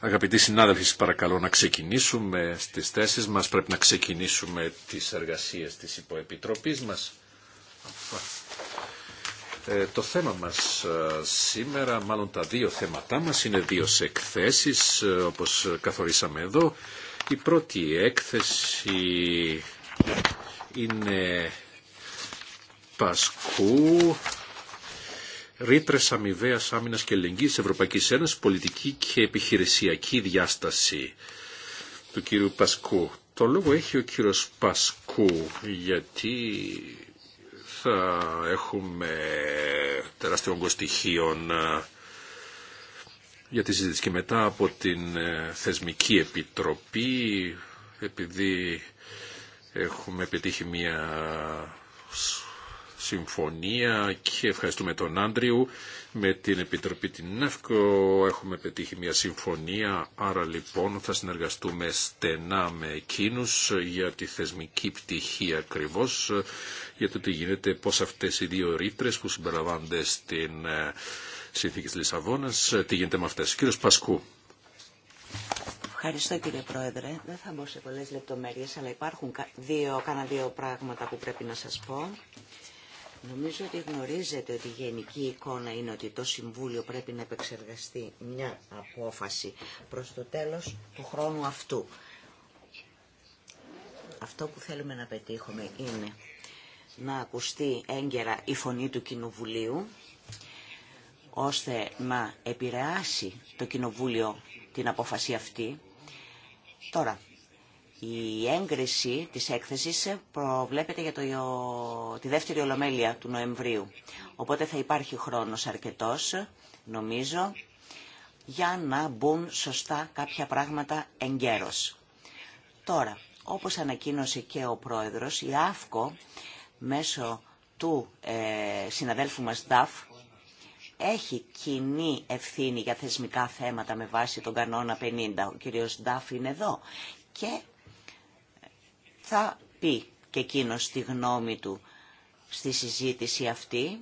Αγαπητοί συνάδελφοι, παρακαλώ να ξεκινήσουμε στις θέσεις μας. Πρέπει να ξεκινήσουμε τις εργασίες της υποεπιτροπής μας. Ε, το θέμα μας ε, σήμερα, μάλλον τα δύο θέματά μας, είναι δύο εκθέσεις, ε, όπως καθορίσαμε εδώ. Η πρώτη έκθεση είναι Πασκού ρήτρε αμοιβαία άμυνα και ελεγγύη Ευρωπαϊκή Ένωση, πολιτική και επιχειρησιακή διάσταση του κύριου Πασκού. Το λόγο έχει ο κύριο Πασκού, γιατί θα έχουμε τεράστιο όγκο στοιχείων ε, για τη συζήτηση και μετά από την ε, Θεσμική Επιτροπή, επειδή έχουμε πετύχει μια συμφωνία και ευχαριστούμε τον Άντριου. Με την Επιτροπή την ΕΦΚΟ έχουμε πετύχει μια συμφωνία, άρα λοιπόν θα συνεργαστούμε στενά με εκείνους για τη θεσμική πτυχή ακριβώς, για το τι γίνεται, πώς αυτές οι δύο ρήτρε που συμπεριλαμβάνονται στην ε, συνθήκη της Λισαβόνας, ε, τι γίνεται με αυτές. Κύριος Πασκού. Ευχαριστώ κύριε Πρόεδρε. Δεν θα μπω σε πολλές λεπτομέρειες, αλλά υπάρχουν δύο, κάνα δύο πράγματα που πρέπει να σας πω. Νομίζω ότι γνωρίζετε ότι η γενική εικόνα είναι ότι το Συμβούλιο πρέπει να επεξεργαστεί μια απόφαση προς το τέλος του χρόνου αυτού. Αυτό που θέλουμε να πετύχουμε είναι να ακουστεί έγκαιρα η φωνή του Κοινοβουλίου, ώστε να επηρεάσει το Κοινοβούλιο την απόφαση αυτή. Τώρα, η έγκριση της έκθεσης προβλέπεται για το, τη δεύτερη ολομέλεια του Νοεμβρίου. Οπότε θα υπάρχει χρόνος αρκετός, νομίζω, για να μπουν σωστά κάποια πράγματα εγκαίρως. Τώρα, όπως ανακοίνωσε και ο πρόεδρος, η ΑΦΚΟ μέσω του ε, συναδέλφου μας ΔΑΦ έχει κοινή ευθύνη για θεσμικά θέματα με βάση τον κανόνα 50. Ο κύριος ΔΑΦ είναι εδώ και θα πει και εκείνο τη γνώμη του στη συζήτηση αυτή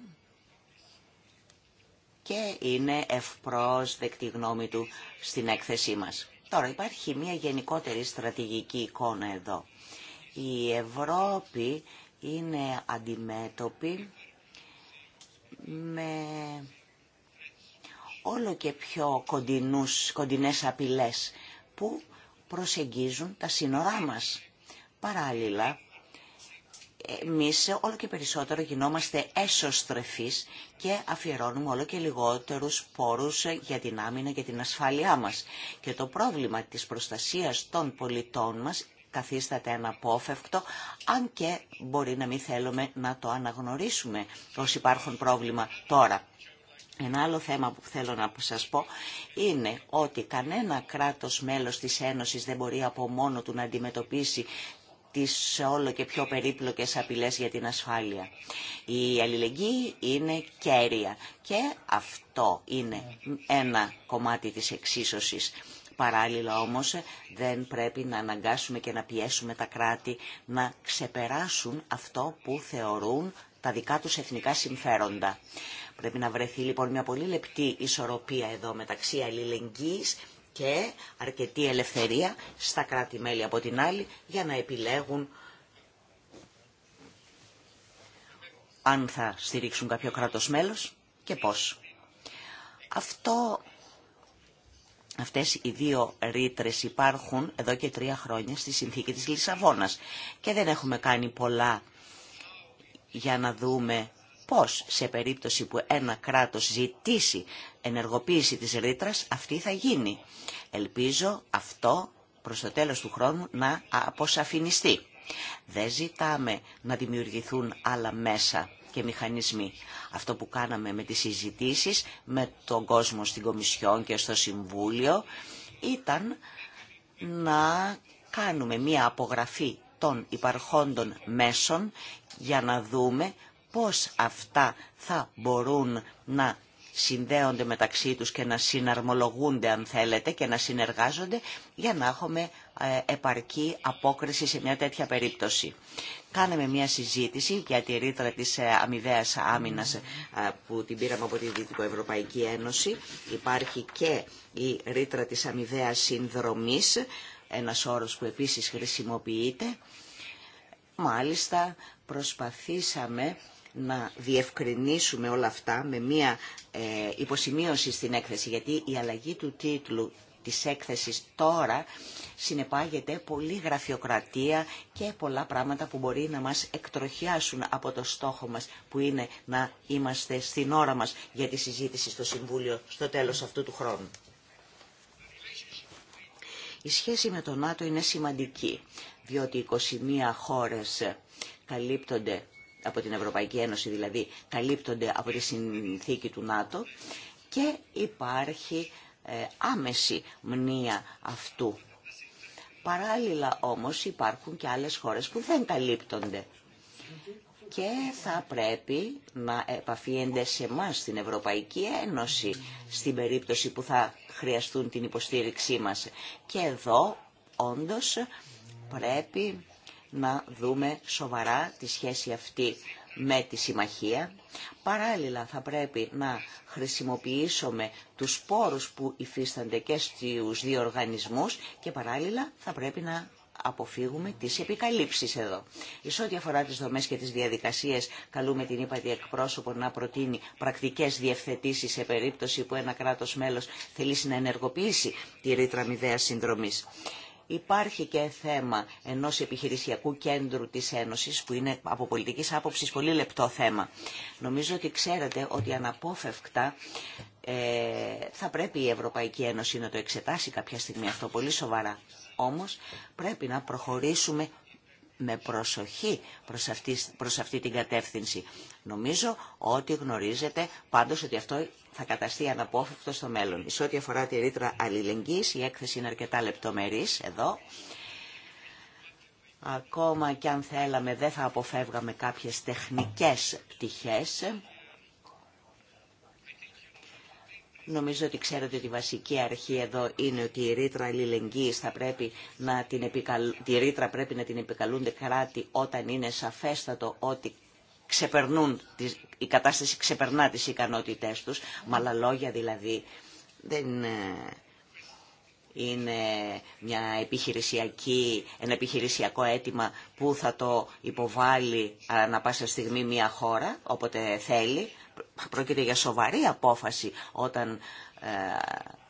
και είναι ευπρόσδεκτη γνώμη του στην έκθεσή μας. Τώρα υπάρχει μια γενικότερη στρατηγική εικόνα εδώ. Η Ευρώπη είναι αντιμέτωπη με όλο και πιο κοντινούς, κοντινές απειλές που προσεγγίζουν τα σύνορά μας. Παράλληλα, εμείς όλο και περισσότερο γινόμαστε έσωστρεφείς και αφιερώνουμε όλο και λιγότερους πόρους για την άμυνα και την ασφάλειά μας. Και το πρόβλημα της προστασίας των πολιτών μας καθίσταται αναπόφευκτο, αν και μπορεί να μην θέλουμε να το αναγνωρίσουμε ως υπάρχουν πρόβλημα τώρα. Ένα άλλο θέμα που θέλω να σας πω είναι ότι κανένα κράτος μέλος της Ένωσης δεν μπορεί από μόνο του να αντιμετωπίσει τις όλο και πιο περίπλοκες απειλές για την ασφάλεια. Η αλληλεγγύη είναι κέρια και αυτό είναι ένα κομμάτι της εξίσωσης. Παράλληλα όμως δεν πρέπει να αναγκάσουμε και να πιέσουμε τα κράτη να ξεπεράσουν αυτό που θεωρούν τα δικά τους εθνικά συμφέροντα. Πρέπει να βρεθεί λοιπόν μια πολύ λεπτή ισορροπία εδώ μεταξύ αλληλεγγύης και αρκετή ελευθερία στα κράτη-μέλη από την άλλη για να επιλέγουν αν θα στηρίξουν κάποιο κράτος μέλος και πώς. Αυτό, αυτές οι δύο ρήτρε υπάρχουν εδώ και τρία χρόνια στη συνθήκη της Λισαβόνας και δεν έχουμε κάνει πολλά για να δούμε πώς σε περίπτωση που ένα κράτος ζητήσει ενεργοποίηση της ρήτρα, αυτή θα γίνει. Ελπίζω αυτό προς το τέλος του χρόνου να αποσαφινιστεί. Δεν ζητάμε να δημιουργηθούν άλλα μέσα και μηχανισμοί. Αυτό που κάναμε με τις συζητήσει με τον κόσμο στην Κομισιόν και στο Συμβούλιο ήταν να κάνουμε μία απογραφή των υπαρχόντων μέσων για να δούμε πώς αυτά θα μπορούν να συνδέονται μεταξύ τους και να συναρμολογούνται αν θέλετε και να συνεργάζονται για να έχουμε ε, επαρκή απόκριση σε μια τέτοια περίπτωση. Κάναμε μια συζήτηση για τη ρήτρα της ε, αμοιβαίας άμυνας ε, που την πήραμε από τη Δυτικοευρωπαϊκή Ένωση. Υπάρχει και η ρήτρα της αμοιβαίας συνδρομής, ένας όρος που επίσης χρησιμοποιείται. Μάλιστα προσπαθήσαμε να διευκρινίσουμε όλα αυτά με μία ε, υποσημείωση στην έκθεση, γιατί η αλλαγή του τίτλου της έκθεσης τώρα συνεπάγεται πολλή γραφειοκρατία και πολλά πράγματα που μπορεί να μας εκτροχιάσουν από το στόχο μας που είναι να είμαστε στην ώρα μας για τη συζήτηση στο Συμβούλιο στο τέλος αυτού του χρόνου. Η σχέση με το ΝΑΤΟ είναι σημαντική, διότι 21 χώρες καλύπτονται από την Ευρωπαϊκή Ένωση δηλαδή καλύπτονται από τη συνθήκη του ΝΑΤΟ και υπάρχει ε, άμεση μνήα αυτού. Παράλληλα όμως υπάρχουν και άλλες χώρες που δεν καλύπτονται και θα πρέπει να επαφίενται σε εμά στην Ευρωπαϊκή Ένωση στην περίπτωση που θα χρειαστούν την υποστήριξή μας. Και εδώ όντως πρέπει να δούμε σοβαρά τη σχέση αυτή με τη συμμαχία. Παράλληλα θα πρέπει να χρησιμοποιήσουμε τους πόρους που υφίστανται και στους δύο οργανισμούς και παράλληλα θα πρέπει να αποφύγουμε τις επικαλύψεις εδώ. Σε ό,τι αφορά τις δομές και τις διαδικασίες, καλούμε την ύπατη εκπρόσωπο να προτείνει πρακτικές διευθετήσεις σε περίπτωση που ένα κράτος μέλος θελήσει να ενεργοποιήσει τη ρήτρα μηδέας συνδρομής υπάρχει και θέμα ενός επιχειρησιακού κέντρου της Ένωσης που είναι από πολιτική άποψη πολύ λεπτό θέμα. Νομίζω ότι ξέρετε ότι αναπόφευκτα ε, θα πρέπει η Ευρωπαϊκή Ένωση να το εξετάσει κάποια στιγμή αυτό πολύ σοβαρά. όμω, πρέπει να προχωρήσουμε με προσοχή προς αυτή, προς αυτή την κατεύθυνση. Νομίζω ότι γνωρίζετε πάντως ότι αυτό θα καταστεί αναπόφευκτο στο μέλλον. Σε ό,τι αφορά τη ρήτρα αλληλεγγύης, η έκθεση είναι αρκετά λεπτομερής εδώ. Ακόμα και αν θέλαμε δεν θα αποφεύγαμε κάποιες τεχνικές πτυχές. Νομίζω ότι ξέρετε ότι η βασική αρχή εδώ είναι ότι η ρήτρα αλληλεγγύης θα πρέπει να την πρέπει να την επικαλούνται κράτη όταν είναι σαφέστατο ότι ξεπερνούν, η κατάσταση ξεπερνά τις ικανότητές τους, με άλλα λόγια δηλαδή δεν ε, είναι μια επιχειρησιακή, ένα επιχειρησιακό αίτημα που θα το υποβάλει ανά πάσα στιγμή μια χώρα, όποτε θέλει. Πρόκειται για σοβαρή απόφαση όταν ε,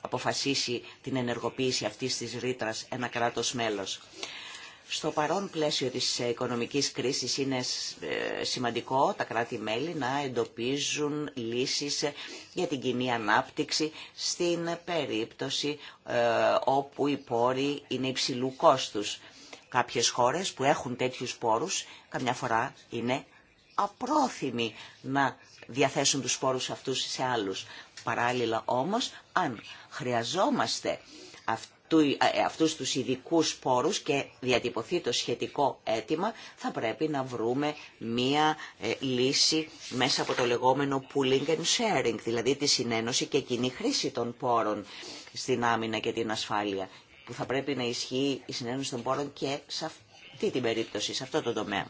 αποφασίσει την ενεργοποίηση αυτής της ρήτρας ένα κράτος μέλος. Στο παρόν πλαίσιο της οικονομικής κρίσης είναι ε, σημαντικό τα κράτη-μέλη να εντοπίζουν λύσεις ε, για την κοινή ανάπτυξη στην περίπτωση ε, όπου οι πόροι είναι υψηλού κόστους. Κάποιες χώρες που έχουν τέτοιους πόρους καμιά φορά είναι απρόθυμοι να διαθέσουν τους πόρους αυτούς σε άλλους. Παράλληλα όμως, αν χρειαζόμαστε αυτή του, ε, ε, αυτούς τους ειδικού πόρους και διατυπωθεί το σχετικό αίτημα, θα πρέπει να βρούμε μία ε, λύση μέσα από το λεγόμενο pooling and sharing, δηλαδή τη συνένωση και κοινή χρήση των πόρων στην άμυνα και την ασφάλεια, που θα πρέπει να ισχύει η συνένωση των πόρων και σε αυτή την περίπτωση, σε αυτό το τομέα.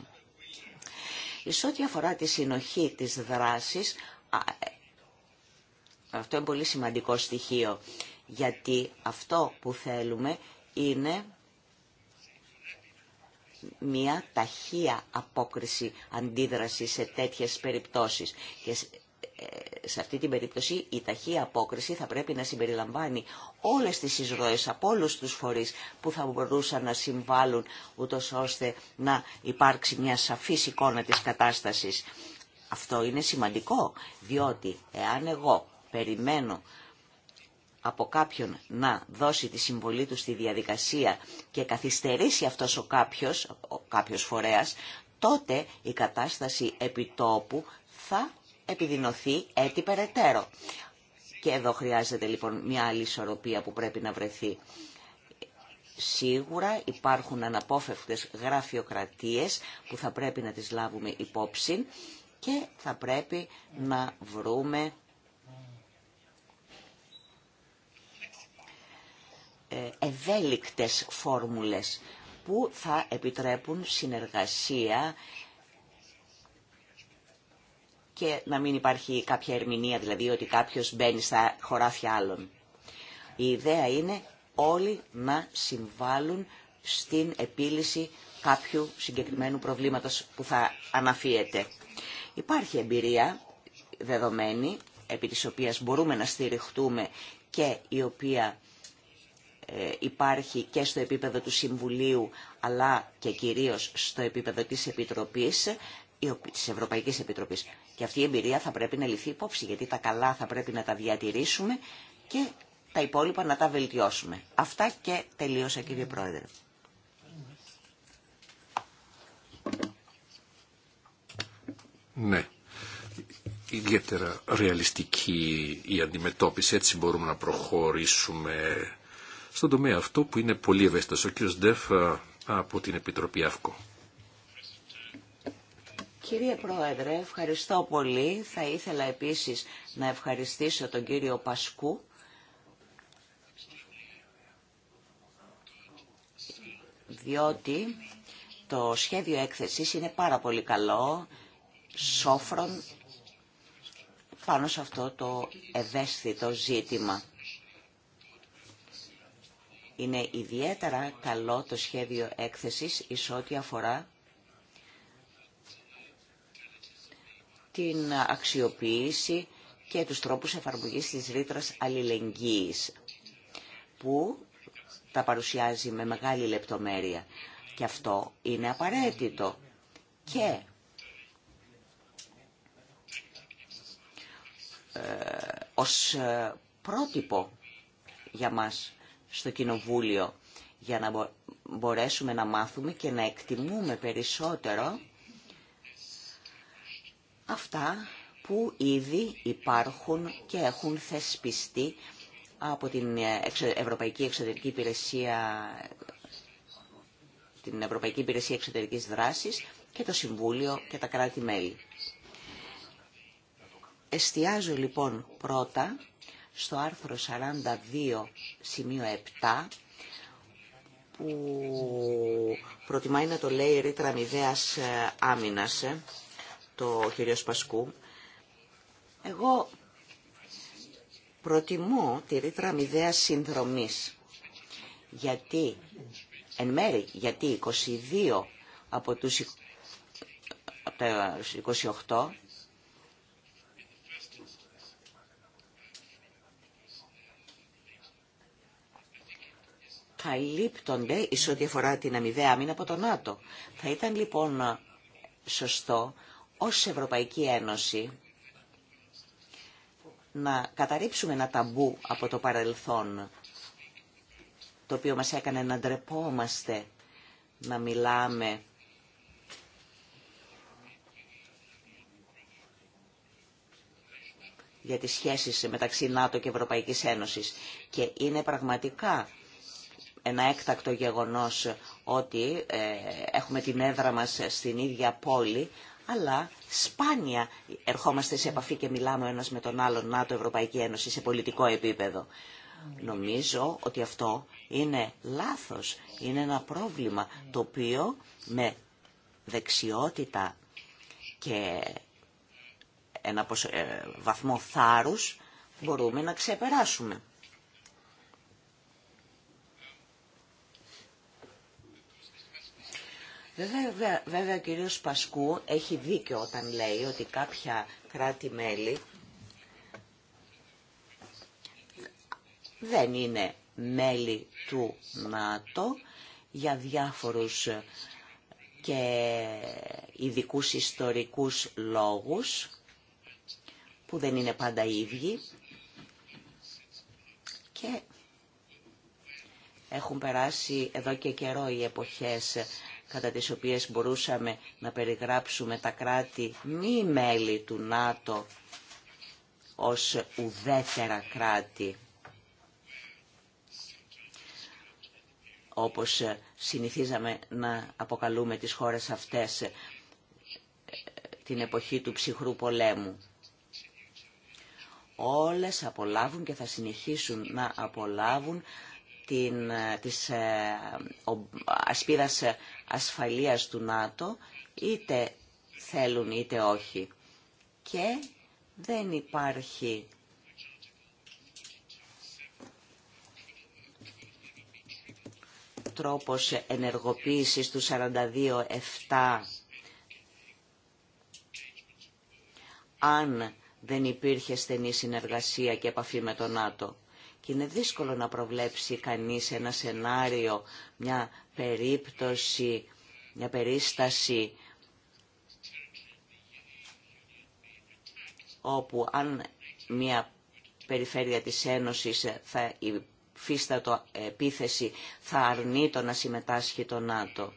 Σε ό,τι αφορά τη συνοχή της δράσης, αυτό είναι πολύ σημαντικό στοιχείο γιατί αυτό που θέλουμε είναι μια ταχεία απόκριση αντίδραση σε τέτοιες περιπτώσεις. Και ε, σε αυτή την περίπτωση η ταχεία απόκριση θα πρέπει να συμπεριλαμβάνει όλες τις εισρωές από όλους τους φορείς που θα μπορούσαν να συμβάλλουν ούτω ώστε να υπάρξει μια σαφή εικόνα της κατάστασης. Αυτό είναι σημαντικό, διότι εάν εγώ περιμένω από κάποιον να δώσει τη συμβολή του στη διαδικασία και καθυστερήσει αυτός ο κάποιος, ο κάποιος φορέας, τότε η κατάσταση επιτόπου θα επιδεινωθεί έτσι περαιτέρω. Και εδώ χρειάζεται λοιπόν μια άλλη ισορροπία που πρέπει να βρεθεί. Σίγουρα υπάρχουν αναπόφευκτες γραφειοκρατίες που θα πρέπει να τις λάβουμε υπόψη και θα πρέπει να βρούμε Ε, ευέλικτες φόρμουλες που θα επιτρέπουν συνεργασία και να μην υπάρχει κάποια ερμηνεία, δηλαδή ότι κάποιος μπαίνει στα χωράφια άλλων. Η ιδέα είναι όλοι να συμβάλλουν στην επίλυση κάποιου συγκεκριμένου προβλήματος που θα αναφύεται. Υπάρχει εμπειρία δεδομένη, επί της οποίας μπορούμε να στηριχτούμε και η οποία υπάρχει και στο επίπεδο του Συμβουλίου αλλά και κυρίως στο επίπεδο της Επιτροπής της Ευρωπαϊκής Επιτροπής. Και αυτή η εμπειρία θα πρέπει να ληφθεί υπόψη, γιατί τα καλά θα πρέπει να τα διατηρήσουμε και τα υπόλοιπα να τα βελτιώσουμε. Αυτά και τελείωσα κύριε Πρόεδρε. Ναι. Ιδιαίτερα ρεαλιστική η αντιμετώπιση. Έτσι μπορούμε να προχωρήσουμε στον τομέα αυτό που είναι πολύ ευαίσθητος. Ο κύριος Ντεφ ε, από την Επιτροπή ΑΦΚΟ. Κύριε Πρόεδρε, ευχαριστώ πολύ. Θα ήθελα επίσης να ευχαριστήσω τον κύριο Πασκού διότι το σχέδιο έκθεσης είναι πάρα πολύ καλό, σόφρον, πάνω σε αυτό το ευαίσθητο ζήτημα. Είναι ιδιαίτερα καλό το σχέδιο έκθεσης εις ό,τι αφορά την αξιοποίηση και τους τρόπους εφαρμογής της ρήτρα αλληλεγγύης που τα παρουσιάζει με μεγάλη λεπτομέρεια. Και αυτό είναι απαραίτητο. Και ε, ως ε, πρότυπο για μας στο Κοινοβούλιο για να μπορέσουμε να μάθουμε και να εκτιμούμε περισσότερο αυτά που ήδη υπάρχουν και έχουν θεσπιστεί από την Ευρωπαϊκή Εξωτερική Υπηρεσία την Ευρωπαϊκή Υπηρεσία Εξωτερικής Δράσης και το Συμβούλιο και τα κράτη-μέλη. Εστιάζω λοιπόν πρώτα στο άρθρο 42 σημείο 7 που προτιμάει να το λέει ρήτρα μηδέας ε, άμυνας ε, το κ. Πασκού. Εγώ προτιμώ τη ρήτρα μηδέας συνδρομής γιατί εν μέρη γιατί 22 από τους 28 καλύπτονται εις ό,τι αφορά την αμοιβαία άμυνα από το ΝΑΤΟ. Θα ήταν λοιπόν σωστό ως Ευρωπαϊκή Ένωση να καταρρύψουμε ένα ταμπού από το παρελθόν το οποίο μας έκανε να ντρεπόμαστε να μιλάμε για τις σχέσεις μεταξύ ΝΑΤΟ και Ευρωπαϊκής Ένωσης. Και είναι πραγματικά ένα έκτακτο γεγονός ότι ε, έχουμε την έδρα μας στην ίδια πόλη, αλλά σπάνια ερχόμαστε σε επαφή και μιλάμε ο ένας με τον άλλον ΝΑΤΟ Ευρωπαϊκή Ένωση σε πολιτικό επίπεδο. Νομίζω ότι αυτό είναι λάθος, είναι ένα πρόβλημα το οποίο με δεξιότητα και ένα ε, βαθμό θάρρους μπορούμε να ξεπεράσουμε. Βέβαια, βέβαια ο κύριος Πασκού έχει δίκιο όταν λέει ότι κάποια κράτη-μέλη δεν είναι μέλη του ΝΑΤΟ για διάφορους και ειδικού ιστορικούς λόγους που δεν είναι πάντα ίδιοι και έχουν περάσει εδώ και καιρό οι εποχές κατά τις οποίες μπορούσαμε να περιγράψουμε τα κράτη μη μέλη του ΝΑΤΟ ως ουδέτερα κράτη. όπως συνηθίζαμε να αποκαλούμε τις χώρες αυτές ε, την εποχή του ψυχρού πολέμου. Όλες απολάβουν και θα συνεχίσουν να απολάβουν την, ε, της ε, ασπίδας ασφαλείας του ΝΑΤΟ, είτε θέλουν είτε όχι. Και δεν υπάρχει τρόπος ενεργοποίησης του 42-7 αν δεν υπήρχε στενή συνεργασία και επαφή με το ΝΑΤΟ. Και είναι δύσκολο να προβλέψει κανείς ένα σενάριο, μια περίπτωση, μια περίσταση όπου αν μια περιφέρεια της Ένωσης θα υφίστατο επίθεση θα αρνεί το να συμμετάσχει το ΝΑΤΟ.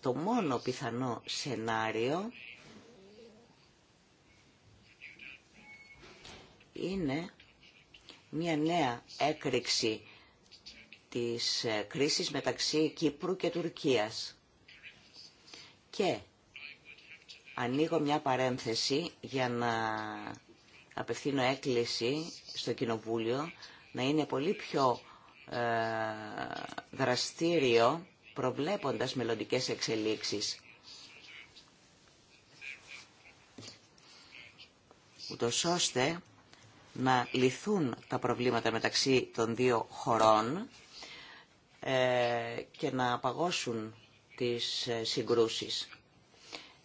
Το μόνο πιθανό σενάριο είναι μια νέα έκρηξη της ε, κρίσης μεταξύ Κύπρου και Τουρκίας. Και ανοίγω μια παρένθεση για να απευθύνω έκκληση στο Κοινοβούλιο να είναι πολύ πιο ε, δραστήριο προβλέποντας μελλοντικές εξελίξεις. Ούτως ώστε να λυθούν τα προβλήματα μεταξύ των δύο χωρών ε, και να απαγώσουν τις ε, συγκρούσεις.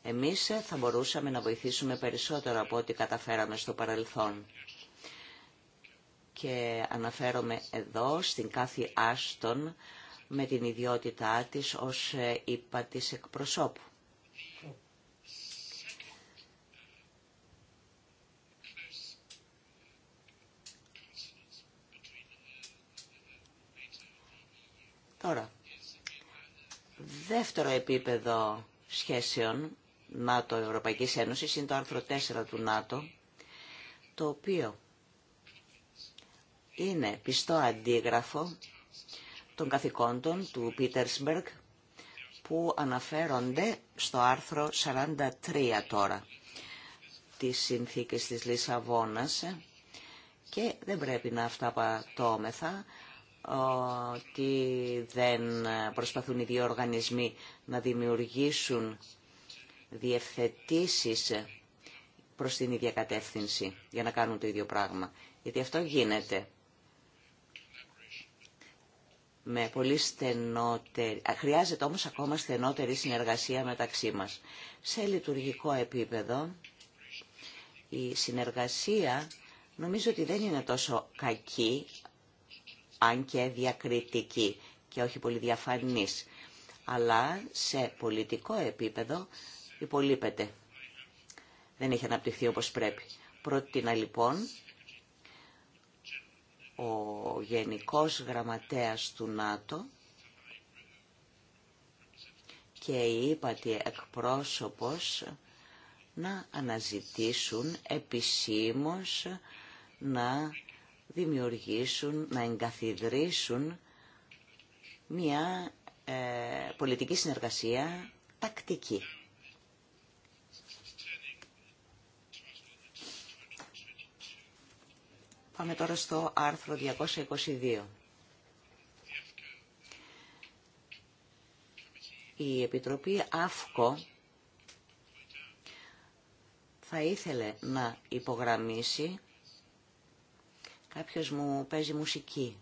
Εμείς ε, θα μπορούσαμε να βοηθήσουμε περισσότερο από ό,τι καταφέραμε στο παρελθόν. Και αναφέρομαι εδώ στην κάθε Άστον με την ιδιότητά της ως είπα της εκπροσώπου. Τώρα, δεύτερο επίπεδο σχέσεων ΝΑΤΟ-Ευρωπαϊκής Ένωσης είναι το άρθρο 4 του ΝΑΤΟ, το οποίο είναι πιστό αντίγραφο των καθηκόντων του Πίτερσμπεργκ που αναφέρονται στο άρθρο 43 τώρα της συνθήκης της Λισαβόνας και δεν πρέπει να αυτά πατώμεθα ότι δεν προσπαθούν οι δύο οργανισμοί να δημιουργήσουν διευθετήσεις προς την ίδια κατεύθυνση για να κάνουν το ίδιο πράγμα. Γιατί αυτό γίνεται με πολύ στενότερη... Χρειάζεται όμως ακόμα στενότερη συνεργασία μεταξύ μας. Σε λειτουργικό επίπεδο η συνεργασία νομίζω ότι δεν είναι τόσο κακή αν και διακριτική και όχι πολύ διαφανής. Αλλά σε πολιτικό επίπεδο υπολείπεται. Δεν έχει αναπτυχθεί όπως πρέπει. Πρότεινα λοιπόν ο Γενικός Γραμματέας του ΝΑΤΟ και η ύπατη εκπρόσωπος να αναζητήσουν επισήμως να δημιουργήσουν, να εγκαθιδρύσουν μια ε, πολιτική συνεργασία τακτική. Πάμε τώρα στο άρθρο 222. Η Επιτροπή ΑΦΚΟ θα ήθελε να υπογραμμίσει Κάποιος μου παίζει μουσική.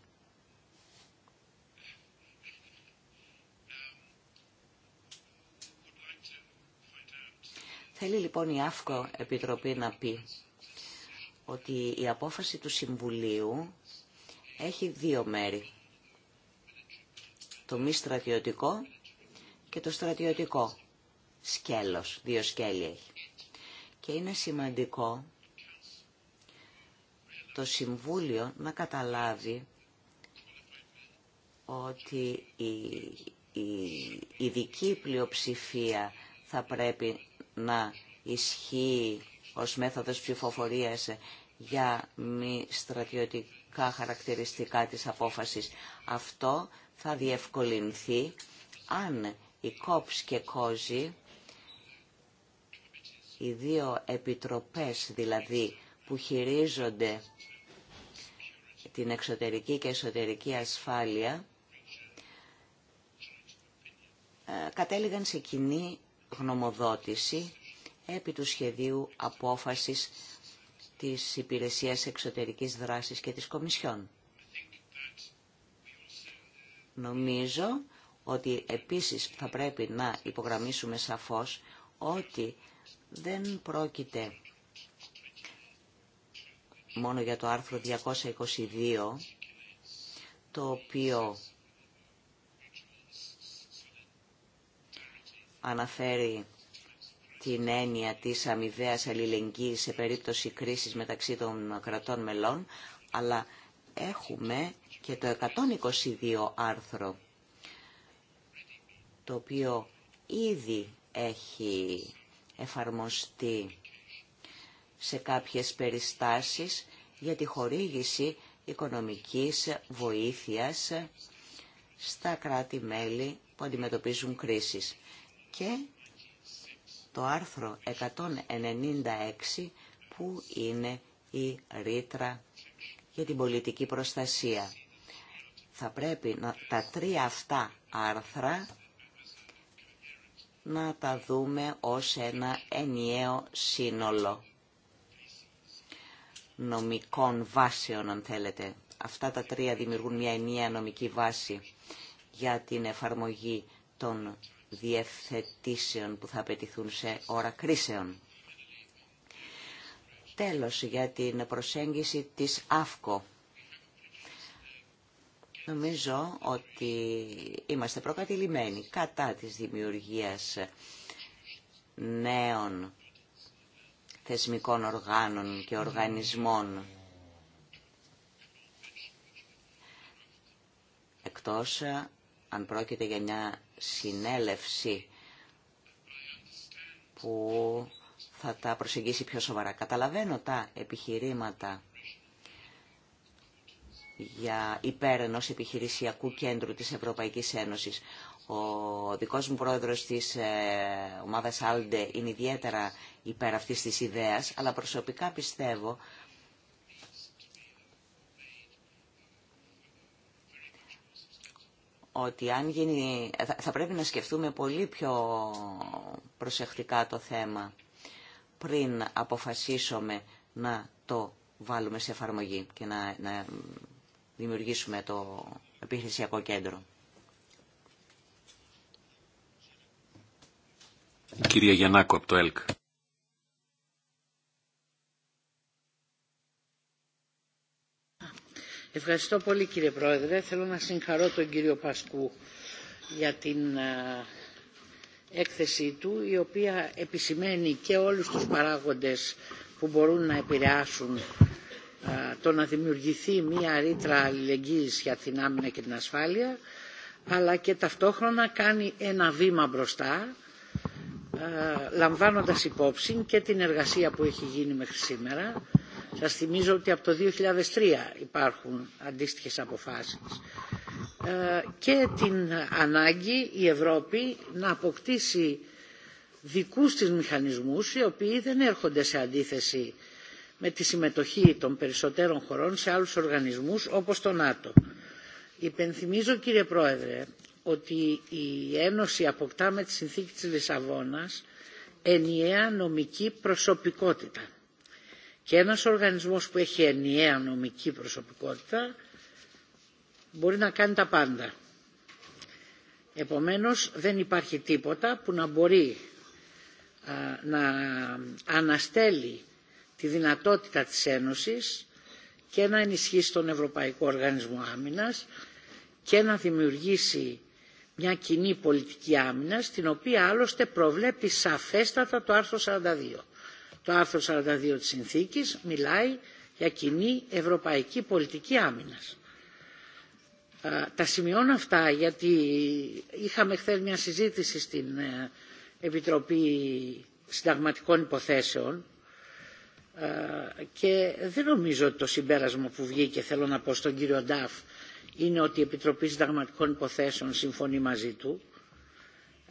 Θέλει λοιπόν η ΑΦΚΟ Επιτροπή να πει ότι η απόφαση του Συμβουλίου έχει δύο μέρη. Το μη στρατιωτικό και το στρατιωτικό σκέλος, δύο σκέλη έχει. Και είναι σημαντικό το Συμβούλιο να καταλάβει ότι η, η ειδική πλειοψηφία θα πρέπει να ισχύει ως μέθοδος ψηφοφορίας για μη στρατιωτικά χαρακτηριστικά της απόφασης. Αυτό θα διευκολυνθεί αν η ΚΟΠΣ και ΚΟΖΗ, οι δύο επιτροπές δηλαδή που χειρίζονται την εξωτερική και εσωτερική ασφάλεια ε, κατέληγαν σε κοινή γνωμοδότηση επί του σχεδίου απόφασης της Υπηρεσίας Εξωτερικής Δράσης και της Κομισιόν. Νομίζω ότι επίσης θα πρέπει να υπογραμμίσουμε σαφώς ότι δεν πρόκειται μόνο για το άρθρο 222, το οποίο αναφέρει την έννοια της αμοιβαίας αλληλεγγύης σε περίπτωση κρίσης μεταξύ των κρατών μελών, αλλά έχουμε και το 122 άρθρο, το οποίο ήδη έχει εφαρμοστεί σε κάποιες περιστάσεις για τη χορήγηση οικονομικής βοήθειας στα κράτη-μέλη που αντιμετωπίζουν κρίσεις. Και το άρθρο 196 που είναι η ρήτρα για την πολιτική προστασία. Θα πρέπει τα τρία αυτά άρθρα να τα δούμε ως ένα ενιαίο σύνολο νομικών βάσεων, αν θέλετε. Αυτά τα τρία δημιουργούν μια ενιαία νομική βάση για την εφαρμογή των διευθετήσεων που θα απαιτηθούν σε ώρα κρίσεων. Τέλος, για την προσέγγιση της ΑΦΚΟ. Νομίζω ότι είμαστε προκατηλημένοι κατά της δημιουργίας νέων θεσμικών οργάνων και οργανισμών. Εκτός ε, αν πρόκειται για μια συνέλευση που θα τα προσεγγίσει πιο σοβαρά. Καταλαβαίνω τα επιχειρήματα για υπέρ ενός επιχειρησιακού κέντρου της Ευρωπαϊκής Ένωσης. Ο δικός μου πρόεδρος της ε, ομάδας Άλντε είναι ιδιαίτερα υπέρ αυτής της ιδέας, αλλά προσωπικά πιστεύω ότι αν γίνει, θα πρέπει να σκεφτούμε πολύ πιο προσεκτικά το θέμα πριν αποφασίσουμε να το βάλουμε σε εφαρμογή και να, δημιουργήσουμε το επιχειρησιακό κέντρο. κυρία Γιαννάκο από το ΕΛΚ. Ευχαριστώ πολύ κύριε Πρόεδρε. Θέλω να συγχαρώ τον κύριο Πασκού για την έκθεσή του η οποία επισημαίνει και όλους τους παράγοντες που μπορούν να επηρεάσουν το να δημιουργηθεί μία ρήτρα αλληλεγγύης για την άμυνα και την ασφάλεια αλλά και ταυτόχρονα κάνει ένα βήμα μπροστά λαμβάνοντας υπόψη και την εργασία που έχει γίνει μέχρι σήμερα σας θυμίζω ότι από το 2003 υπάρχουν αντίστοιχες αποφάσεις. Ε, και την ανάγκη η Ευρώπη να αποκτήσει δικούς της μηχανισμούς οι οποίοι δεν έρχονται σε αντίθεση με τη συμμετοχή των περισσότερων χωρών σε άλλους οργανισμούς όπως το ΝΑΤΟ. Υπενθυμίζω κύριε Πρόεδρε ότι η Ένωση αποκτά με τη συνθήκη της Λισαβόνας ενιαία νομική προσωπικότητα και ένας οργανισμός που έχει ενιαία νομική προσωπικότητα μπορεί να κάνει τα πάντα. Επομένως δεν υπάρχει τίποτα που να μπορεί να αναστέλει τη δυνατότητα της Ένωσης και να ενισχύσει τον Ευρωπαϊκό Οργανισμό Άμυνας και να δημιουργήσει μια κοινή πολιτική άμυνας την οποία άλλωστε προβλέπει σαφέστατα το άρθρο 42. Το άρθρο 42 της συνθήκης μιλάει για κοινή ευρωπαϊκή πολιτική άμυνας. Τα σημειώνω αυτά γιατί είχαμε χθε μια συζήτηση στην ε, Επιτροπή Συνταγματικών Υποθέσεων και δεν νομίζω ότι το συμπέρασμα που βγήκε θέλω να πω στον κύριο Νταφ είναι ότι η Επιτροπή Συνταγματικών Υποθέσεων συμφωνεί μαζί του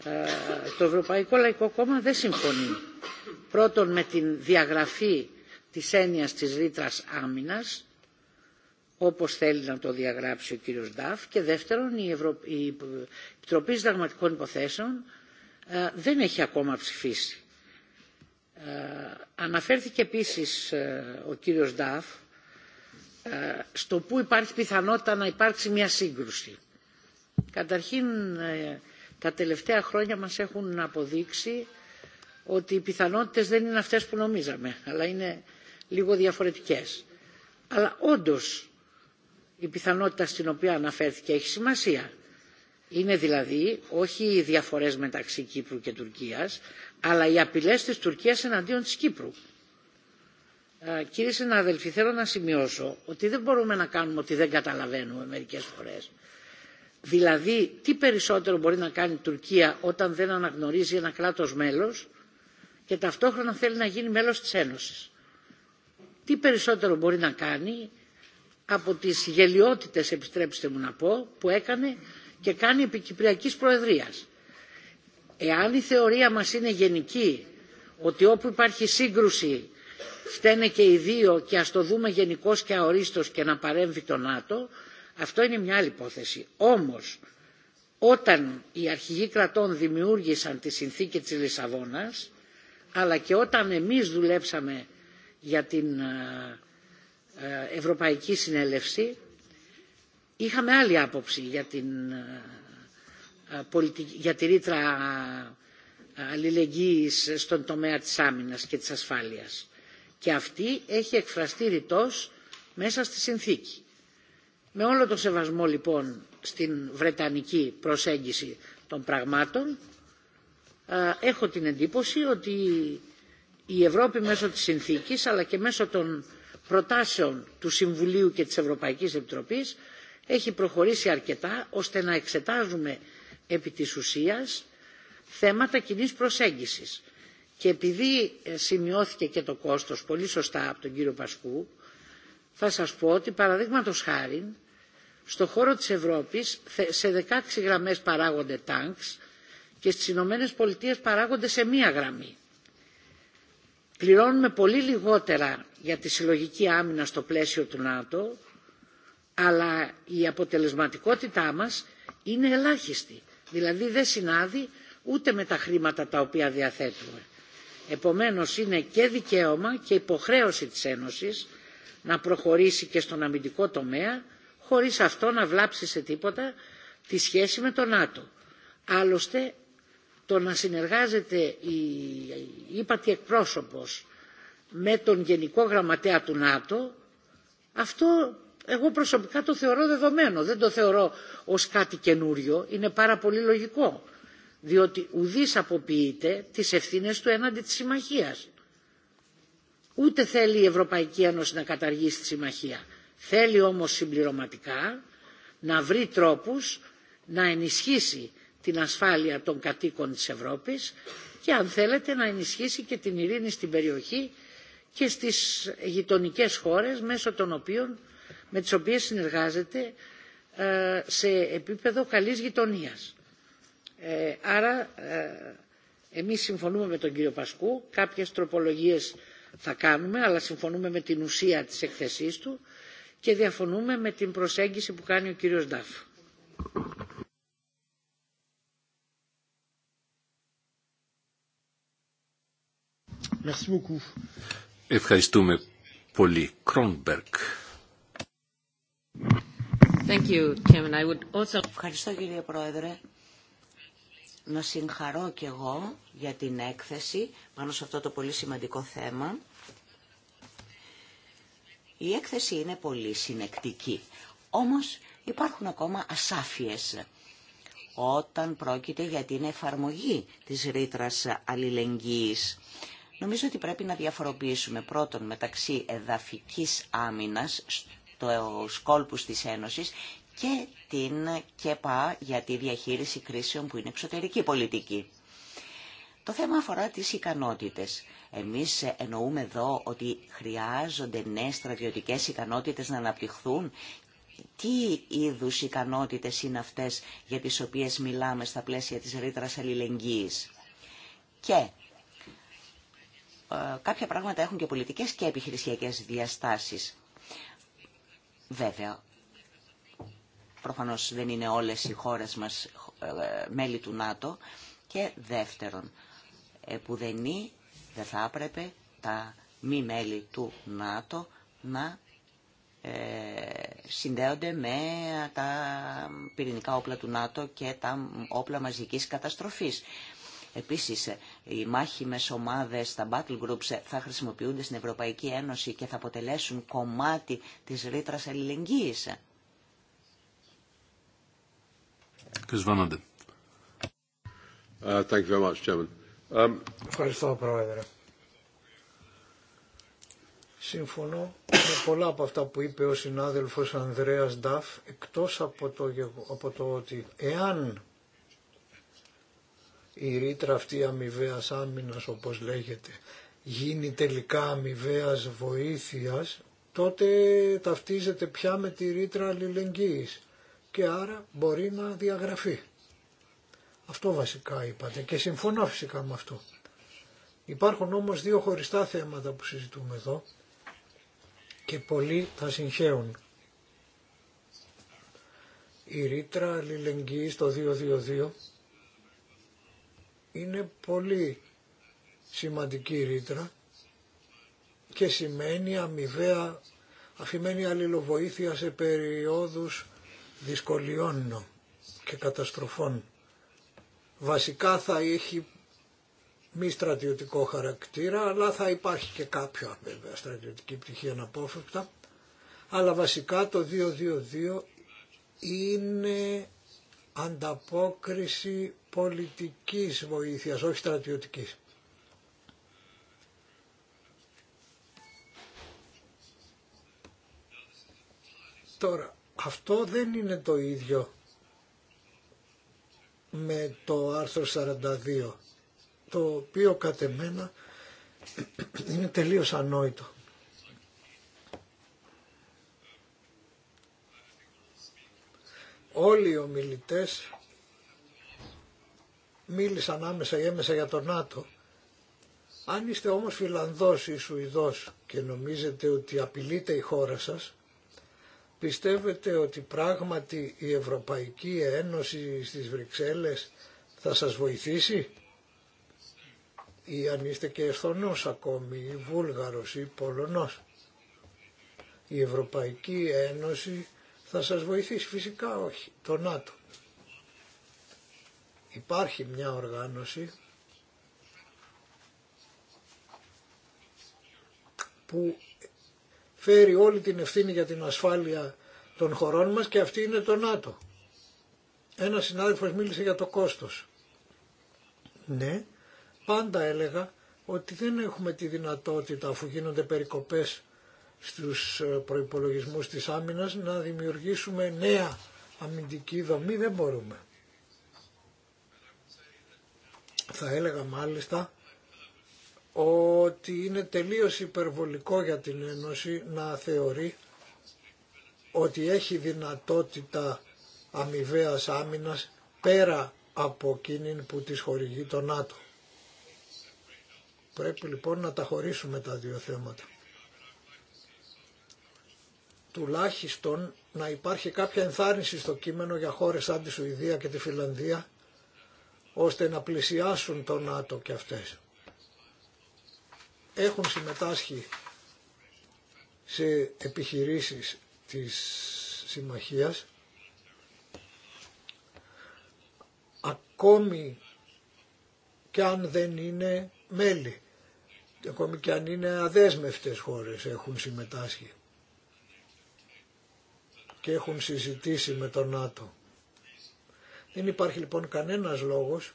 ε, το Ευρωπαϊκό Λαϊκό Κόμμα δεν συμφωνεί πρώτον με την διαγραφή της έννοιας της ρήτρας άμυνας όπως θέλει να το διαγράψει ο κύριος Νταφ και δεύτερον η, Ευρω... η Επιτροπή Συνταγματικών Υποθέσεων ε, δεν έχει ακόμα ψηφίσει. Ε, αναφέρθηκε επίσης ο κύριος Νταφ στο που υπάρχει πιθανότητα να υπάρξει μια σύγκρουση. Καταρχήν τα τελευταία χρόνια μας έχουν αποδείξει ότι οι πιθανότητες δεν είναι αυτές που νομίζαμε, αλλά είναι λίγο διαφορετικές. Αλλά όντως η πιθανότητα στην οποία αναφέρθηκε έχει σημασία. Είναι δηλαδή όχι οι διαφορές μεταξύ Κύπρου και Τουρκίας, αλλά οι απειλές της Τουρκίας εναντίον της Κύπρου. Ε, Κύριε συνάδελφοι, θέλω να σημειώσω ότι δεν μπορούμε να κάνουμε ότι δεν καταλαβαίνουμε μερικές φορές Δηλαδή, τι περισσότερο μπορεί να κάνει η Τουρκία όταν δεν αναγνωρίζει ένα κράτος μέλος και ταυτόχρονα θέλει να γίνει μέλος της Ένωσης. Τι περισσότερο μπορεί να κάνει από τις γελιότητες, επιστρέψτε μου να πω, που έκανε και κάνει επί Κυπριακής Προεδρίας. Εάν η θεωρία μας είναι γενική, ότι όπου υπάρχει σύγκρουση φταίνε και οι δύο και ας το δούμε γενικώ και αορίστος και να παρέμβει το ΝΑΤΟ, αυτό είναι μια άλλη υπόθεση. Όμως, όταν οι αρχηγοί κρατών δημιούργησαν τη συνθήκη της Λισαβόνας, αλλά και όταν εμείς δουλέψαμε για την ε, ε, Ευρωπαϊκή Συνέλευση, είχαμε άλλη άποψη για, την, ε, για τη ρήτρα αλληλεγγύης στον τομέα της άμυνας και της ασφάλειας. Και αυτή έχει εκφραστεί ρητός μέσα στη συνθήκη. Με όλο το σεβασμό λοιπόν στην βρετανική προσέγγιση των πραγμάτων έχω την εντύπωση ότι η Ευρώπη μέσω της συνθήκης αλλά και μέσω των προτάσεων του Συμβουλίου και της Ευρωπαϊκής Επιτροπής έχει προχωρήσει αρκετά ώστε να εξετάζουμε επί της ουσίας θέματα κοινή προσέγγισης. Και επειδή ε, σημειώθηκε και το κόστος πολύ σωστά από τον κύριο Πασκού, θα σας πω ότι παραδείγματο χάρη στο χώρο της Ευρώπης σε 16 γραμμές παράγονται τάγκς και στις Ηνωμένε Πολιτείε παράγονται σε μία γραμμή. Πληρώνουμε πολύ λιγότερα για τη συλλογική άμυνα στο πλαίσιο του ΝΑΤΟ, αλλά η αποτελεσματικότητά μας είναι ελάχιστη. Δηλαδή δεν συνάδει ούτε με τα χρήματα τα οποία διαθέτουμε. Επομένως είναι και δικαίωμα και υποχρέωση της Ένωσης να προχωρήσει και στον αμυντικό τομέα χωρίς αυτό να βλάψει σε τίποτα τη σχέση με το ΝΑΤΟ. Άλλωστε το να συνεργάζεται η ύπατη εκπρόσωπος με τον Γενικό Γραμματέα του ΝΑΤΟ αυτό εγώ προσωπικά το θεωρώ δεδομένο. Δεν το θεωρώ ως κάτι καινούριο. Είναι πάρα πολύ λογικό. Διότι ουδής αποποιείται τις ευθύνες του έναντι της συμμαχίας. Ούτε θέλει η Ευρωπαϊκή Ένωση να καταργήσει τη συμμαχία. Θέλει όμως συμπληρωματικά να βρει τρόπους να ενισχύσει την ασφάλεια των κατοίκων της Ευρώπης και αν θέλετε να ενισχύσει και την ειρήνη στην περιοχή και στις γειτονικές χώρες μέσω των οποίων, με τις οποίες συνεργάζεται ε, σε επίπεδο καλής γειτονίας. Ε, άρα ε, εμείς συμφωνούμε με τον κύριο Πασκού, κάποιες τροπολογίες θα κάνουμε αλλά συμφωνούμε με την ουσία της εκθεσής του και διαφωνούμε με την προσέγγιση που κάνει ο κύριος Ντάφ. Ευχαριστούμε πολύ. Ευχαριστώ κύριε Πρόεδρε. Να συγχαρώ και εγώ για την έκθεση πάνω σε αυτό το πολύ σημαντικό θέμα. Η έκθεση είναι πολύ συνεκτική. Όμως υπάρχουν ακόμα ασάφειες όταν πρόκειται για την εφαρμογή της ρήτρας αλληλεγγύης. Νομίζω ότι πρέπει να διαφοροποιήσουμε πρώτον μεταξύ εδαφικής άμυνας στους κόλπους της Ένωσης και την ΚΕΠΑ για τη διαχείριση κρίσεων που είναι εξωτερική πολιτική. Το θέμα αφορά τις ικανότητες. Εμείς εννοούμε εδώ ότι χρειάζονται νέες στρατιωτικές ικανότητες να αναπτυχθούν. Τι είδους ικανότητες είναι αυτές για τις οποίες μιλάμε στα πλαίσια της ρήτρα αλληλεγγύης. Και ε, κάποια πράγματα έχουν και πολιτικές και επιχειρησιακές διαστάσεις. Βέβαια, προφανώς δεν είναι όλες οι χώρες μας ε, μέλη του ΝΑΤΟ. Και δεύτερον, ε, που δεν δεν θα έπρεπε τα μη μέλη του ΝΑΤΟ να ε, συνδέονται με τα πυρηνικά όπλα του ΝΑΤΟ και τα όπλα μαζικής καταστροφής. Επίσης, οι μάχημες ομάδες, τα battle groups θα χρησιμοποιούνται στην Ευρωπαϊκή Ένωση και θα αποτελέσουν κομμάτι της ρήτρας αλληλεγγύης. Uh, thank you very Ευχαριστώ Πρόεδρε. Συμφωνώ με πολλά από αυτά που είπε ο συνάδελφος Ανδρέας Νταφ εκτός από το, ότι εάν η ρήτρα αυτή αμοιβαία άμυνας όπως λέγεται γίνει τελικά αμοιβαία βοήθειας τότε ταυτίζεται πια με τη ρήτρα αλληλεγγύης και άρα μπορεί να διαγραφεί. Αυτό βασικά είπατε και συμφωνώ φυσικά με αυτό. Υπάρχουν όμως δύο χωριστά θέματα που συζητούμε εδώ και πολλοί θα συγχαίουν. Η ρήτρα αλληλεγγύη στο 222 είναι πολύ σημαντική ρήτρα και σημαίνει αμοιβαία αφημένη αλληλοβοήθεια σε περιόδους δυσκολιών και καταστροφών βασικά θα έχει μη στρατιωτικό χαρακτήρα, αλλά θα υπάρχει και κάποιο βέβαια στρατιωτική πτυχή αναπόφευκτα. Αλλά βασικά το 222 είναι ανταπόκριση πολιτικής βοήθειας, όχι στρατιωτικής. Τώρα, αυτό δεν είναι το ίδιο με το άρθρο 42, το οποίο κατ' εμένα είναι τελείως ανόητο. Όλοι οι ομιλητές μίλησαν άμεσα ή έμεσα για τον ΝΑΤΟ. Αν είστε όμως Φιλανδός ή Σουηδός και νομίζετε ότι απειλείται η χώρα σας, Πιστεύετε ότι πράγματι η Ευρωπαϊκή Ένωση στις Βρυξέλλες θα σας βοηθήσει ή αν είστε και Εσθονός ακόμη ή Βούλγαρος ή Πολωνός. Η Ευρωπαϊκή Ένωση θα σας βοηθήσει φυσικά όχι, το ΝΑΤΟ. Υπάρχει μια οργάνωση που φέρει όλη την ευθύνη για την ασφάλεια των χωρών μας και αυτή είναι το ΝΑΤΟ. Ένα συνάδελφος μίλησε για το κόστος. Ναι, πάντα έλεγα ότι δεν έχουμε τη δυνατότητα αφού γίνονται περικοπές στους ε, προϋπολογισμούς της άμυνας να δημιουργήσουμε νέα αμυντική δομή δεν μπορούμε. Θα έλεγα μάλιστα ότι είναι τελείως υπερβολικό για την Ένωση να θεωρεί ότι έχει δυνατότητα αμοιβαία άμυνα πέρα από εκείνη που της χορηγεί το ΝΑΤΟ. Πρέπει λοιπόν να τα χωρίσουμε τα δύο θέματα. Τουλάχιστον να υπάρχει κάποια ενθάρρυνση στο κείμενο για χώρες σαν τη Σουηδία και τη Φιλανδία ώστε να πλησιάσουν το ΝΑΤΟ και αυτές έχουν συμμετάσχει σε επιχειρήσεις της συμμαχίας ακόμη και αν δεν είναι μέλη ακόμη και αν είναι αδέσμευτες χώρες έχουν συμμετάσχει και έχουν συζητήσει με τον ΝΑΤΟ. Δεν υπάρχει λοιπόν κανένας λόγος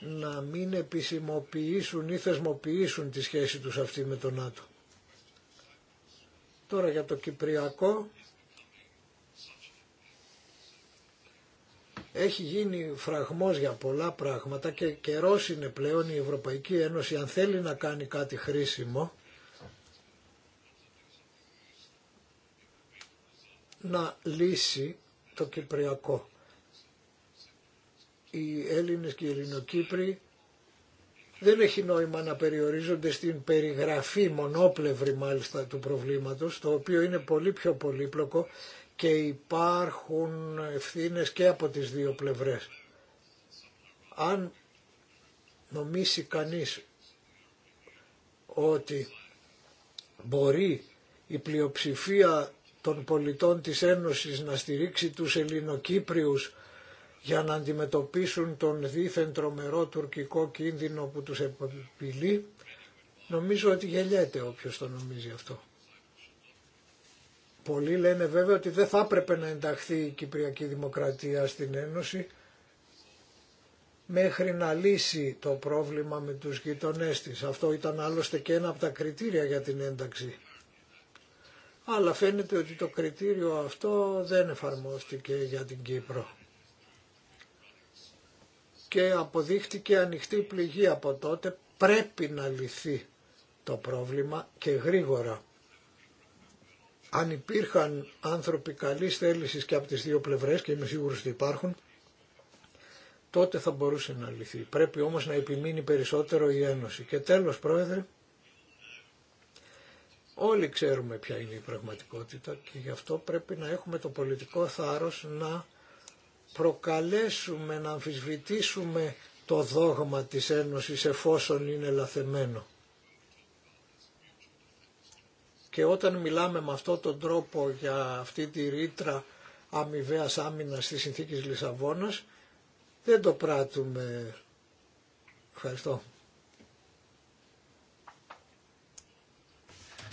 να μην επισημοποιήσουν ή θεσμοποιήσουν τη σχέση τους αυτή με τον ΝΑΤΟ. Τώρα για το Κυπριακό έχει γίνει φραγμός για πολλά πράγματα και καιρός είναι πλέον η Ευρωπαϊκή Ένωση αν θέλει να κάνει κάτι χρήσιμο να λύσει το Κυπριακό οι Έλληνες και οι Ελληνοκύπροι δεν έχει νόημα να περιορίζονται στην περιγραφή μονόπλευρη μάλιστα του προβλήματος, το οποίο είναι πολύ πιο πολύπλοκο και υπάρχουν ευθύνες και από τις δύο πλευρές. Αν νομίσει κανείς ότι μπορεί η πλειοψηφία των πολιτών της Ένωσης να στηρίξει τους Ελληνοκύπριους για να αντιμετωπίσουν τον δίθεν τρομερό τουρκικό κίνδυνο που τους επιλεί, νομίζω ότι γελιέται όποιος το νομίζει αυτό. Πολλοί λένε βέβαια ότι δεν θα έπρεπε να ενταχθεί η Κυπριακή Δημοκρατία στην Ένωση μέχρι να λύσει το πρόβλημα με τους γειτονές της. Αυτό ήταν άλλωστε και ένα από τα κριτήρια για την ένταξη. Αλλά φαίνεται ότι το κριτήριο αυτό δεν εφαρμόστηκε για την Κύπρο και αποδείχτηκε ανοιχτή πληγή από τότε. Πρέπει να λυθεί το πρόβλημα και γρήγορα. Αν υπήρχαν άνθρωποι καλής θέλησης και από τις δύο πλευρές και είμαι σίγουρος ότι υπάρχουν, τότε θα μπορούσε να λυθεί. Πρέπει όμως να επιμείνει περισσότερο η Ένωση. Και τέλος Πρόεδρε, όλοι ξέρουμε ποια είναι η πραγματικότητα και γι' αυτό πρέπει να έχουμε το πολιτικό θάρρος να προκαλέσουμε να αμφισβητήσουμε το δόγμα της Ένωσης εφόσον είναι λαθεμένο. Και όταν μιλάμε με αυτόν τον τρόπο για αυτή τη ρήτρα αμοιβαία άμυνα στη συνθήκη Λισαβόνα, δεν το πράττουμε. Ευχαριστώ.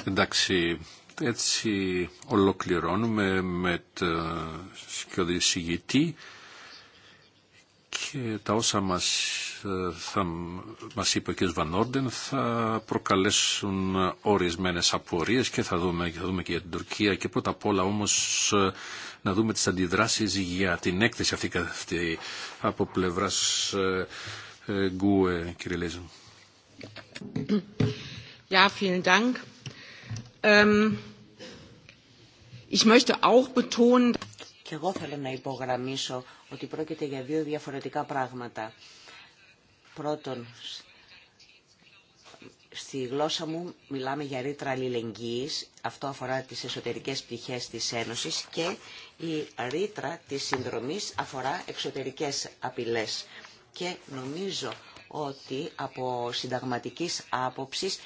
Εντάξει, έτσι ολοκληρώνουμε με το σκιοδησηγητή και τα όσα μας, θα, μας είπε ο κ. Βανόρντεν θα προκαλέσουν ορισμένες απορίες και θα δούμε, θα δούμε και για την Τουρκία και πρώτα απ' όλα όμως ε, να δούμε τις αντιδράσεις για την έκθεση αυτή, αυτή από πλευράς ε, ε, Γκουε, κ. Λίζου. Και εγώ θέλω να υπογραμμίσω ότι πρόκειται για δύο διαφορετικά πράγματα. Πρώτον, στη γλώσσα μου μιλάμε για ρήτρα αλληλεγγύης, αυτό αφορά τις εσωτερικές πτυχές της Ένωσης και η ρήτρα της συνδρομής αφορά εξωτερικές απειλές. Και νομίζω ότι από συνταγματικής άποψης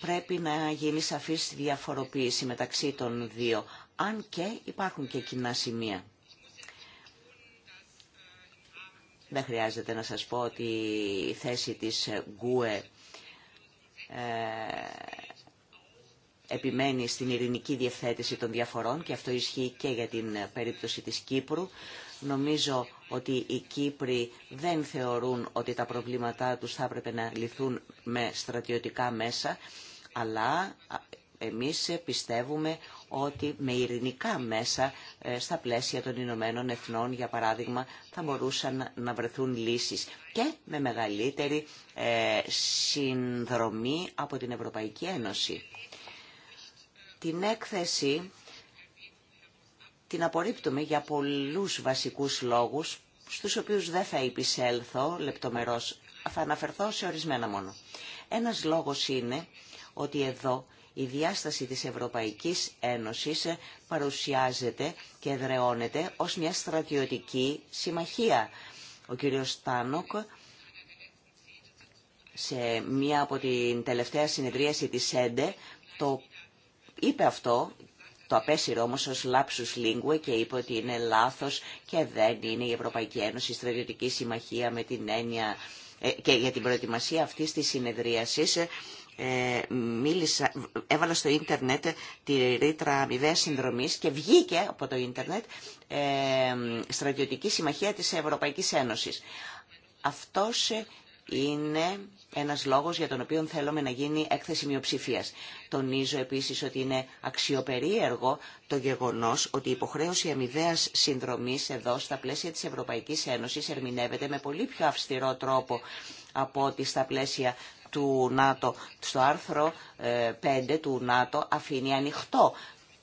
πρέπει να γίνει σαφής διαφοροποίηση μεταξύ των δύο, αν και υπάρχουν και κοινά σημεία. Δεν χρειάζεται να σας πω ότι η θέση της Γκουε ε, επιμένει στην ειρηνική διευθέτηση των διαφορών και αυτό ισχύει και για την περίπτωση της Κύπρου. Νομίζω ότι οι Κύπροι δεν θεωρούν ότι τα προβλήματά τους θα έπρεπε να λυθούν με στρατιωτικά μέσα αλλά εμείς πιστεύουμε ότι με ειρηνικά μέσα ε, στα πλαίσια των Ηνωμένων Εθνών, για παράδειγμα, θα μπορούσαν να βρεθούν λύσεις και με μεγαλύτερη ε, συνδρομή από την Ευρωπαϊκή Ένωση. Την έκθεση την απορρίπτουμε για πολλούς βασικούς λόγους, στους οποίους δεν θα υπησέλθω λεπτομερώς, θα αναφερθώ σε ορισμένα μόνο. Ένας λόγος είναι ότι εδώ η διάσταση της Ευρωπαϊκής Ένωσης παρουσιάζεται και εδραιώνεται ως μια στρατιωτική συμμαχία. Ο κύριος Στάνοκ σε μία από την τελευταία συνεδρίαση της ΕΝΤΕ το είπε αυτό, το απέσυρε όμως ως λάψους λίγου, και είπε ότι είναι λάθος και δεν είναι η Ευρωπαϊκή Ένωση στρατιωτική συμμαχία με την έννοια ε, και για την προετοιμασία αυτής της συνεδρίασης ε, μίλησα, έβαλα στο ίντερνετ τη ρήτρα αμοιβαία συνδρομή και βγήκε από το ίντερνετ ε, στρατιωτική συμμαχία της Ευρωπαϊκής Ένωσης. Αυτός είναι ένας λόγος για τον οποίο θέλουμε να γίνει έκθεση μειοψηφίας. Τονίζω επίσης ότι είναι αξιοπερίεργο το γεγονός ότι η υποχρέωση αμοιβαίας συνδρομής εδώ στα πλαίσια της Ευρωπαϊκής Ένωσης ερμηνεύεται με πολύ πιο αυστηρό τρόπο από ότι στα πλαίσια του ΝΑΤΟ, στο άρθρο 5 ε, του ΝΑΤΟ αφήνει ανοιχτό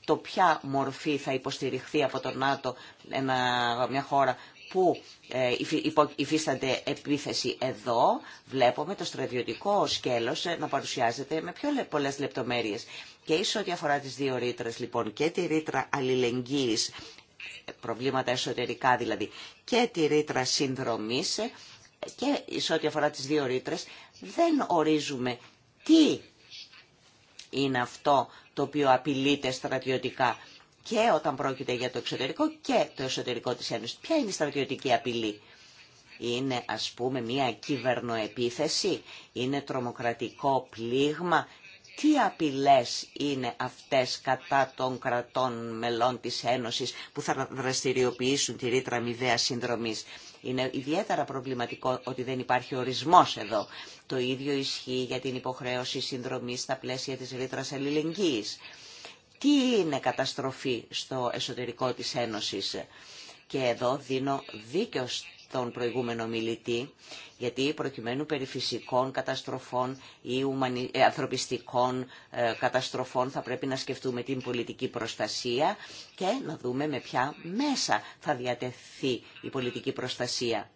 το ποια μορφή θα υποστηριχθεί από το ΝΑΤΟ μια χώρα που ε, υφίστανται επίθεση εδώ, βλέπουμε το στρατιωτικό σκέλος ε, να παρουσιάζεται με πιο πολλές λεπτομέρειες. Και ίσως ό,τι αφορά τις δύο ρήτρε, λοιπόν, και τη ρήτρα αλληλεγγύης, προβλήματα εσωτερικά δηλαδή, και τη ρήτρα συνδρομής, και ίσως ό,τι αφορά τις δύο ρήτρε δεν ορίζουμε τι είναι αυτό το οποίο απειλείται στρατιωτικά και όταν πρόκειται για το εξωτερικό και το εσωτερικό της Ένωσης. Ποια είναι η στρατιωτική απειλή. Είναι ας πούμε μια κυβερνοεπίθεση, είναι τρομοκρατικό πλήγμα. Τι απειλές είναι αυτές κατά των κρατών μελών της Ένωσης που θα δραστηριοποιήσουν τη ρήτρα μηδέας συνδρομής. Είναι ιδιαίτερα προβληματικό ότι δεν υπάρχει ορισμός εδώ. Το ίδιο ισχύει για την υποχρέωση συνδρομής στα πλαίσια της ρήτρα αλληλεγγύης. Τι είναι καταστροφή στο εσωτερικό της Ένωσης. Και εδώ δίνω δίκιο τον προηγούμενο μιλητή, γιατί προκειμένου περί φυσικών καταστροφών ή ε, ανθρωπιστικών ε, καταστροφών θα πρέπει να σκεφτούμε την πολιτική προστασία και να δούμε με ποια μέσα θα διατεθεί η πολιτική προστασία.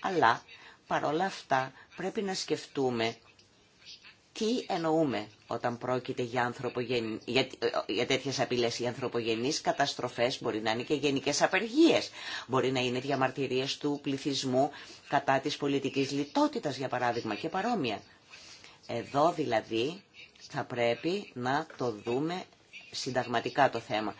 Αλλά παρόλα αυτά πρέπει να σκεφτούμε τι εννοούμε όταν πρόκειται για, ανθρωπογεν... για... για τέτοιες απειλές οι ανθρωπογενείς καταστροφές μπορεί να είναι και γενικές απεργίες. Μπορεί να είναι διαμαρτυρίες του πληθυσμού κατά της πολιτικής λιτότητας για παράδειγμα και παρόμοια. Εδώ δηλαδή θα πρέπει να το δούμε συνταγματικά το θέμα.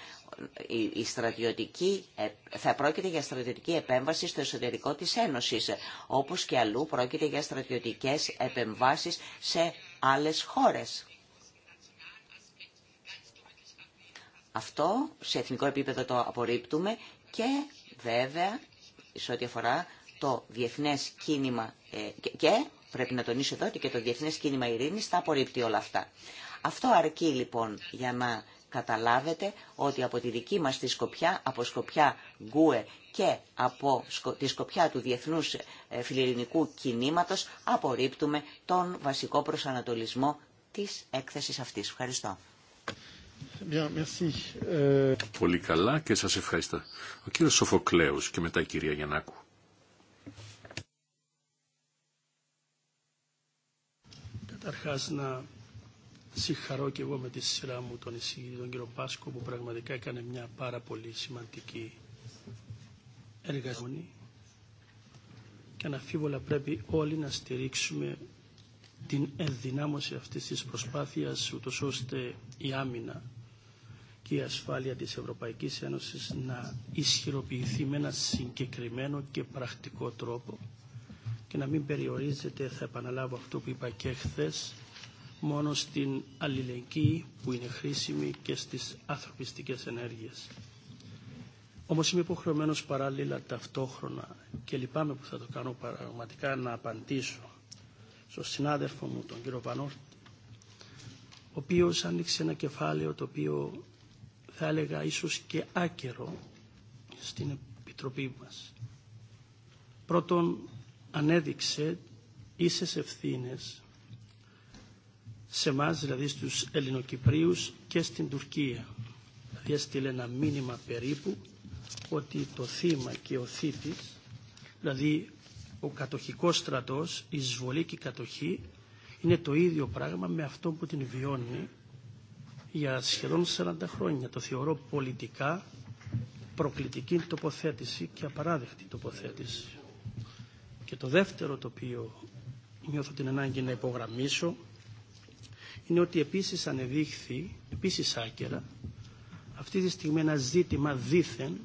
Η στρατιωτική, ε, θα πρόκειται για στρατιωτική επέμβαση στο εσωτερικό της Ένωσης, όπως και αλλού πρόκειται για στρατιωτικές επεμβάσεις σε άλλες χώρες. Αυτό σε εθνικό επίπεδο το απορρίπτουμε και βέβαια σε ό,τι αφορά το διεθνές κίνημα ε, και πρέπει να τονίσω εδώ ότι και το διεθνές κίνημα ειρήνης θα απορρίπτει όλα αυτά. Αυτό αρκεί λοιπόν για να καταλάβετε ότι από τη δική μας τη σκοπιά, από σκοπιά Γκουε και από τη σκοπιά του διεθνούς ε, φιλιρινικού κινήματος απορρίπτουμε τον βασικό προσανατολισμό της έκθεσης αυτής. Ευχαριστώ. Ε, πολύ καλά και σας ευχαριστώ. Ο κύριος Σοφοκλέους και μετά η κυρία Γιαννάκου. Καταρχάς να συγχαρώ και εγώ με τη σειρά μου τον εισηγητή τον κύριο Πάσκο που πραγματικά έκανε μια πάρα πολύ σημαντική εργασία και αναφίβολα πρέπει όλοι να στηρίξουμε την ενδυνάμωση αυτής της προσπάθειας ούτως ώστε η άμυνα η ασφάλεια της Ευρωπαϊκής Ένωσης να ισχυροποιηθεί με ένα συγκεκριμένο και πρακτικό τρόπο και να μην περιορίζεται, θα επαναλάβω αυτό που είπα και χθε, μόνο στην αλληλεγγύη που είναι χρήσιμη και στις ανθρωπιστικές ενέργειες. Όμως είμαι υποχρεωμένο παράλληλα ταυτόχρονα και λυπάμαι που θα το κάνω πραγματικά να απαντήσω στον συνάδελφο μου, τον κύριο Πανόρτη, ο οποίος άνοιξε ένα κεφάλαιο το οποίο θα έλεγα ίσως και άκερο στην Επιτροπή μας. Πρώτον, ανέδειξε ίσες ευθύνες σε μας, δηλαδή στους Ελληνοκυπρίους και στην Τουρκία. Δηλαδή έστειλε ένα μήνυμα περίπου ότι το θύμα και ο θήτης, δηλαδή ο κατοχικός στρατός, η εισβολή και η κατοχή, είναι το ίδιο πράγμα με αυτό που την βιώνει για σχεδόν 40 χρόνια. Το θεωρώ πολιτικά προκλητική τοποθέτηση και απαράδεκτη τοποθέτηση. Και το δεύτερο το οποίο νιώθω την ανάγκη να υπογραμμίσω είναι ότι επίσης ανεδείχθη, επίσης άκερα, αυτή τη στιγμή ένα ζήτημα δήθεν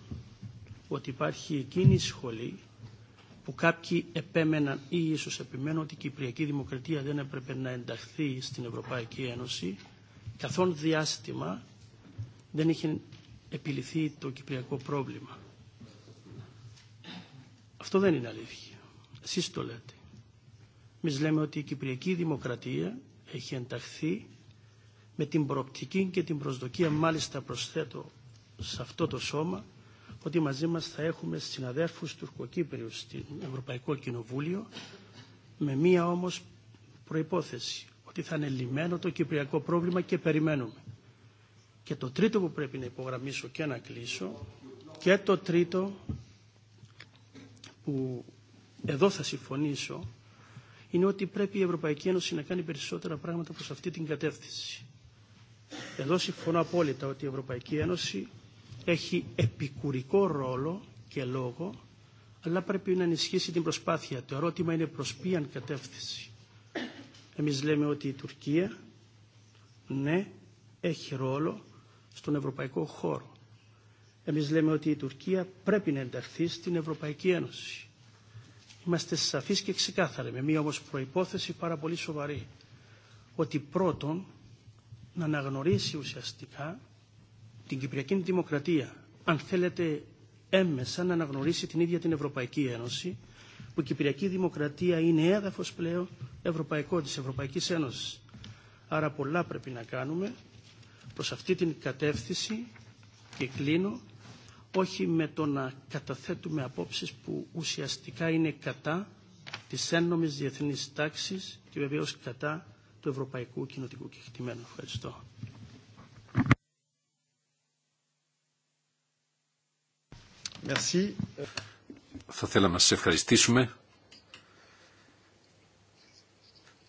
ότι υπάρχει εκείνη η σχολή που κάποιοι επέμεναν ή ίσως επιμένουν ότι η Κυπριακή Δημοκρατία δεν έπρεπε να ενταχθεί στην Ευρωπαϊκή Ένωση καθόν διάστημα δεν είχε επιληθεί το κυπριακό πρόβλημα. Αυτό δεν είναι αλήθεια. Εσείς το λέτε. Εμεί λέμε ότι η κυπριακή δημοκρατία έχει ενταχθεί με την προοπτική και την προσδοκία μάλιστα προσθέτω σε αυτό το σώμα ότι μαζί μας θα έχουμε συναδέρφους τουρκοκύπριους στην Ευρωπαϊκό Κοινοβούλιο με μία όμως προϋπόθεση ότι θα είναι λυμένο το κυπριακό πρόβλημα και περιμένουμε. Και το τρίτο που πρέπει να υπογραμμίσω και να κλείσω και το τρίτο που εδώ θα συμφωνήσω είναι ότι πρέπει η Ευρωπαϊκή Ένωση να κάνει περισσότερα πράγματα προς αυτή την κατεύθυνση. Εδώ συμφωνώ απόλυτα ότι η Ευρωπαϊκή Ένωση έχει επικουρικό ρόλο και λόγο αλλά πρέπει να ενισχύσει την προσπάθεια. Το ερώτημα είναι προς ποιαν κατεύθυνση. Εμείς λέμε ότι η Τουρκία, ναι, έχει ρόλο στον ευρωπαϊκό χώρο. Εμείς λέμε ότι η Τουρκία πρέπει να ενταχθεί στην Ευρωπαϊκή Ένωση. Είμαστε σαφείς και ξεκάθαροι, με μία όμως προϋπόθεση πάρα πολύ σοβαρή. Ότι πρώτον να αναγνωρίσει ουσιαστικά την Κυπριακή Δημοκρατία. Αν θέλετε έμμεσα να αναγνωρίσει την ίδια την Ευρωπαϊκή Ένωση, που η Κυπριακή Δημοκρατία είναι έδαφος πλέον ευρωπαϊκό της Ευρωπαϊκής Ένωσης. Άρα πολλά πρέπει να κάνουμε προς αυτή την κατεύθυνση και κλείνω όχι με το να καταθέτουμε απόψεις που ουσιαστικά είναι κατά της έννομης διεθνής τάξης και βεβαίως κατά του ευρωπαϊκού κοινοτικού κεκτημένου. Ευχαριστώ. Merci. Θα θέλαμε να σας ευχαριστήσουμε.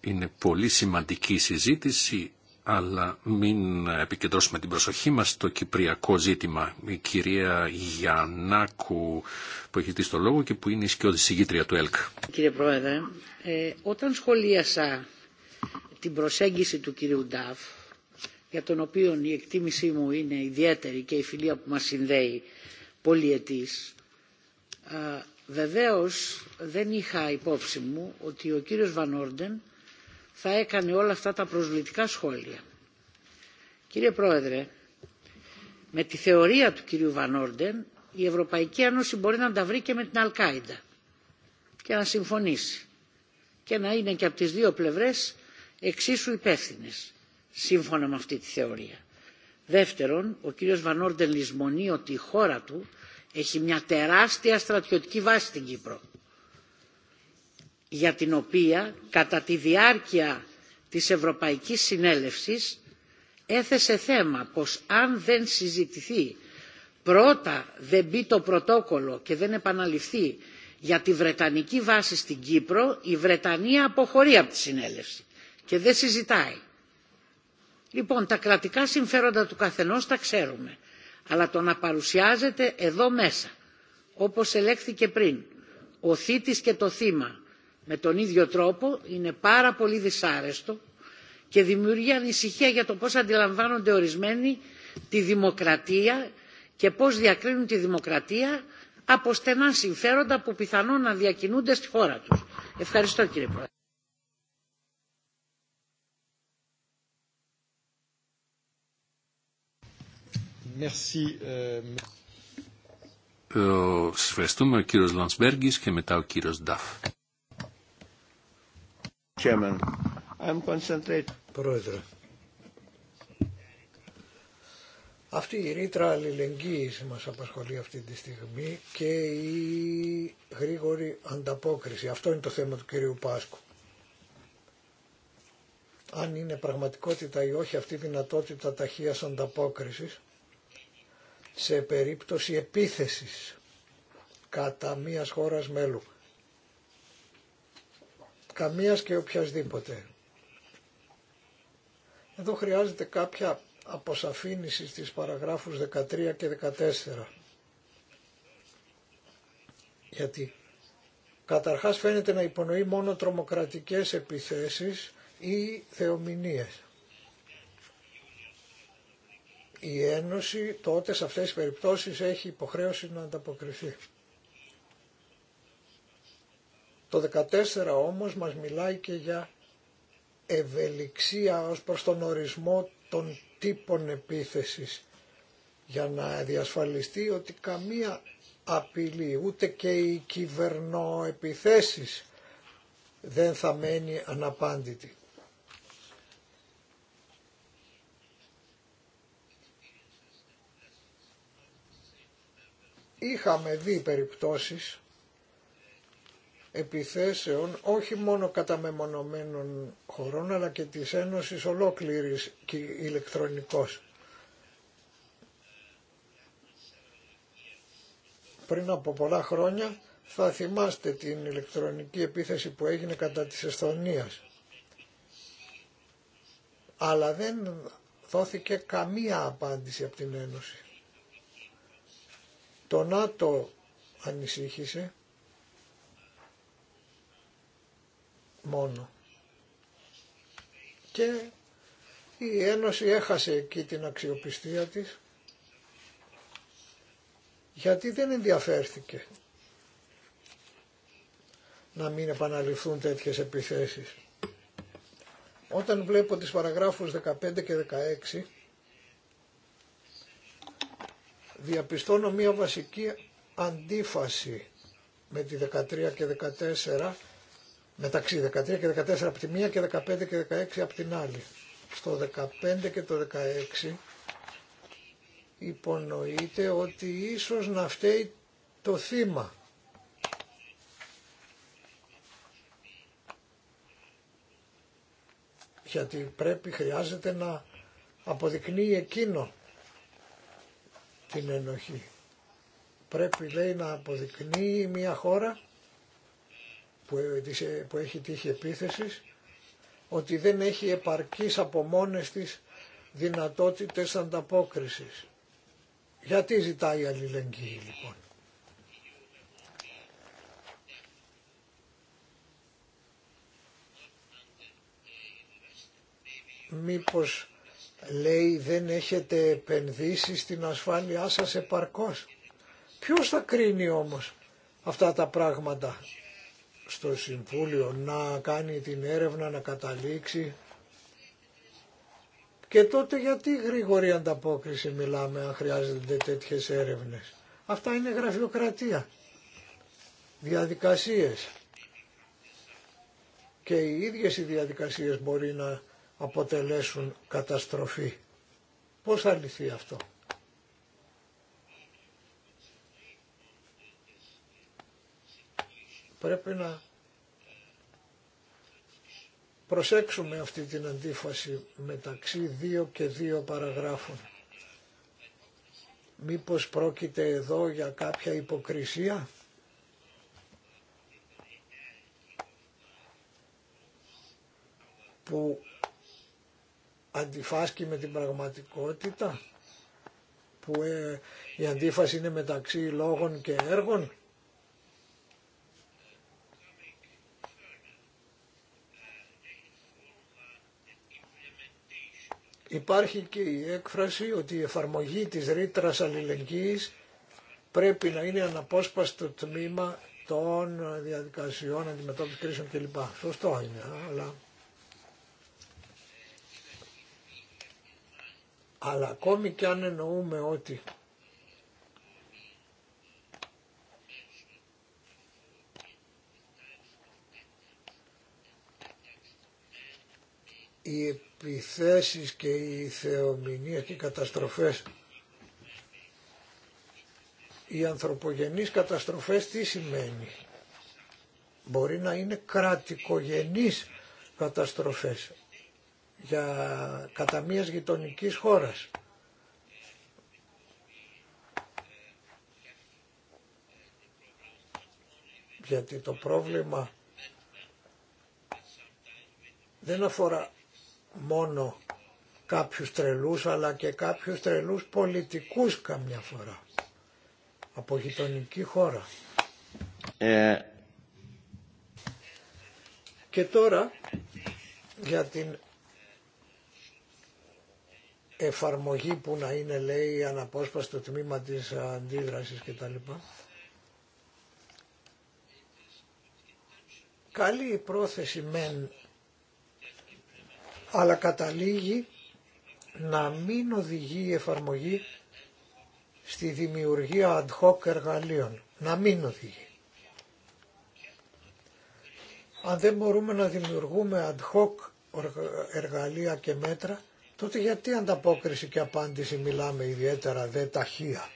Είναι πολύ σημαντική συζήτηση, αλλά μην επικεντρώσουμε την προσοχή μας στο κυπριακό ζήτημα. Η κυρία Γιαννάκου που έχει δει στο λόγο και που είναι η σκιώδη συγγήτρια του ΕΛΚ. Κύριε Πρόεδρε, ε, όταν σχολίασα την προσέγγιση του κυρίου Νταφ, για τον οποίο η εκτίμησή μου είναι ιδιαίτερη και η φιλία που μας συνδέει πολυετής, ε, βεβαίως δεν είχα υπόψη μου ότι ο κύριος Βανόρντεν θα έκανε όλα αυτά τα προσβλητικά σχόλια. Κύριε Πρόεδρε, με τη θεωρία του κυρίου Βανόρντεν η Ευρωπαϊκή Ένωση μπορεί να τα βρει και με την Αλκάιντα και να συμφωνήσει και να είναι και από τις δύο πλευρές εξίσου υπεύθυνε σύμφωνα με αυτή τη θεωρία. Δεύτερον, ο κύριος Βανόρντεν λησμονεί ότι η χώρα του έχει μια τεράστια στρατιωτική βάση στην Κύπρο για την οποία κατά τη διάρκεια της Ευρωπαϊκής Συνέλευσης έθεσε θέμα πως αν δεν συζητηθεί πρώτα δεν μπει το πρωτόκολλο και δεν επαναληφθεί για τη Βρετανική βάση στην Κύπρο η Βρετανία αποχωρεί από τη συνέλευση και δεν συζητάει. Λοιπόν τα κρατικά συμφέροντα του καθενός τα ξέρουμε αλλά το να παρουσιάζεται εδώ μέσα όπως ελέγχθηκε πριν ο θήτης και το θύμα με τον ίδιο τρόπο είναι πάρα πολύ δυσάρεστο και δημιουργεί ανησυχία για το πώς αντιλαμβάνονται ορισμένοι τη δημοκρατία και πώς διακρίνουν τη δημοκρατία από στενά συμφέροντα που πιθανόν να διακινούνται στη χώρα τους. Ευχαριστώ κύριε Πρόεδρε. Euh, σας ευχαριστούμε ο κύριος και μετά ο κύριος Νταφ. Chairman, Πρόεδρε. Αυτή η ρήτρα αλληλεγγύης μας απασχολεί αυτή τη στιγμή και η γρήγορη ανταπόκριση. Αυτό είναι το θέμα του κυρίου Πάσκου. Αν είναι πραγματικότητα ή όχι αυτή η δυνατότητα ταχείας ανταπόκρισης σε περίπτωση επίθεσης κατά μίας χώρας μέλου καμίας και οποιασδήποτε. Εδώ χρειάζεται κάποια αποσαφήνιση στις παραγράφους 13 και 14. Γιατί καταρχάς φαίνεται να υπονοεί μόνο τρομοκρατικές επιθέσεις ή θεομηνίες. Η Ένωση τότε σε αυτές τις περιπτώσεις έχει υποχρέωση να ανταποκριθεί. Το 14 όμως μας μιλάει και για ευελιξία ως προς τον ορισμό των τύπων επίθεσης για να διασφαλιστεί ότι καμία απειλή ούτε και οι κυβερνοεπιθέσεις δεν θα μένει αναπάντητη. Είχαμε δει περιπτώσεις επιθέσεων όχι μόνο κατά μεμονωμένων χωρών αλλά και της Ένωσης ολόκληρης και ηλεκτρονικός. Πριν από πολλά χρόνια θα θυμάστε την ηλεκτρονική επίθεση που έγινε κατά της Εσθονίας. Αλλά δεν δόθηκε καμία απάντηση από την Ένωση. Το ΝΑΤΟ ανησύχησε μόνο. Και η Ένωση έχασε εκεί την αξιοπιστία της γιατί δεν ενδιαφέρθηκε να μην επαναληφθούν τέτοιες επιθέσεις. Όταν βλέπω τις παραγράφους 15 και 16 διαπιστώνω μία βασική αντίφαση με τη 13 και 14 μεταξύ 13 και 14 από τη μία και 15 και 16 από την άλλη. Στο 15 και το 16 υπονοείται ότι ίσως να φταίει το θύμα. Γιατί πρέπει, χρειάζεται να αποδεικνύει εκείνο την ενοχή. Πρέπει λέει να αποδεικνύει μια χώρα που έχει τύχει επίθεσης ότι δεν έχει επαρκείς από μόνες της δυνατότητες ανταπόκρισης. Γιατί ζητάει αλληλεγγύη λοιπόν. Μήπως λέει δεν έχετε επενδύσει στην ασφάλειά σας επαρκώς. Ποιος θα κρίνει όμως αυτά τα πράγματα στο Συμβούλιο να κάνει την έρευνα να καταλήξει και τότε γιατί γρήγορη ανταπόκριση μιλάμε αν χρειάζονται τέτοιες έρευνες. Αυτά είναι γραφειοκρατία, διαδικασίες και οι ίδιες οι διαδικασίες μπορεί να αποτελέσουν καταστροφή. Πώς θα λυθεί αυτό. πρέπει να προσέξουμε αυτή την αντίφαση μεταξύ δύο και δύο παραγράφων. Μήπως πρόκειται εδώ για κάποια υποκρισία. που αντιφάσκει με την πραγματικότητα, που ε, η αντίφαση είναι μεταξύ λόγων και έργων. Υπάρχει και η έκφραση ότι η εφαρμογή της ρήτρα αλληλεγγύης πρέπει να είναι αναπόσπαστο τμήμα των διαδικασιών αντιμετώπισης κρίσεων κλπ. Σωστό είναι, αλλά... Αλλά ακόμη και αν εννοούμε ότι η οι και οι θεομηνίες και οι καταστροφές οι ανθρωπογενείς καταστροφές τι σημαίνει. Μπορεί να είναι κρατικογενείς καταστροφές για κατά μίας γειτονικής χώρας. Γιατί το πρόβλημα δεν αφορά μόνο κάποιους τρελούς αλλά και κάποιους τρελούς πολιτικούς καμιά φορά από γειτονική χώρα. Ε, και τώρα για την εφαρμογή που να είναι λέει αναπόσπαστο τμήμα της αντίδρασης κτλ. Καλή η πρόθεση μεν αλλά καταλήγει να μην οδηγεί η εφαρμογή στη δημιουργία ad hoc εργαλείων. Να μην οδηγεί. Αν δεν μπορούμε να δημιουργούμε ad hoc εργαλεία και μέτρα, τότε γιατί ανταπόκριση και απάντηση μιλάμε ιδιαίτερα δε ταχεία.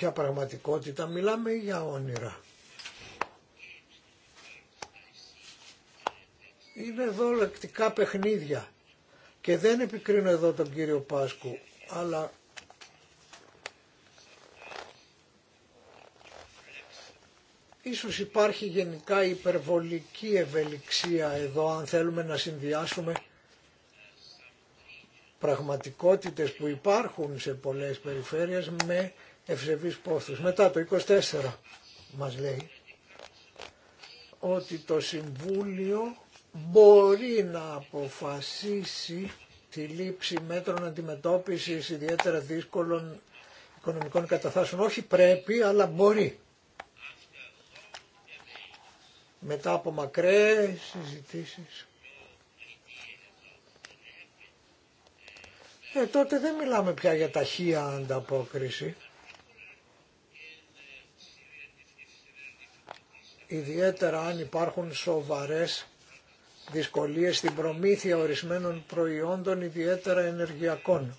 ποια πραγματικότητα, μιλάμε για όνειρα. Είναι εδώ λεκτικά παιχνίδια και δεν επικρίνω εδώ τον κύριο Πάσκου, αλλά ίσως υπάρχει γενικά υπερβολική ευελιξία εδώ αν θέλουμε να συνδυάσουμε πραγματικότητες που υπάρχουν σε πολλές περιφέρειες με ευσεβείς πόθους. Μετά το 24 μας λέει ότι το Συμβούλιο μπορεί να αποφασίσει τη λήψη μέτρων αντιμετώπισης ιδιαίτερα δύσκολων οικονομικών καταθάσεων. Όχι πρέπει, αλλά μπορεί. Μετά από μακρές συζητήσεις. Ε, τότε δεν μιλάμε πια για ταχεία ανταπόκριση. ιδιαίτερα αν υπάρχουν σοβαρές δυσκολίες στην προμήθεια ορισμένων προϊόντων, ιδιαίτερα ενεργειακών.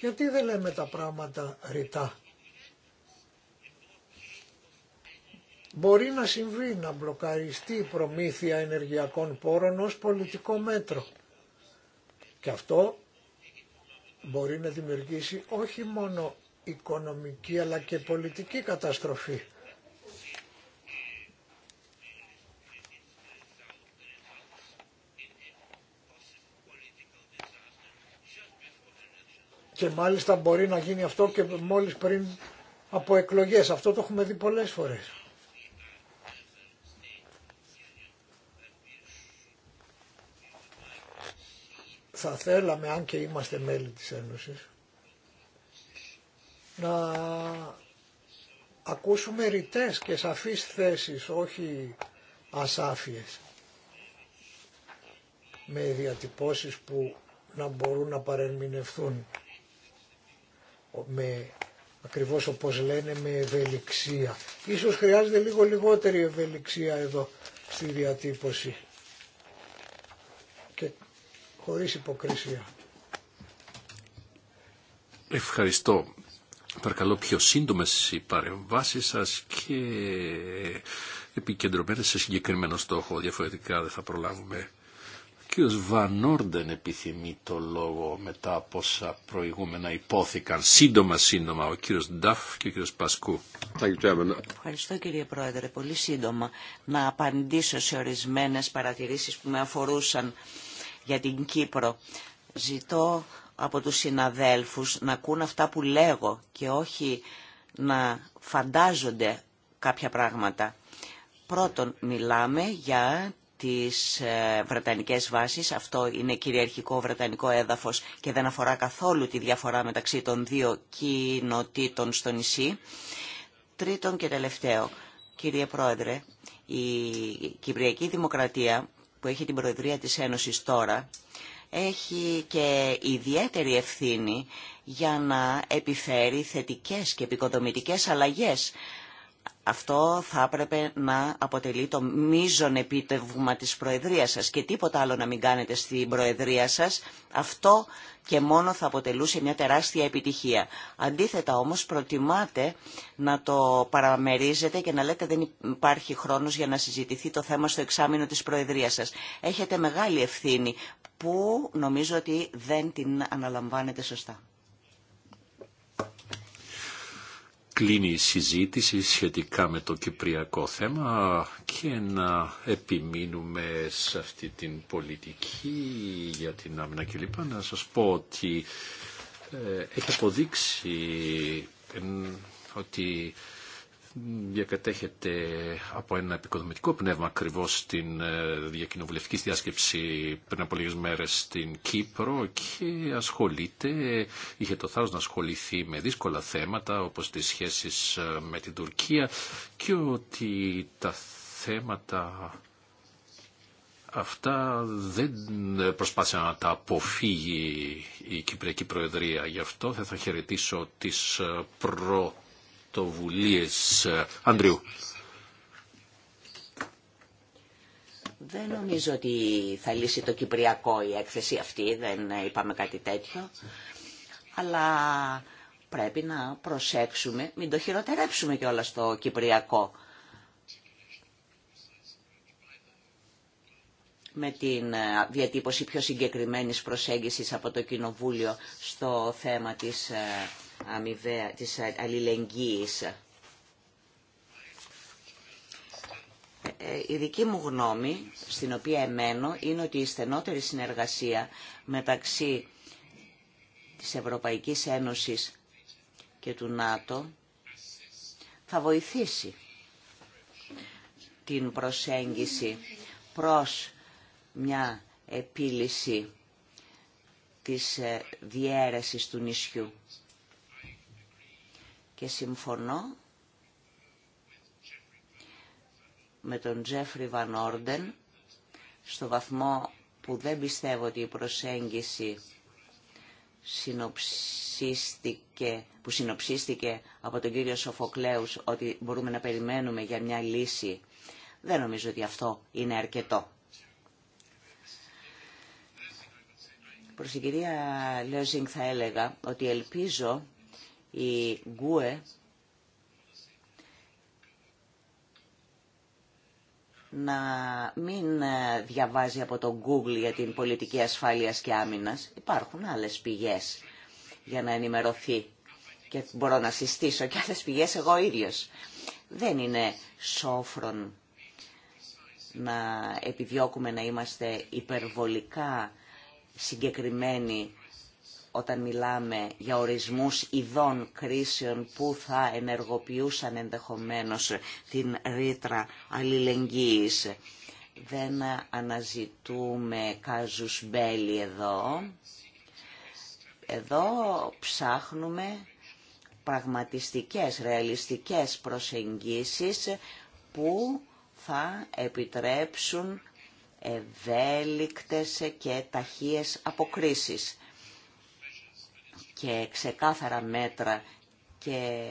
Γιατί δεν λέμε τα πράγματα ρητά. Μπορεί να συμβεί να μπλοκαριστεί η προμήθεια ενεργειακών πόρων ως πολιτικό μέτρο. Και αυτό μπορεί να δημιουργήσει όχι μόνο οικονομική αλλά και πολιτική καταστροφή. Και μάλιστα μπορεί να γίνει αυτό και μόλις πριν από εκλογές. Αυτό το έχουμε δει πολλές φορές. Θα θέλαμε, αν και είμαστε μέλη της Ένωσης, να ακούσουμε ρητές και σαφείς θέσεις, όχι ασάφιες, με διατυπώσεις που να μπορούν να παρεμεινευθούν με ακριβώς όπως λένε με ευελιξία. Ίσως χρειάζεται λίγο λιγότερη ευελιξία εδώ στη διατύπωση και χωρίς υποκρισία. Ευχαριστώ. Παρακαλώ πιο σύντομες οι παρεμβάσεις σας και επικεντρωμένες σε συγκεκριμένο στόχο. Διαφορετικά δεν θα προλάβουμε κύριος Βανόρντεν επιθυμεί το λόγο μετά από όσα προηγούμενα υπόθηκαν. Σύντομα, σύντομα, ο κύριος Νταφ και ο κύριος Πασκού. Ευχαριστώ κύριε Πρόεδρε. Πολύ σύντομα να απαντήσω σε ορισμένες παρατηρήσεις που με αφορούσαν για την Κύπρο. Ζητώ από τους συναδέλφους να ακούν αυτά που λέγω και όχι να φαντάζονται κάποια πράγματα. Πρώτον, μιλάμε για τις ε, βρετανικές βάσεις. Αυτό είναι κυριαρχικό βρετανικό έδαφος και δεν αφορά καθόλου τη διαφορά μεταξύ των δύο κοινοτήτων στο νησί. Τρίτον και τελευταίο, κύριε Πρόεδρε, η Κυπριακή Δημοκρατία που έχει την Προεδρία της Ένωσης τώρα έχει και ιδιαίτερη ευθύνη για να επιφέρει θετικές και επικοδομητικές αλλαγές αυτό θα έπρεπε να αποτελεί το μείζον επίτευγμα της Προεδρίας σας και τίποτα άλλο να μην κάνετε στην Προεδρία σας. Αυτό και μόνο θα αποτελούσε μια τεράστια επιτυχία. Αντίθετα όμως προτιμάτε να το παραμερίζετε και να λέτε δεν υπάρχει χρόνος για να συζητηθεί το θέμα στο εξάμεινο της Προεδρίας σας. Έχετε μεγάλη ευθύνη που νομίζω ότι δεν την αναλαμβάνετε σωστά. κλείνει η συζήτηση σχετικά με το κυπριακό θέμα και να επιμείνουμε σε αυτή την πολιτική για την άμυνα κλπ. Να σας πω ότι ε, έχει αποδείξει ε, ότι διακατέχεται από ένα επικοδομητικό πνεύμα ακριβώ στην ε, διακοινοβουλευτική διάσκεψη πριν από λίγες μέρες στην Κύπρο και ασχολείται, είχε το θάρρος να ασχοληθεί με δύσκολα θέματα όπως τις σχέσεις ε, με την Τουρκία και ότι τα θέματα αυτά δεν προσπάθησε να τα αποφύγει η Κυπριακή Προεδρία. Γι' αυτό θα, θα χαιρετήσω τις ε, προ Βουλίες ε, Ανδρίου. Δεν νομίζω ότι θα λύσει το Κυπριακό η έκθεση αυτή, δεν είπαμε κάτι τέτοιο. Αλλά πρέπει να προσέξουμε, μην το χειροτερέψουμε όλα στο Κυπριακό. με την ε, διατύπωση πιο συγκεκριμένης προσέγγισης από το Κοινοβούλιο στο θέμα της ε, αμοιβαία, της αλληλεγγύης. Ε, ε, η δική μου γνώμη, στην οποία εμένω, είναι ότι η στενότερη συνεργασία μεταξύ της Ευρωπαϊκής Ένωσης και του ΝΑΤΟ θα βοηθήσει την προσέγγιση προς μια επίλυση της ε, διέρεσης του νησιού και συμφωνώ με τον Τζέφρι Βαν Όρντεν στο βαθμό που δεν πιστεύω ότι η προσέγγιση συνοψίστηκε, που συνοψίστηκε από τον κύριο Σοφοκλέους ότι μπορούμε να περιμένουμε για μια λύση. Δεν νομίζω ότι αυτό είναι αρκετό. Προς την κυρία Λέζινγκ θα έλεγα ότι ελπίζω η Γκουε να μην ε, διαβάζει από το Google για την πολιτική ασφάλειας και άμυνας. Υπάρχουν άλλες πηγές για να ενημερωθεί και μπορώ να συστήσω και άλλες πηγές εγώ ίδιος. Δεν είναι σόφρον να επιδιώκουμε να είμαστε υπερβολικά συγκεκριμένοι όταν μιλάμε για ορισμούς ειδών κρίσεων που θα ενεργοποιούσαν ενδεχομένως την ρήτρα αλληλεγγύης. Δεν αναζητούμε κάζους μπέλη εδώ. Εδώ ψάχνουμε πραγματιστικές, ρεαλιστικές προσεγγίσεις που θα επιτρέψουν ευέλικτες και ταχείες αποκρίσεις και ξεκάθαρα μέτρα και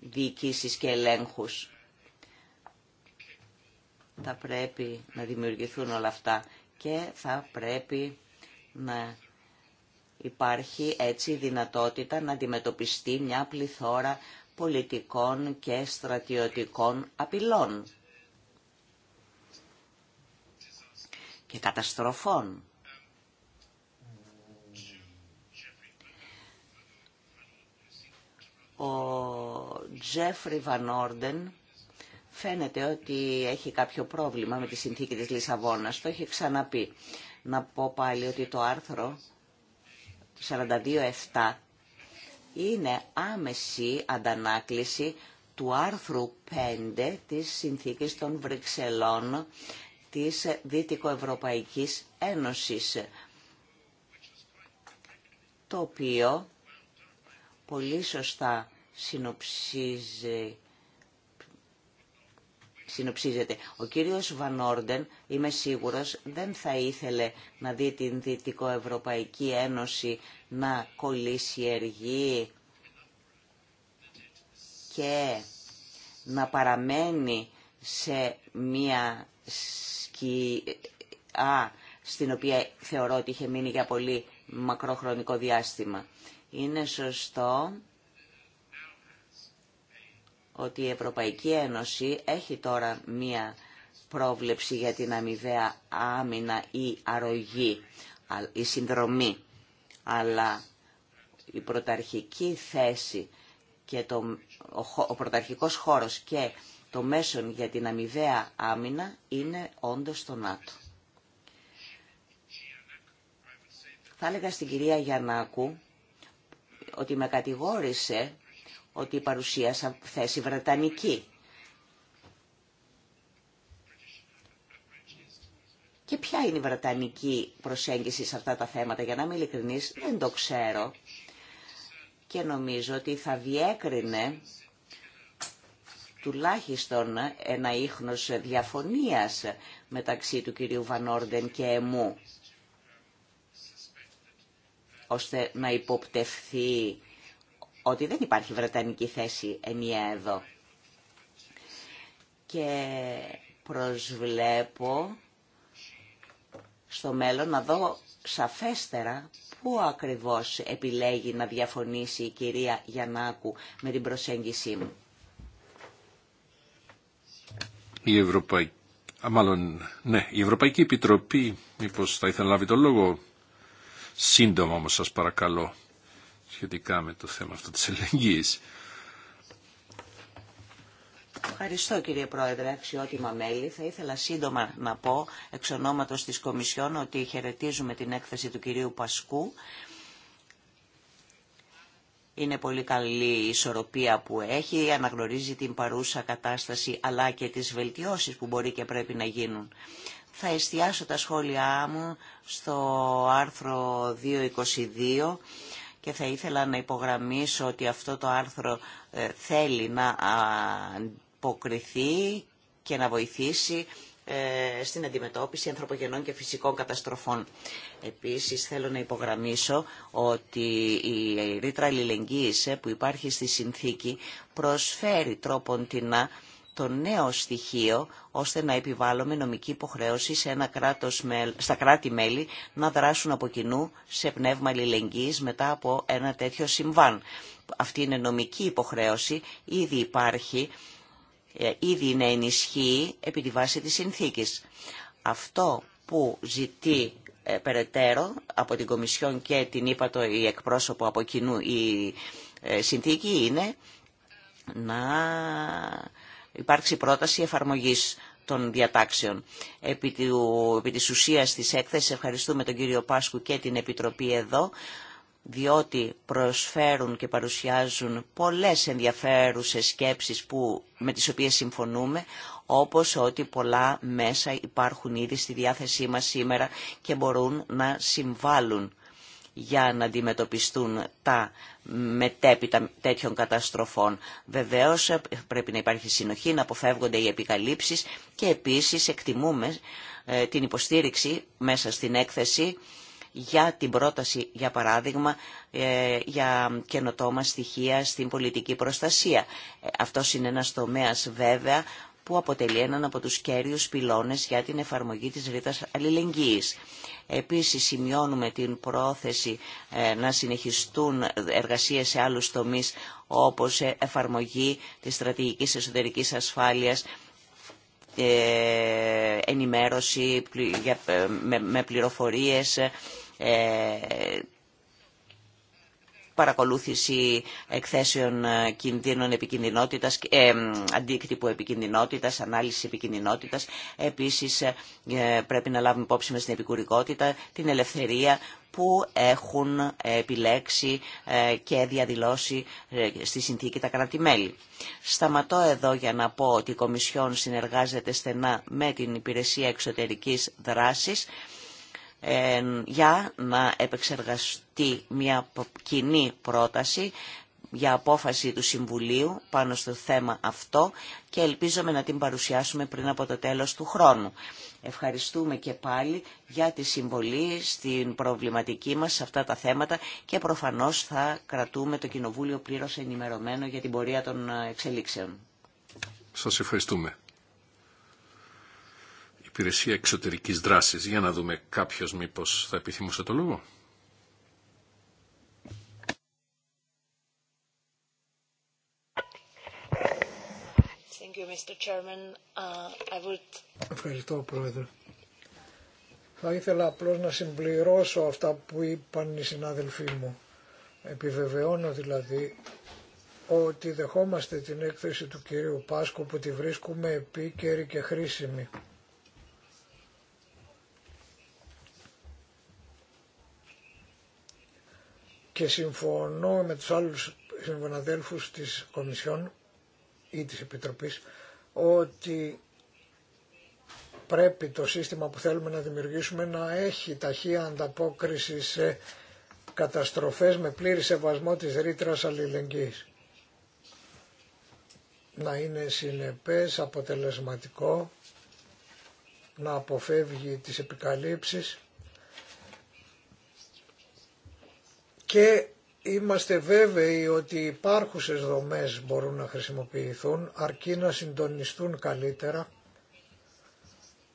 διοικήσεις και ελέγχους. Θα πρέπει να δημιουργηθούν όλα αυτά και θα πρέπει να υπάρχει έτσι δυνατότητα να αντιμετωπιστεί μια πληθώρα πολιτικών και στρατιωτικών απειλών. και καταστροφών. Ο Τζέφρι Ορντέν φαίνεται ότι έχει κάποιο πρόβλημα με τη συνθήκη της Λισαβόνας. Το έχει ξαναπεί. Να πω πάλι ότι το άρθρο 42.7 είναι άμεση αντανάκληση του άρθρου 5 της Συνθήκης των Βρυξελών της Δυτικοευρωπαϊκής Ένωσης, το οποίο πολύ σωστά συνοψίζεται. Ο κύριος Βανόρντεν, είμαι σίγουρος, δεν θα ήθελε να δει την Δυτικοευρωπαϊκή Ένωση να κολλήσει εργή και να παραμένει σε μία α στην οποία θεωρώ ότι είχε μείνει για πολύ μακροχρονικό διάστημα. Είναι σωστό ότι η Ευρωπαϊκή Ένωση έχει τώρα μία πρόβλεψη για την αμοιβαία άμυνα ή αρρωγή, η συνδρομή. Αλλά η πρωταρχική θέση και το, ο, ο πρωταρχικός χώρος και το μέσον για την αμοιβαία άμυνα είναι όντως το ΝΑΤΟ. Θα έλεγα στην κυρία Γιαννάκου ότι με κατηγόρησε ότι παρουσίασα θέση βρετανική. Και ποια είναι η βρετανική προσέγγιση σε αυτά τα θέματα, για να είμαι ειλικρινής, δεν το ξέρω. Και νομίζω ότι θα διέκρινε τουλάχιστον ένα ίχνος διαφωνίας μεταξύ του κυρίου Βανόρντεν και εμού, ώστε να υποπτευθεί ότι δεν υπάρχει βρετανική θέση ενιαία εδώ. Και προσβλέπω στο μέλλον να δω σαφέστερα πού ακριβώς επιλέγει να διαφωνήσει η κυρία Γιαννάκου με την προσέγγιση μου. Ναι, η Ευρωπαϊκή, ναι, η Επιτροπή, μήπως θα ήθελα να λάβει το λόγο, σύντομα όμως σας παρακαλώ, σχετικά με το θέμα αυτό της ελεγγύης. Ευχαριστώ κύριε Πρόεδρε, αξιότιμα μέλη. Θα ήθελα σύντομα να πω εξ ονόματος της Κομισιόν ότι χαιρετίζουμε την έκθεση του κυρίου Πασκού είναι πολύ καλή η ισορροπία που έχει, αναγνωρίζει την παρούσα κατάσταση αλλά και τις βελτιώσεις που μπορεί και πρέπει να γίνουν. Θα εστιάσω τα σχόλιά μου στο άρθρο 222 και θα ήθελα να υπογραμμίσω ότι αυτό το άρθρο ε, θέλει να αποκριθεί και να βοηθήσει ε, στην αντιμετώπιση ανθρωπογενών και φυσικών καταστροφών. Επίσης θέλω να υπογραμμίσω ότι η ρήτρα αλληλεγγύης ε, που υπάρχει στη συνθήκη προσφέρει τρόπον την το νέο στοιχείο ώστε να επιβάλλουμε νομική υποχρέωση σε ένα κράτος, στα κράτη-μέλη να δράσουν από κοινού σε πνεύμα αλληλεγγύης μετά από ένα τέτοιο συμβάν. Αυτή είναι νομική υποχρέωση, ήδη υπάρχει ε, ήδη είναι ενισχύει επί τη βάση της συνθήκης. Αυτό που ζητεί ε, περαιτέρω από την Κομισιόν και την ύπατο η εκπρόσωπο από κοινού η ε, συνθήκη είναι να υπάρξει πρόταση εφαρμογής των διατάξεων. Επί, επί της ουσίας της έκθεσης ευχαριστούμε τον κύριο Πάσκου και την Επιτροπή εδώ διότι προσφέρουν και παρουσιάζουν πολλές ενδιαφέρουσες σκέψεις που, με τις οποίες συμφωνούμε, όπως ότι πολλά μέσα υπάρχουν ήδη στη διάθεσή μας σήμερα και μπορούν να συμβάλλουν για να αντιμετωπιστούν τα μετέπειτα τέτοιων καταστροφών. Βεβαίως πρέπει να υπάρχει συνοχή, να αποφεύγονται οι επικαλύψεις και επίσης εκτιμούμε ε, την υποστήριξη μέσα στην έκθεση για την πρόταση, για παράδειγμα, ε, για καινοτόμα στοιχεία στην πολιτική προστασία. Ε, Αυτό είναι ένας τομέας βέβαια που αποτελεί έναν από τους κέριους πυλώνες για την εφαρμογή της ρήτας αλληλεγγύης. Επίσης σημειώνουμε την πρόθεση ε, να συνεχιστούν εργασίες σε άλλους τομείς όπως εφαρμογή της στρατηγικής εσωτερικής ασφάλειας, ενημέρωση με πληροφορίες, ε, παρακολούθηση εκθέσεων ε, κινδύνων επικινδυνότητας, ε, ε αντίκτυπου επικινδυνότητας, ανάλυση επικινδυνότητας. Επίσης πρέπει να λάβουμε υπόψη μας την επικουρικότητα, την ελευθερία που έχουν επιλέξει και διαδηλώσει στη συνθήκη τα κράτη-μέλη. Σταματώ εδώ για να πω ότι η Κομισιόν συνεργάζεται στενά με την Υπηρεσία Εξωτερικής Δράσης για να επεξεργαστεί μια κοινή πρόταση για απόφαση του Συμβουλίου πάνω στο θέμα αυτό και ελπίζομαι να την παρουσιάσουμε πριν από το τέλος του χρόνου. Ευχαριστούμε και πάλι για τη συμβολή στην προβληματική μας σε αυτά τα θέματα και προφανώς θα κρατούμε το Κοινοβούλιο πλήρως ενημερωμένο για την πορεία των ε, εξελίξεων. Σας ευχαριστούμε υπηρεσία εξωτερικής δράσης. Για να δούμε κάποιος μήπως θα επιθυμούσε το λόγο. Uh, Ευχαριστώ, Πρόεδρε. Θα ήθελα απλώς να συμπληρώσω αυτά που είπαν οι συνάδελφοί μου. Επιβεβαιώνω δηλαδή ότι δεχόμαστε την έκθεση του κυρίου Πάσκου που τη βρίσκουμε επίκαιρη και χρήσιμη. και συμφωνώ με τους άλλους συμβοναδέλφους της Κομισιόν ή της Επιτροπής ότι πρέπει το σύστημα που θέλουμε να δημιουργήσουμε να έχει ταχεία ανταπόκριση σε καταστροφές με πλήρη σεβασμό της ρήτρα αλληλεγγύης. Να είναι συνεπές, αποτελεσματικό, να αποφεύγει τις επικαλύψεις και είμαστε βέβαιοι ότι οι υπάρχουσες δομές μπορούν να χρησιμοποιηθούν αρκεί να συντονιστούν καλύτερα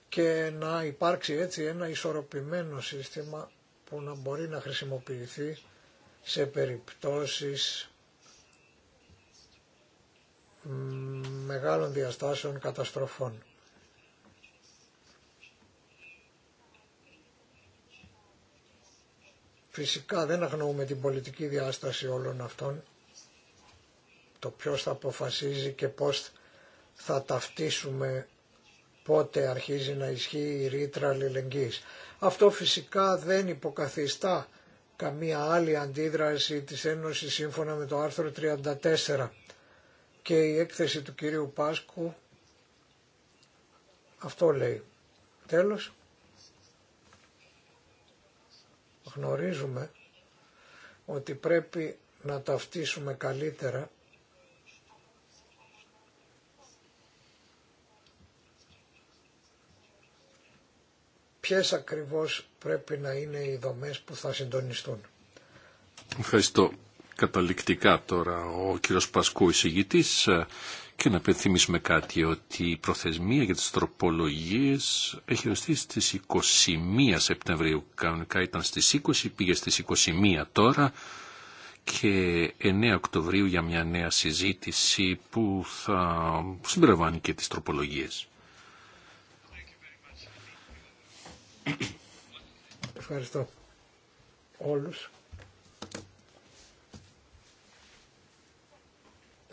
και να υπάρξει έτσι ένα ισορροπημένο σύστημα που να μπορεί να χρησιμοποιηθεί σε περιπτώσεις μεγάλων διαστάσεων καταστροφών. Φυσικά δεν αγνοούμε την πολιτική διάσταση όλων αυτών, το ποιος θα αποφασίζει και πώς θα ταυτίσουμε πότε αρχίζει να ισχύει η ρήτρα αλληλεγγύης. Αυτό φυσικά δεν υποκαθιστά καμία άλλη αντίδραση της Ένωσης σύμφωνα με το άρθρο 34 και η έκθεση του κυρίου Πάσκου αυτό λέει. Τέλος. γνωρίζουμε ότι πρέπει να ταυτίσουμε καλύτερα ποιες ακριβώς πρέπει να είναι οι δομές που θα συντονιστούν. Ευχαριστώ. Καταληκτικά τώρα ο κύριος Πασκού, εισηγητής, και να πενθυμίσουμε κάτι ότι η προθεσμία για τις τροπολογίες έχει οριστεί στις 21 Σεπτεμβρίου. Κανονικά ήταν στις 20, πήγε στις 21 τώρα και 9 Οκτωβρίου για μια νέα συζήτηση που θα συμπεριλαμβάνει και τις τροπολογίες. Ευχαριστώ όλους.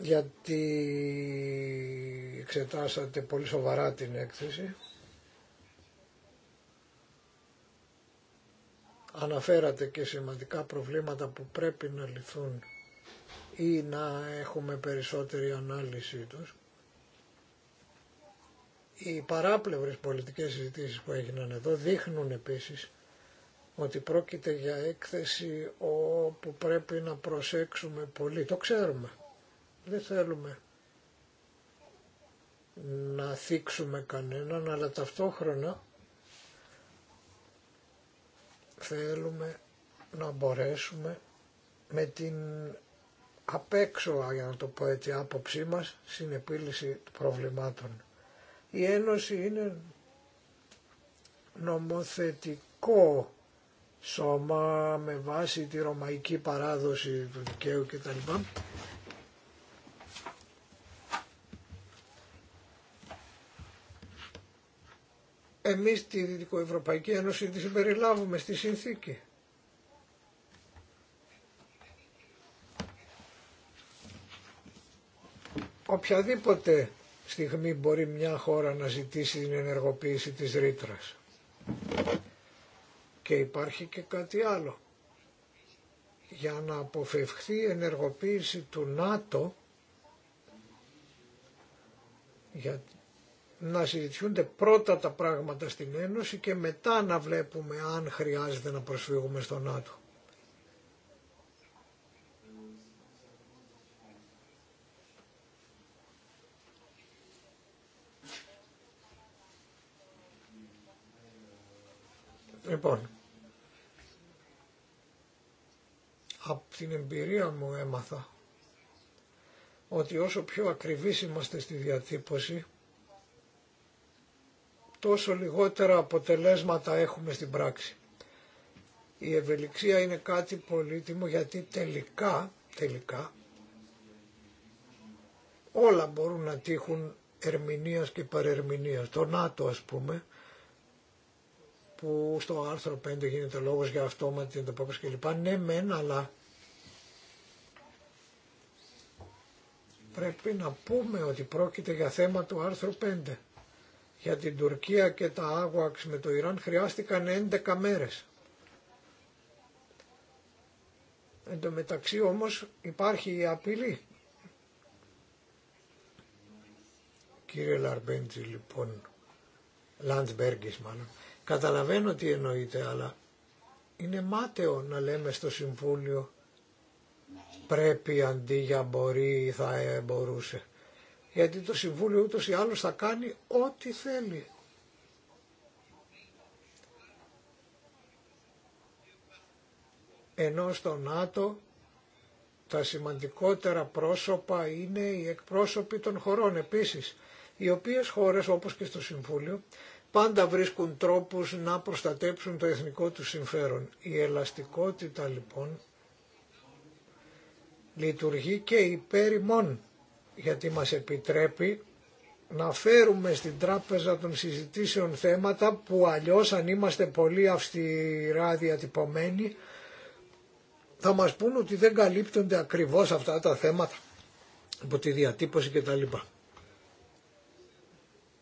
γιατί εξετάσατε πολύ σοβαρά την έκθεση. Αναφέρατε και σημαντικά προβλήματα που πρέπει να λυθούν ή να έχουμε περισσότερη ανάλυση τους. Οι παράπλευρες πολιτικές συζητήσεις που έγιναν εδώ δείχνουν επίσης ότι πρόκειται για έκθεση όπου πρέπει να προσέξουμε πολύ. Το ξέρουμε. Δεν θέλουμε να θίξουμε κανέναν, αλλά ταυτόχρονα θέλουμε να μπορέσουμε με την απέξω, για να το πω έτσι, άποψή μας στην επίλυση προβλημάτων. Η Ένωση είναι νομοθετικό σώμα με βάση τη ρωμαϊκή παράδοση του δικαίου κτλ. εμείς τη Δυτικοευρωπαϊκή Ένωση τη συμπεριλάβουμε στη συνθήκη. Οποιαδήποτε στιγμή μπορεί μια χώρα να ζητήσει την ενεργοποίηση της ρήτρα. Και υπάρχει και κάτι άλλο. Για να αποφευχθεί η ενεργοποίηση του ΝΑΤΟ, γιατί να συζητιούνται πρώτα τα πράγματα στην Ένωση και μετά να βλέπουμε αν χρειάζεται να προσφύγουμε στο ΝΑΤΟ. Λοιπόν, από την εμπειρία μου έμαθα ότι όσο πιο ακριβείς είμαστε στη διατύπωση, τόσο λιγότερα αποτελέσματα έχουμε στην πράξη. Η ευελιξία είναι κάτι πολύτιμο γιατί τελικά, τελικά όλα μπορούν να τύχουν ερμηνείας και παρερμηνείας. Το ΝΑΤΟ ας πούμε που στο άρθρο 5 γίνεται λόγος για αυτόματη ανταπόκριση κλπ. Ναι μεν αλλά πρέπει να πούμε ότι πρόκειται για θέμα του άρθρου 5 για την Τουρκία και τα Άγουαξ με το Ιράν χρειάστηκαν 11 μέρες. Εν τω μεταξύ όμως υπάρχει η απειλή. Κύριε Λαρμπέντζη λοιπόν, Λαντσμπέργκης μάλλον, καταλαβαίνω τι εννοείται αλλά είναι μάταιο να λέμε στο Συμβούλιο πρέπει αντί για μπορεί θα ε, μπορούσε γιατί το Συμβούλιο ούτως ή άλλως θα κάνει ό,τι θέλει. Ενώ στο ΝΑΤΟ τα σημαντικότερα πρόσωπα είναι οι εκπρόσωποι των χωρών επίσης, οι οποίες χώρες όπως και στο Συμβούλιο πάντα βρίσκουν τρόπους να προστατέψουν το εθνικό του συμφέρον. Η ελαστικότητα λοιπόν λειτουργεί και υπέρ ημών γιατί μας επιτρέπει να φέρουμε στην τράπεζα των συζητήσεων θέματα που αλλιώς αν είμαστε πολύ αυστηρά διατυπωμένοι θα μας πούν ότι δεν καλύπτονται ακριβώς αυτά τα θέματα από τη διατύπωση λοιπά.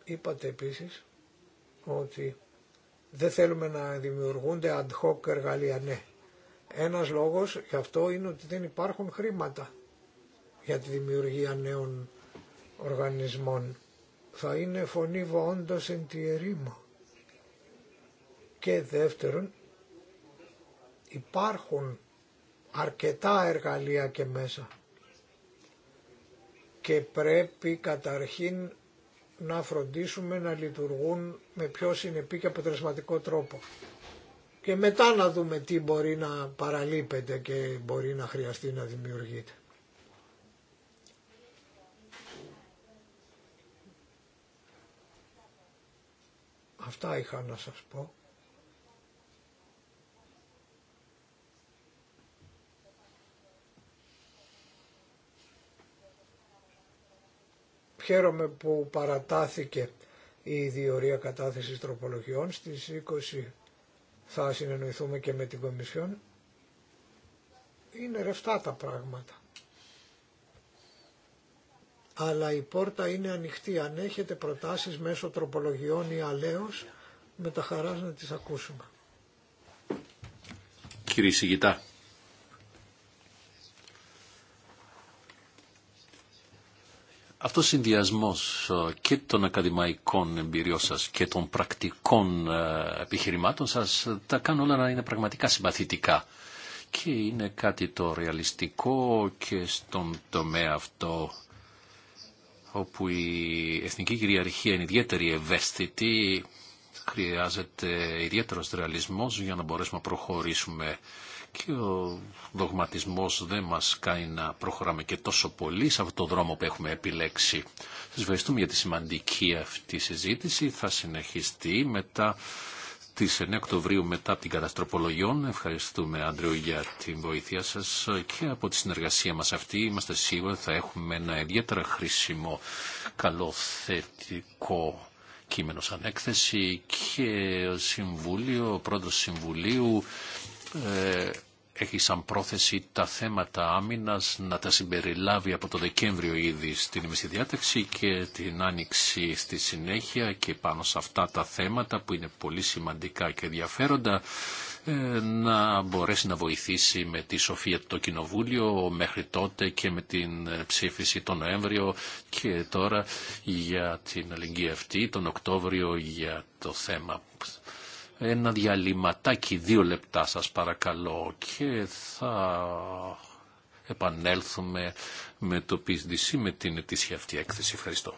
Είπατε επίσης ότι δεν θέλουμε να δημιουργούνται ad hoc εργαλεία. Ναι. Ένας λόγος γι' αυτό είναι ότι δεν υπάρχουν χρήματα για τη δημιουργία νέων οργανισμών. Θα είναι φωνή όντως εν τη ερήμα. Και δεύτερον, υπάρχουν αρκετά εργαλεία και μέσα και πρέπει καταρχήν να φροντίσουμε να λειτουργούν με πιο συνεπή και αποτελεσματικό τρόπο. Και μετά να δούμε τι μπορεί να παραλείπεται και μπορεί να χρειαστεί να δημιουργείται. Αυτά είχα να σας πω. Χαίρομαι που παρατάθηκε η διορία κατάθεσης τροπολογιών. Στις 20 θα συνεννοηθούμε και με την Κομισιόν. Είναι ρευτά τα πράγματα αλλά η πόρτα είναι ανοιχτή. Αν έχετε προτάσεις μέσω τροπολογιών ή αλέως, με τα χαράς να τις ακούσουμε. Κύριε Σιγητά. Αυτός ο συνδυασμός και των ακαδημαϊκών εμπειριών σας και των πρακτικών ε, επιχειρημάτων σας τα κάνουν όλα να είναι πραγματικά συμπαθητικά και είναι κάτι το ρεαλιστικό και στον τομέα αυτό όπου η εθνική κυριαρχία είναι ιδιαίτερη ευαίσθητη, χρειάζεται ιδιαίτερος ρεαλισμός για να μπορέσουμε να προχωρήσουμε και ο δογματισμός δεν μας κάνει να προχωράμε και τόσο πολύ σε αυτόν τον δρόμο που έχουμε επιλέξει. Σας ευχαριστούμε για τη σημαντική αυτή συζήτηση. Θα συνεχιστεί μετά στις 9 Οκτωβρίου μετά από την καταστροπολογιών. Ευχαριστούμε, Άντριο, για την βοήθειά σας και από τη συνεργασία μας αυτή. Είμαστε σίγουροι θα έχουμε ένα ιδιαίτερα χρήσιμο, καλό, θετικό κείμενο σαν έκθεση και ο Συμβούλιο, Πρόεδρος Συμβουλίου ε, έχει σαν πρόθεση τα θέματα άμυνας να τα συμπεριλάβει από το Δεκέμβριο ήδη στην ημιστή διάταξη και την άνοιξη στη συνέχεια και πάνω σε αυτά τα θέματα που είναι πολύ σημαντικά και ενδιαφέροντα ε, να μπορέσει να βοηθήσει με τη σοφία το Κοινοβούλιο μέχρι τότε και με την ψήφιση τον Νοέμβριο και τώρα για την αλληλεγγύη αυτή, τον Οκτώβριο για το θέμα ένα διαλυματάκι δύο λεπτά σας παρακαλώ και θα επανέλθουμε με το PSDC με την ετήσια αυτή έκθεση. Ευχαριστώ.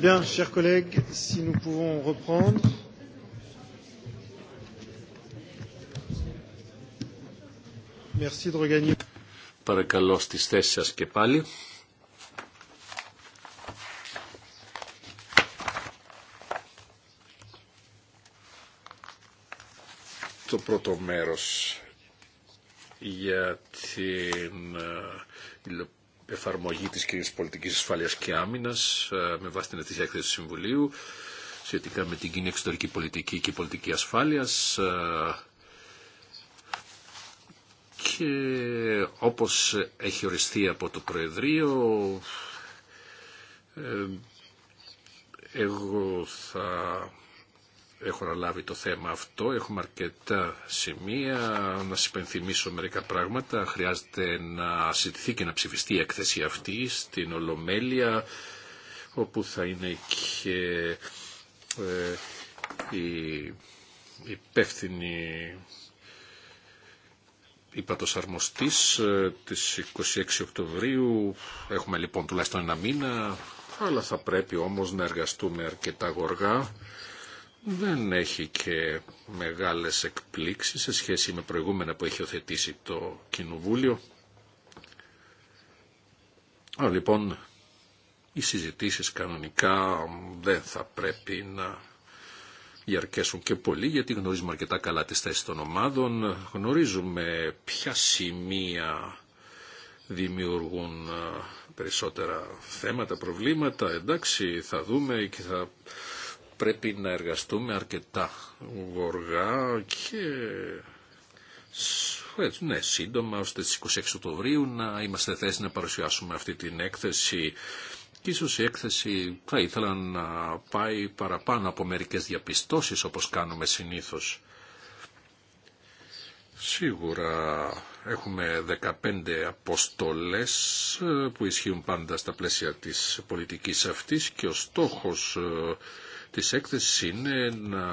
Bien, chers collègues, si nous pouvons reprendre. Merci de regagner. Παρακαλώ στις θέσεις σας και πάλι. Το πρώτο μέρος για την Uh, εφαρμογή της κυρίας πολιτικής ασφάλειας και άμυνας ε, με βάση την ετήσια έκθεση του Συμβουλίου σχετικά με την κοινή εξωτερική πολιτική και πολιτική ασφάλειας ε, και όπως έχει οριστεί από το Προεδρείο ε, εγώ θα έχω αναλάβει το θέμα αυτό. Έχουμε αρκετά σημεία. Να σα υπενθυμίσω μερικά πράγματα. Χρειάζεται να συζητηθεί και να ψηφιστεί η έκθεση αυτή στην Ολομέλεια, όπου θα είναι και ε, η υπεύθυνη ύπατος αρμοστής ε, της 26 Οκτωβρίου. Έχουμε λοιπόν τουλάχιστον ένα μήνα, αλλά θα πρέπει όμως να εργαστούμε αρκετά γοργά δεν έχει και μεγάλες εκπλήξεις σε σχέση με προηγούμενα που έχει οθετήσει το Κοινοβούλιο. λοιπόν, οι συζητήσεις κανονικά δεν θα πρέπει να διαρκέσουν και πολύ γιατί γνωρίζουμε αρκετά καλά τις θέσεις των ομάδων, γνωρίζουμε ποια σημεία δημιουργούν ε, περισσότερα θέματα, προβλήματα, εντάξει θα δούμε και θα πρέπει να εργαστούμε αρκετά γοργά και ναι, σύντομα ώστε στις 26 Οκτωβρίου να είμαστε θέση να παρουσιάσουμε αυτή την έκθεση και ίσως η έκθεση θα ήθελα να πάει παραπάνω από μερικές διαπιστώσεις όπως κάνουμε συνήθως. Σίγουρα έχουμε 15 αποστολές ε, που ισχύουν πάντα στα πλαίσια της πολιτικής αυτής και ο στόχος ε, της έκθεσης είναι να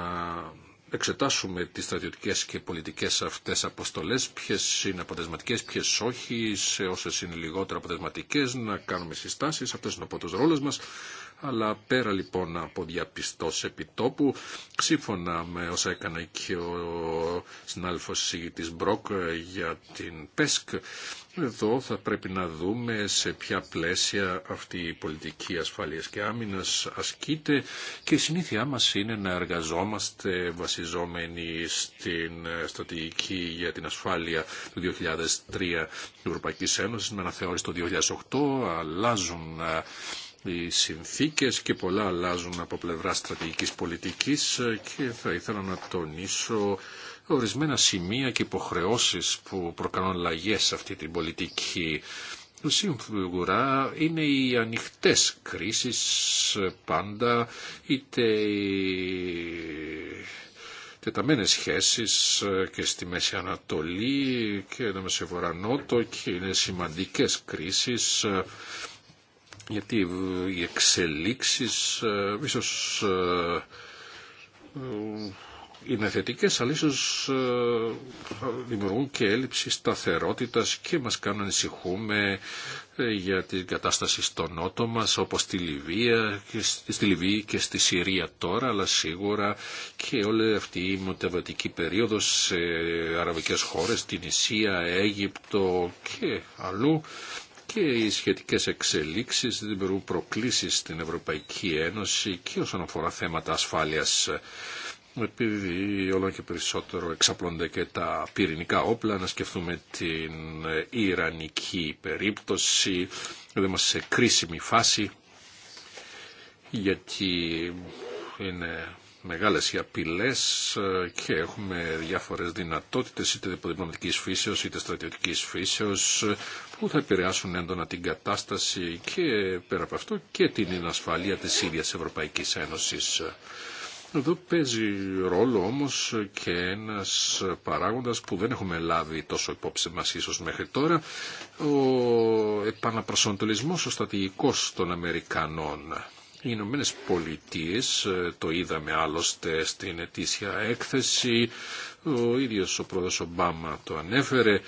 εξετάσουμε τις στρατιωτικές και πολιτικές αυτές αποστολές, ποιες είναι αποτελεσματικέ, ποιες όχι, σε όσες είναι λιγότερο αποτελεσματικέ, να κάνουμε συστάσεις, αυτές είναι ο πρώτος μας. Αλλά πέρα λοιπόν από διαπιστώσεις επιτόπου, σύμφωνα με όσα έκανε και ο συνάδελφος της Μπροκ ε, για την ΠΕΣΚ, εδώ θα πρέπει να δούμε σε ποια πλαίσια αυτή η πολιτική ασφαλείας και άμυνας ασκείται και η συνήθειά μας είναι να εργαζόμαστε βασιζόμενοι στην στρατηγική για την ασφάλεια του 2003 της Ευρωπαϊκής Ένωσης με αναθεώρηση το 2008 αλλάζουν ε, οι συνθήκες και πολλά αλλάζουν από πλευρά στρατηγικής πολιτικής ε, και θα ήθελα να τονίσω ορισμένα σημεία και υποχρεώσεις που προκαλούν λαγές σε αυτή την πολιτική. Σίγουρα είναι οι ανοιχτές κρίσεις πάντα, είτε οι τεταμένες σχέσεις και στη Μέση Ανατολή και το Μεσοβορανότο και είναι σημαντικές κρίσεις γιατί οι εξελίξεις ε, ίσως ε, είναι θετικές, αλλά ίσως ε, δημιουργούν και έλλειψη σταθερότητας και μας κάνουν ανησυχούμε ε, για την κατάσταση στο νότο μας, όπως στη Λιβύη, ε, και στη Λιβύη και στη Συρία τώρα, αλλά σίγουρα και όλη αυτή η μεταβατική περίοδος σε αραβικές χώρες, την Ισία, Αίγυπτο και αλλού, και οι σχετικές εξελίξεις δημιουργούν προκλήσεις στην Ευρωπαϊκή Ένωση και όσον αφορά θέματα ασφάλειας επειδή όλο και περισσότερο εξαπλώνται και τα πυρηνικά όπλα, να σκεφτούμε την ε, Ιρανική περίπτωση, εδώ είμαστε σε κρίσιμη φάση, γιατί είναι μεγάλες οι απειλές ε, και έχουμε διάφορες δυνατότητες είτε διπλωματικής φύσεως είτε στρατιωτικής φύσεως ε, που θα επηρεάσουν έντονα την κατάσταση και πέρα από αυτό και την ασφαλεία της ίδιας Ευρωπαϊκής Ένωσης. Εδώ παίζει ρόλο όμως και ένας παράγοντας που δεν έχουμε λάβει τόσο υπόψη μας ίσως μέχρι τώρα, ο επαναπροσανατολισμός ο στρατηγικός των Αμερικανών. Οι Ηνωμένε Πολιτείε, ε, το είδαμε άλλωστε στην ετήσια έκθεση, ο ίδιος ο πρόεδρος Ομπάμα το ανέφερε,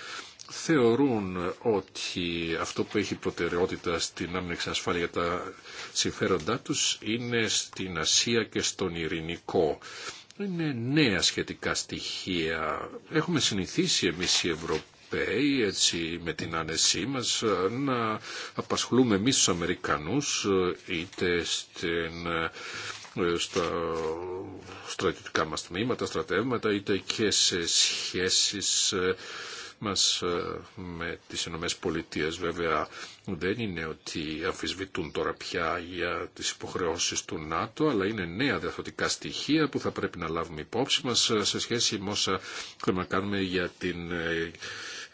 θεωρούν ότι αυτό που έχει προτεραιότητα στην άμυνα εξασφάλεια για τα συμφέροντά τους είναι στην Ασία και στον Ειρηνικό. Είναι νέα σχετικά στοιχεία. Έχουμε συνηθίσει εμείς οι Ευρωπαίοι έτσι, με την άνεσή μας να απασχολούμε εμείς τους Αμερικανούς είτε στην στα στρατιωτικά μας τμήματα, στρατεύματα, είτε και σε σχέσεις μας ε, με τις Ηνωμένες Πολιτείες βέβαια δεν είναι ότι αμφισβητούν τώρα πια για τις υποχρεώσεις του ΝΑΤΟ αλλά είναι νέα διαθωτικά στοιχεία που θα πρέπει να λάβουμε υπόψη μας ε, σε σχέση με όσα θέλουμε να κάνουμε για την ε,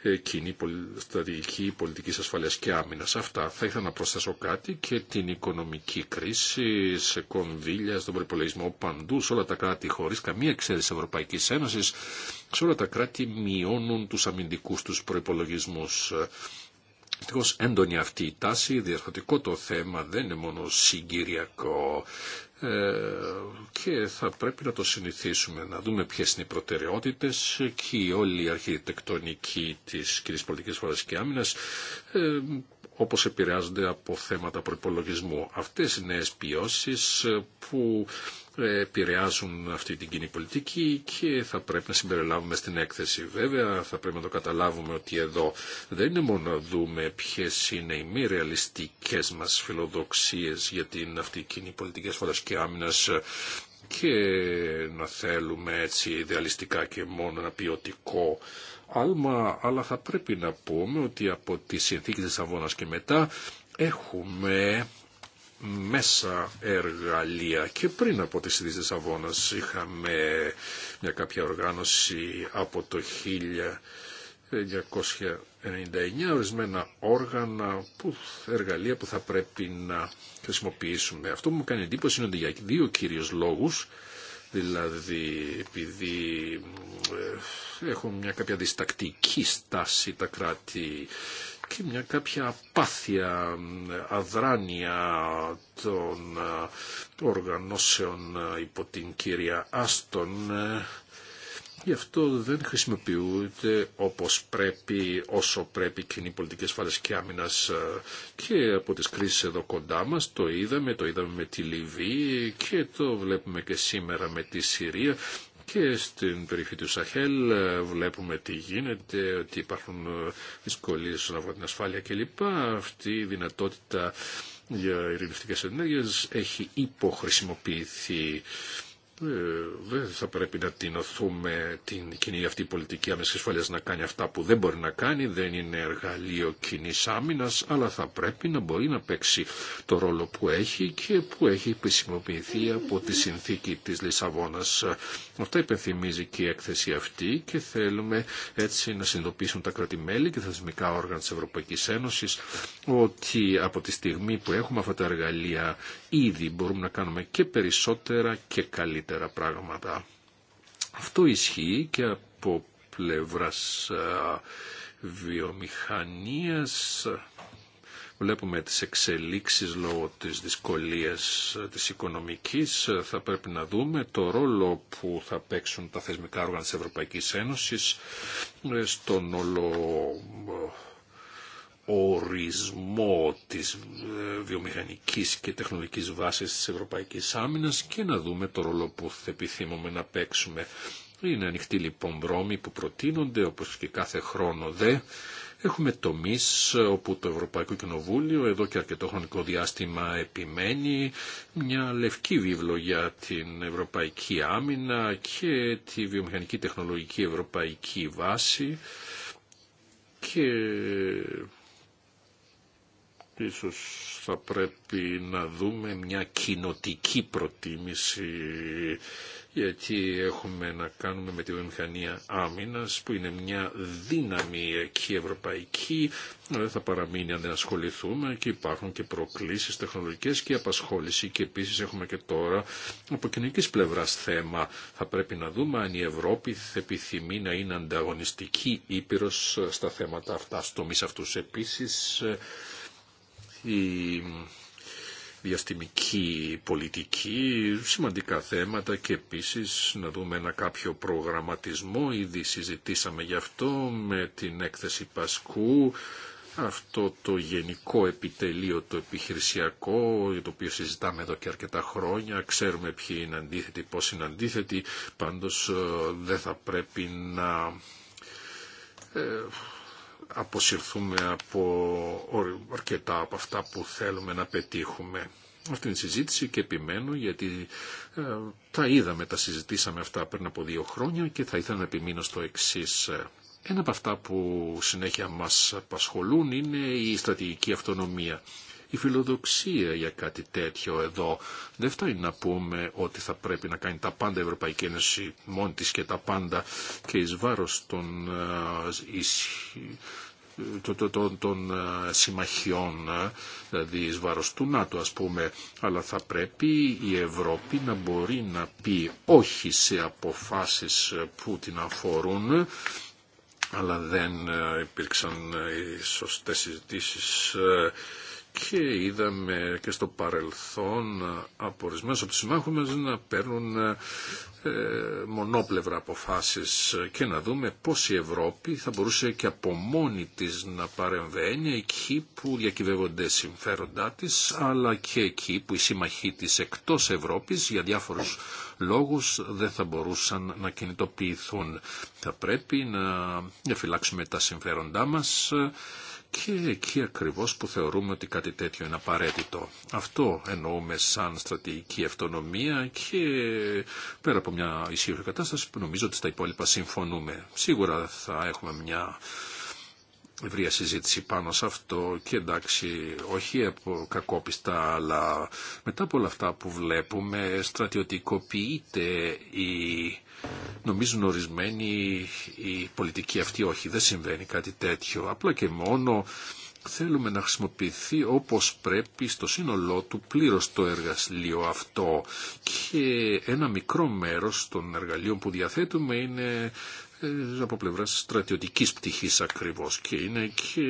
ε, κοινή στρατηγική πολιτικής ασφαλείας και άμυνας. Αυτά θα ήθελα να προσθέσω κάτι και την οικονομική κρίση σε κονδύλια, στον προπολογισμό παντού, σε όλα τα κράτη χωρί καμία εξαίρεση Ευρωπαϊκής Ένωση, σε όλα τα κράτη μειώνουν τους αμυντικούς τους προϋπολογισμούς. Ευτυχώ έντονη αυτή η τάση, διαφορετικό το θέμα, δεν είναι μόνο συγκυριακό ε, και θα πρέπει να το συνηθίσουμε, να δούμε ποιες είναι οι προτεραιότητες και όλη η αρχιτεκτονική της κοινής πολιτικής φοράς και άμυνας ε, όπως επηρεάζονται από θέματα προπολογισμού. Αυτές οι νέες ποιώσεις που επηρεάζουν αυτή την κοινή πολιτική και θα πρέπει να συμπεριλάβουμε στην έκθεση. Βέβαια θα πρέπει να το καταλάβουμε ότι εδώ δεν είναι μόνο να δούμε ποιες είναι οι μη ρεαλιστικές μας φιλοδοξίες για την αυτή κοινή πολιτική ασφαλής και άμυνας και να θέλουμε έτσι ιδεαλιστικά και μόνο ένα ποιοτικό άλμα, αλλά θα πρέπει να πούμε ότι από τις συνθήκες της Αβώνας και μετά έχουμε μέσα εργαλεία και πριν από τις ειδήσεις της Αβώνας είχαμε μια κάποια οργάνωση από το 1999 ορισμένα όργανα που, εργαλεία που θα πρέπει να χρησιμοποιήσουμε. Αυτό που μου κάνει εντύπωση είναι ότι για δύο κυρίως λόγους Δηλαδή, επειδή ε, έχουν μια κάποια διστακτική στάση τα κράτη και μια κάποια απάθεια, αδράνεια των ε, οργανώσεων ε, υπό την κυρία Άστον ε, Γι' αυτό δεν χρησιμοποιούνται όπως πρέπει, όσο πρέπει κοινή πολιτική ασφάλεια και άμυνα και από τις κρίσεις εδώ κοντά μας. Το είδαμε, το είδαμε με τη Λιβύη και το βλέπουμε και σήμερα με τη Συρία και στην περιοχή του Σαχέλ ε, βλέπουμε τι γίνεται, ότι υπάρχουν ε, δυσκολίες να την ασφάλεια κλπ. Αυτή η δυνατότητα για ειρηνευτικές ενέργειες έχει υποχρησιμοποιηθεί. Ε, δεν θα πρέπει να τεινωθούμε την κοινή αυτή πολιτική άμεση να κάνει αυτά που δεν μπορεί να κάνει, δεν είναι εργαλείο κοινή άμυνα, αλλά θα πρέπει να μπορεί να παίξει το ρόλο που έχει και που έχει επισημοποιηθεί από τη συνθήκη τη Λισαβόνα. Αυτά υπενθυμίζει και η έκθεση αυτή και θέλουμε έτσι να συνειδητοποιήσουν τα κρατημέλη και τα θεσμικά όργανα τη Ευρωπαϊκή Ένωση ότι από τη στιγμή που έχουμε αυτά τα εργαλεία ήδη μπορούμε να κάνουμε και περισσότερα και καλύτερα πράγματα. Αυτό ισχύει και από πλευράς βιομηχανίας. Βλέπουμε τις εξελίξεις λόγω της δυσκολίας της οικονομικής. Θα πρέπει να δούμε το ρόλο που θα παίξουν τα θεσμικά όργανα της Ευρωπαϊκής Ένωσης ε, στον όλο ορισμό της ε, βιομηχανικής και τεχνολογικής βάσης της Ευρωπαϊκής Άμυνας και να δούμε το ρόλο που θα επιθυμούμε να παίξουμε. Είναι ανοιχτοί λοιπόν δρόμοι που προτείνονται όπως και κάθε χρόνο δε. Έχουμε τομεί όπου το Ευρωπαϊκό Κοινοβούλιο εδώ και αρκετό χρονικό διάστημα επιμένει μια λευκή βίβλο για την Ευρωπαϊκή Άμυνα και τη βιομηχανική τεχνολογική Ευρωπαϊκή Βάση και Ίσως θα πρέπει να δούμε μια κοινοτική προτίμηση γιατί έχουμε να κάνουμε με τη βιομηχανία άμυνας που είναι μια δύναμη εκεί ευρωπαϊκή δεν θα παραμείνει αν δεν ασχοληθούμε και υπάρχουν και προκλήσεις τεχνολογικές και απασχόληση και επίσης έχουμε και τώρα από κοινωνική πλευράς θέμα θα πρέπει να δούμε αν η Ευρώπη θα επιθυμεί να είναι ανταγωνιστική ήπειρος στα θέματα αυτά, στο αυτούς επίσης η διαστημική πολιτική, σημαντικά θέματα και επίσης να δούμε ένα κάποιο προγραμματισμό. Ήδη συζητήσαμε γι' αυτό με την έκθεση Πασκού, αυτό το γενικό επιτελείο το επιχειρησιακό, το οποίο συζητάμε εδώ και αρκετά χρόνια, ξέρουμε ποιοι είναι αντίθετοι, πώς είναι αντίθετοι, πάντως ε, δεν θα πρέπει να ε, αποσυρθούμε από αρκετά από αυτά που θέλουμε να πετύχουμε. Αυτή είναι η συζήτηση και επιμένω γιατί ε, τα είδαμε, τα συζητήσαμε αυτά πριν από δύο χρόνια και θα ήθελα να επιμείνω στο εξή. Ένα από αυτά που συνέχεια μας απασχολούν είναι η στρατηγική αυτονομία η φιλοδοξία για κάτι τέτοιο εδώ. Δεν φτάνει να πούμε ότι θα πρέπει να κάνει τα πάντα η Ευρωπαϊκή Ένωση μόνη της και τα πάντα και εις βάρος των, ε, των, των, ε, των συμμαχιών, ε, δηλαδή εις βάρος του ΝΑΤΟ ας πούμε, αλλά θα πρέπει η Ευρώπη να μπορεί να πει όχι σε αποφάσεις που την αφορούν, αλλά δεν υπήρξαν οι σωστές συζητήσεις και είδαμε και στο παρελθόν από ορισμένους από τους συμμάχους μας να παίρνουν ε, ε, μονόπλευρα αποφάσεις και να δούμε πώς η Ευρώπη θα μπορούσε και από μόνη της να παρεμβαίνει εκεί που διακυβεύονται συμφέροντά της αλλά και εκεί που οι συμμαχοί της εκτός Ευρώπης για διάφορους λόγους δεν θα μπορούσαν να κινητοποιηθούν. Θα πρέπει να φυλάξουμε τα συμφέροντά μας και εκεί ακριβώς που θεωρούμε ότι κάτι τέτοιο είναι απαραίτητο. Αυτό εννοούμε σαν στρατηγική αυτονομία και πέρα από μια ισχυρή κατάσταση που νομίζω ότι στα υπόλοιπα συμφωνούμε. Σίγουρα θα έχουμε μια ευρεία συζήτηση πάνω σε αυτό και εντάξει όχι από κακόπιστα αλλά μετά από όλα αυτά που βλέπουμε στρατιωτικοποιείται η... νομίζουν ορισμένοι η πολιτική αυτή όχι δεν συμβαίνει κάτι τέτοιο απλά και μόνο θέλουμε να χρησιμοποιηθεί όπως πρέπει στο σύνολό του πλήρως το εργαλείο αυτό και ένα μικρό μέρος των εργαλείων που διαθέτουμε είναι ε, από πλευρά στρατιωτική πτυχής ακριβώς και είναι και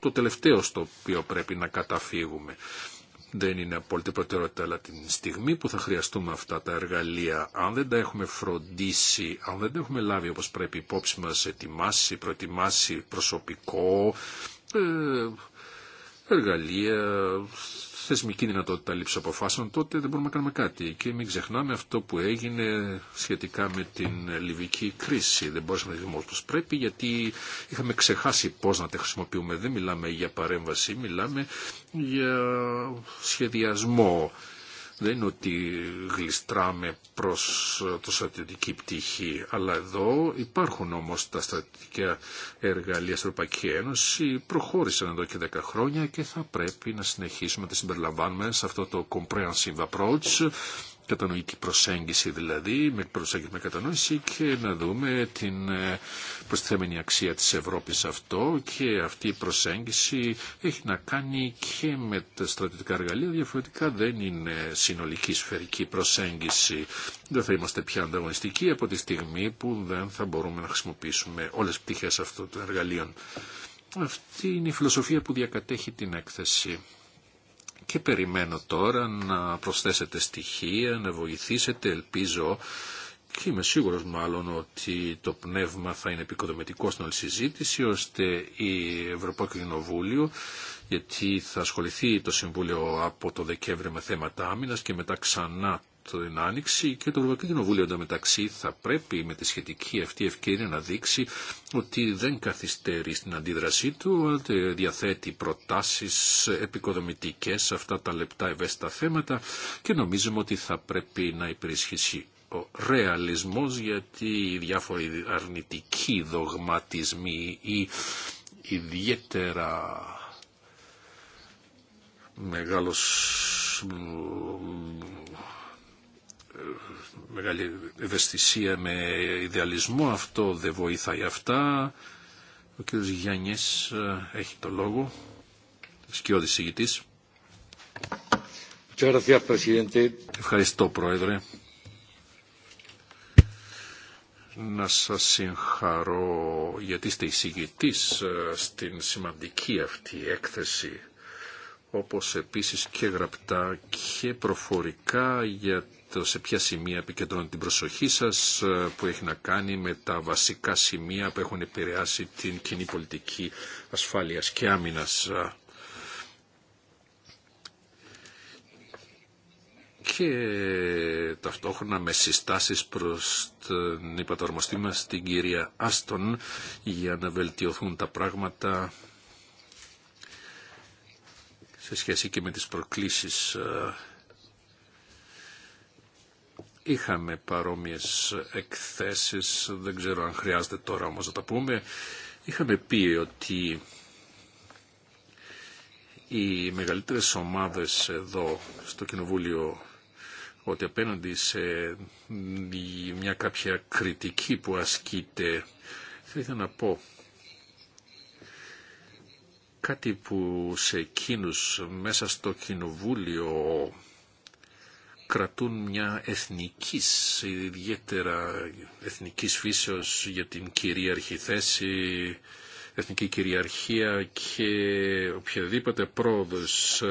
το τελευταίο στο οποίο πρέπει να καταφύγουμε. Δεν είναι απόλυτη προτεραιότητα, αλλά την στιγμή που θα χρειαστούμε αυτά τα εργαλεία, αν δεν τα έχουμε φροντίσει, αν δεν τα έχουμε λάβει όπως πρέπει υπόψη μα ετοιμάσει, προετοιμάσει προσωπικό, ε, εργαλεία, θεσμική δυνατότητα λήψη αποφάσεων, τότε δεν μπορούμε να κάνουμε κάτι. Και μην ξεχνάμε αυτό που έγινε σχετικά με την λιβική κρίση. Δεν μπορούσαμε να δούμε όπω πρέπει, γιατί είχαμε ξεχάσει πώς να τα χρησιμοποιούμε. Δεν μιλάμε για παρέμβαση, μιλάμε για σχεδιασμό δεν είναι ότι γλιστράμε προς ε, το στρατιωτική πτυχή, αλλά εδώ υπάρχουν όμως τα στρατιωτικά εργαλεία στην Ευρωπαϊκή Ένωση, προχώρησαν εδώ και 10 χρόνια και θα πρέπει να συνεχίσουμε να τα συμπεριλαμβάνουμε σε αυτό το comprehensive approach, κατανοητική προσέγγιση δηλαδή, με προσέγγιση με κατανόηση και να δούμε την ε, προσθέμενη αξία της Ευρώπης αυτό και αυτή η προσέγγιση έχει να κάνει και με τα στρατιωτικά εργαλεία, διαφορετικά δεν είναι συνολική σφαιρική προσέγγιση. Δεν θα είμαστε πια ανταγωνιστικοί από τη στιγμή που δεν θα μπορούμε να χρησιμοποιήσουμε όλες τις πτυχές αυτών των εργαλείων. Αυτή είναι η φιλοσοφία που διακατέχει την έκθεση και περιμένω τώρα να προσθέσετε στοιχεία, να βοηθήσετε, ελπίζω και είμαι σίγουρος μάλλον ότι το πνεύμα θα είναι επικοδομητικό στην όλη συζήτηση ώστε η Ευρωπαϊκό Κοινοβούλιο γιατί θα ασχοληθεί το Συμβούλιο από το Δεκέμβριο με θέματα άμυνας και μετά ξανά το Άνοιξη και το Ευρωπαϊκό Κοινοβούλιο μεταξύ θα πρέπει με τη σχετική αυτή ευκαιρία να δείξει ότι δεν καθυστερεί στην αντίδρασή του, ότι διαθέτει προτάσεις επικοδομητικές σε αυτά τα λεπτά ευαίσθητα θέματα και νομίζουμε ότι θα πρέπει να υπερισχύσει ο ρεαλισμός γιατί οι διάφοροι αρνητικοί δογματισμοί ή ιδιαίτερα μεγάλος μεγάλη ευαισθησία με ιδεαλισμό. Αυτό δεν βοηθάει αυτά. Ο κ. Γιάννης ε, έχει το λόγο. Σκιώδης συγητής. Ευχαριστώ Πρόεδρε. Να σας συγχαρώ γιατί είστε εισηγητής ε, στην σημαντική αυτή έκθεση όπως επίσης και γραπτά και προφορικά για το σε ποια σημεία επικεντρώνει την προσοχή σας ε, που έχει να κάνει με τα βασικά σημεία που έχουν επηρεάσει την κοινή πολιτική ασφάλειας και άμυνας. Ε, και ταυτόχρονα με συστάσεις προς την υπατορμοστή μας την κυρία Άστον για να βελτιωθούν τα πράγματα σε σχέση και με τις προκλήσεις. Ε, είχαμε παρόμοιες εκθέσεις, δεν ξέρω αν χρειάζεται τώρα όμως να τα πούμε. Είχαμε πει ότι οι μεγαλύτερες ομάδες εδώ στο Κοινοβούλιο ότι απέναντι σε μια κάποια κριτική που ασκείται θα ήθελα να πω κάτι που σε εκείνους μέσα στο κοινοβούλιο κρατούν μια εθνικής, ιδιαίτερα εθνικής φύσεως για την κυρίαρχη θέση, εθνική κυριαρχία και οποιαδήποτε πρόοδος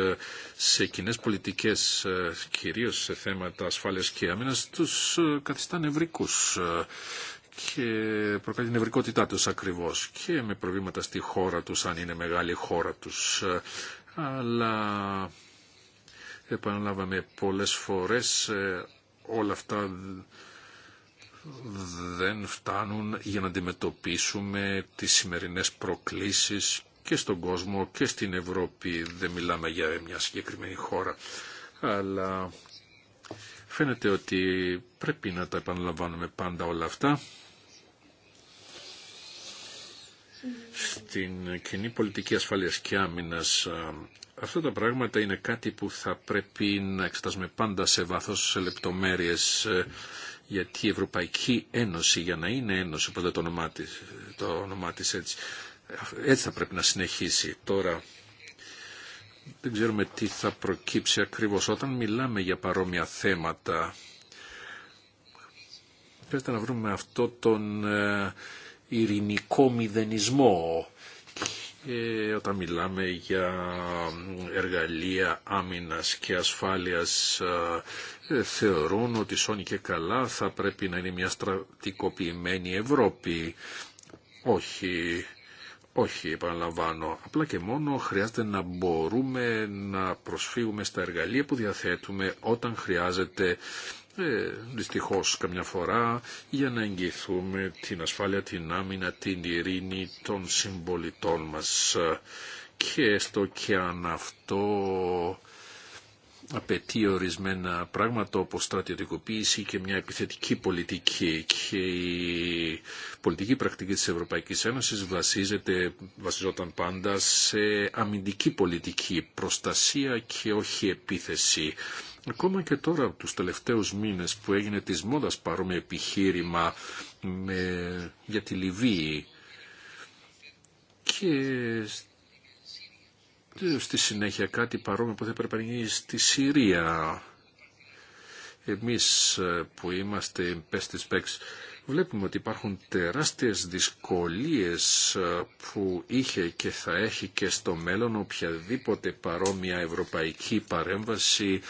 σε κοινέ πολιτικές, κυρίως σε θέματα ασφάλειας και άμυνας, τους καθιστά νευρικούς και προκαλεί την ευρικότητά τους ακριβώς και με προβλήματα στη χώρα τους, αν είναι μεγάλη χώρα τους. Αλλά επαναλάβαμε πολλές φορές ε, όλα αυτά δεν φτάνουν για να αντιμετωπίσουμε τις σημερινές προκλήσεις και στον κόσμο και στην Ευρώπη. Δεν μιλάμε για μια συγκεκριμένη χώρα, αλλά φαίνεται ότι πρέπει να τα επαναλαμβάνουμε πάντα όλα αυτά στην κοινή πολιτική ασφάλειας και άμυνας. Αυτά τα πράγματα είναι κάτι που θα πρέπει να εξετάσουμε πάντα σε βάθος, σε λεπτομέρειες, ε, γιατί η Ευρωπαϊκή Ένωση, για να είναι ένωση, όπω το όνομά της, το έτσι, έτσι θα πρέπει να συνεχίσει. Τώρα δεν ξέρουμε τι θα προκύψει ακριβώς όταν μιλάμε για παρόμοια θέματα. Πρέπει να βρούμε αυτό τον ε, ειρηνικό μηδενισμό και όταν μιλάμε για εργαλεία άμυνας και ασφάλειας ε, θεωρούν ότι σώνει και καλά θα πρέπει να είναι μια στρατικοποιημένη Ευρώπη. Όχι, όχι επαναλαμβάνω. Απλά και μόνο χρειάζεται να μπορούμε να προσφύγουμε στα εργαλεία που διαθέτουμε όταν χρειάζεται ε, δυστυχώς καμιά φορά για να εγγυηθούμε την ασφάλεια, την άμυνα, την ειρήνη των συμπολιτών μας και έστω και αν αυτό απαιτεί ορισμένα πράγματα όπως στρατιωτικοποίηση και μια επιθετική πολιτική και η πολιτική πρακτική της Ευρωπαϊκής Ένωσης βασίζεται, βασιζόταν πάντα σε αμυντική πολιτική προστασία και όχι επίθεση Ακόμα και τώρα τους τελευταίους μήνες που έγινε της μόδας παρόμοιο επιχείρημα με... για τη Λιβύη και στη συνέχεια κάτι παρόμοιο που θα έπρεπε να γίνει στη Συρία. Εμείς ε, που είμαστε πέστης παίξ, βλέπουμε ότι υπάρχουν τεράστιες δυσκολίες ε, που είχε και θα έχει και στο μέλλον οποιαδήποτε παρόμοια ευρωπαϊκή παρέμβαση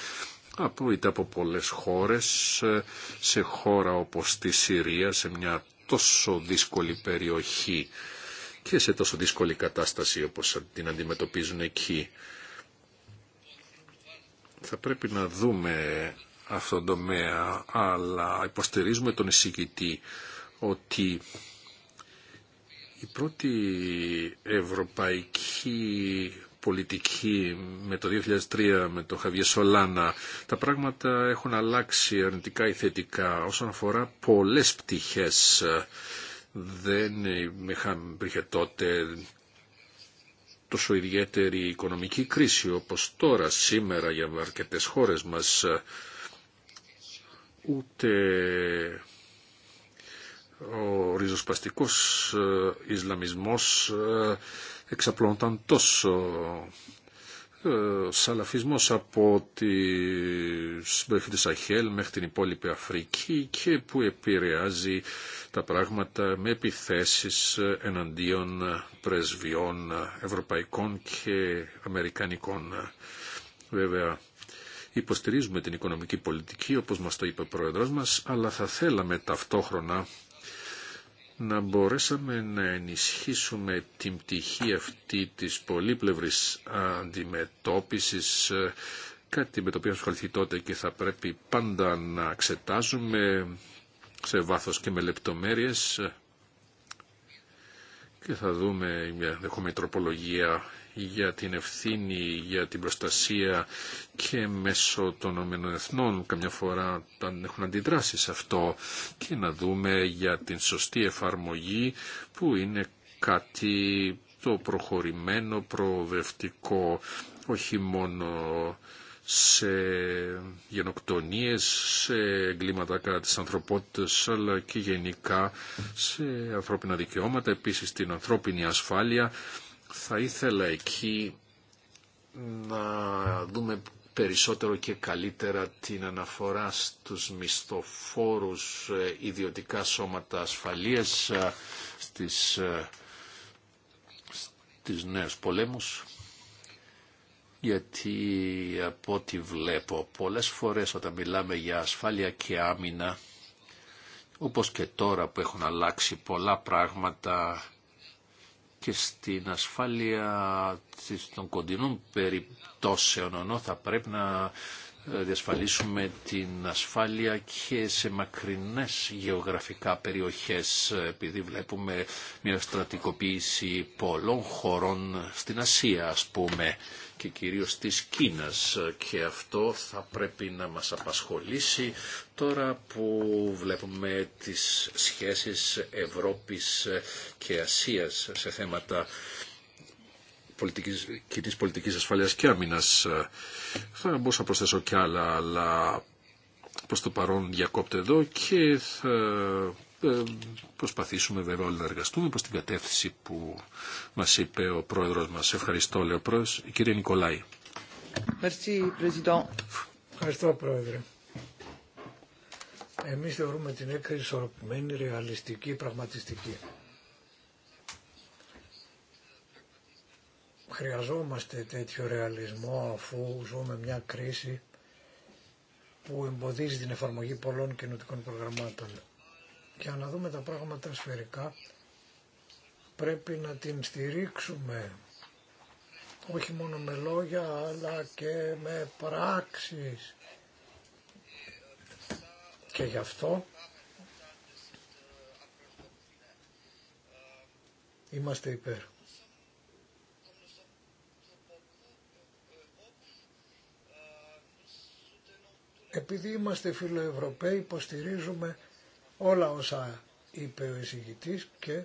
είτε από πολλές χώρες, ε, σε χώρα όπως τη Συρία, σε μια τόσο δύσκολη περιοχή και σε τόσο δύσκολη κατάσταση όπως την αντιμετωπίζουν εκεί. Θα πρέπει να δούμε αυτόν τον τομέα, αλλά υποστηρίζουμε τον εισηγητή ότι η πρώτη ευρωπαϊκή πολιτική με το 2003 με το Χαβιέ Σολάνα. Τα πράγματα έχουν αλλάξει αρνητικά ή θετικά όσον αφορά πολλές πτυχές. Δεν υπήρχε τότε τόσο ιδιαίτερη οικονομική κρίση όπως τώρα σήμερα για αρκετές χώρες μας ούτε ο ριζοσπαστικός ε, Ισλαμισμός ε, Εξαπλώνονταν τόσο ε, σαλαφισμός από τη περιοχή της Αχέλ μέχρι την υπόλοιπη Αφρική και που επηρεάζει τα πράγματα με επιθέσεις εναντίον πρεσβειών ευρωπαϊκών και αμερικανικών. Βέβαια, υποστηρίζουμε την οικονομική πολιτική όπως μας το είπε ο Πρόεδρος μας, αλλά θα θέλαμε ταυτόχρονα να μπορέσαμε να ενισχύσουμε την πτυχή αυτή της πολύπλευρης αντιμετώπισης ε, κάτι με το οποίο ασχοληθεί τότε και θα πρέπει πάντα να εξετάζουμε σε βάθος και με λεπτομέρειες ε, και θα δούμε μια δεχόμενη τροπολογία για την ευθύνη, για την προστασία και μέσω των εθνών καμιά φορά έχουν αντιδράσει σε αυτό και να δούμε για την σωστή εφαρμογή που είναι κάτι το προχωρημένο, προοδευτικό, όχι μόνο σε γενοκτονίες, σε εγκλήματα κατά της ανθρωπότητας, αλλά και γενικά σε ανθρώπινα δικαιώματα, επίσης την ανθρώπινη ασφάλεια. Θα ήθελα εκεί να δούμε περισσότερο και καλύτερα την αναφορά στους μισθοφόρους ε, ιδιωτικά σώματα ασφαλείας ε, στις, ε, στις νέες πολέμους γιατί από ό,τι βλέπω πολλές φορές όταν μιλάμε για ασφάλεια και άμυνα όπως και τώρα που έχουν αλλάξει πολλά πράγματα και στην ασφάλεια των κοντινών περιπτώσεων, ενώ θα πρέπει να ε, διασφαλίσουμε την ασφάλεια και σε μακρινές γεωγραφικά περιοχές, επειδή βλέπουμε μια στρατικοποίηση πολλών χωρών στην Ασία, ας πούμε, και κυρίως της Κίνας και αυτό θα πρέπει να μας απασχολήσει τώρα που βλέπουμε τις σχέσεις Ευρώπης και Ασίας σε θέματα πολιτικής, κοινής πολιτικής ασφαλείας και άμυνας. Θα μπορούσα να προσθέσω κι άλλα, αλλά προς το παρόν διακόπτω εδώ και θα ε, προσπαθήσουμε βέβαια όλοι να εργαστούμε προς την κατεύθυνση που μας είπε ο πρόεδρος μας. Ευχαριστώ, λέει ο πρόεδρος. Η κυρία Νικολάη. Ευχαριστώ, πρόεδρε. Εμείς θεωρούμε την έκθεση ισορροπημένη, ρεαλιστική, πραγματιστική. Χρειαζόμαστε τέτοιο ρεαλισμό αφού ζούμε μια κρίση που εμποδίζει την εφαρμογή πολλών καινοτικών προγραμμάτων και να δούμε τα πράγματα σφαιρικά πρέπει να την στηρίξουμε όχι μόνο με λόγια αλλά και με πράξεις και γι' αυτό είμαστε υπέρ. Επειδή είμαστε φιλοευρωπαίοι υποστηρίζουμε όλα όσα είπε ο εισηγητής και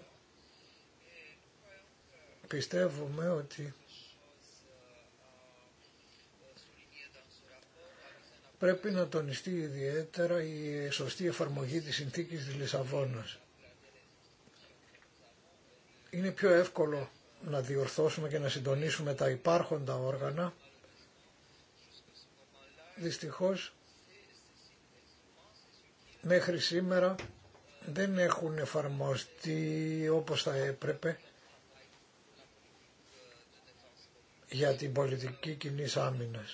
πιστεύουμε ότι πρέπει να τονιστεί ιδιαίτερα η σωστή εφαρμογή της συνθήκης της Λισαβόνας. Είναι πιο εύκολο να διορθώσουμε και να συντονίσουμε τα υπάρχοντα όργανα. Δυστυχώς μέχρι σήμερα δεν έχουν εφαρμοστεί όπως θα έπρεπε για την πολιτική κοινή άμυνα.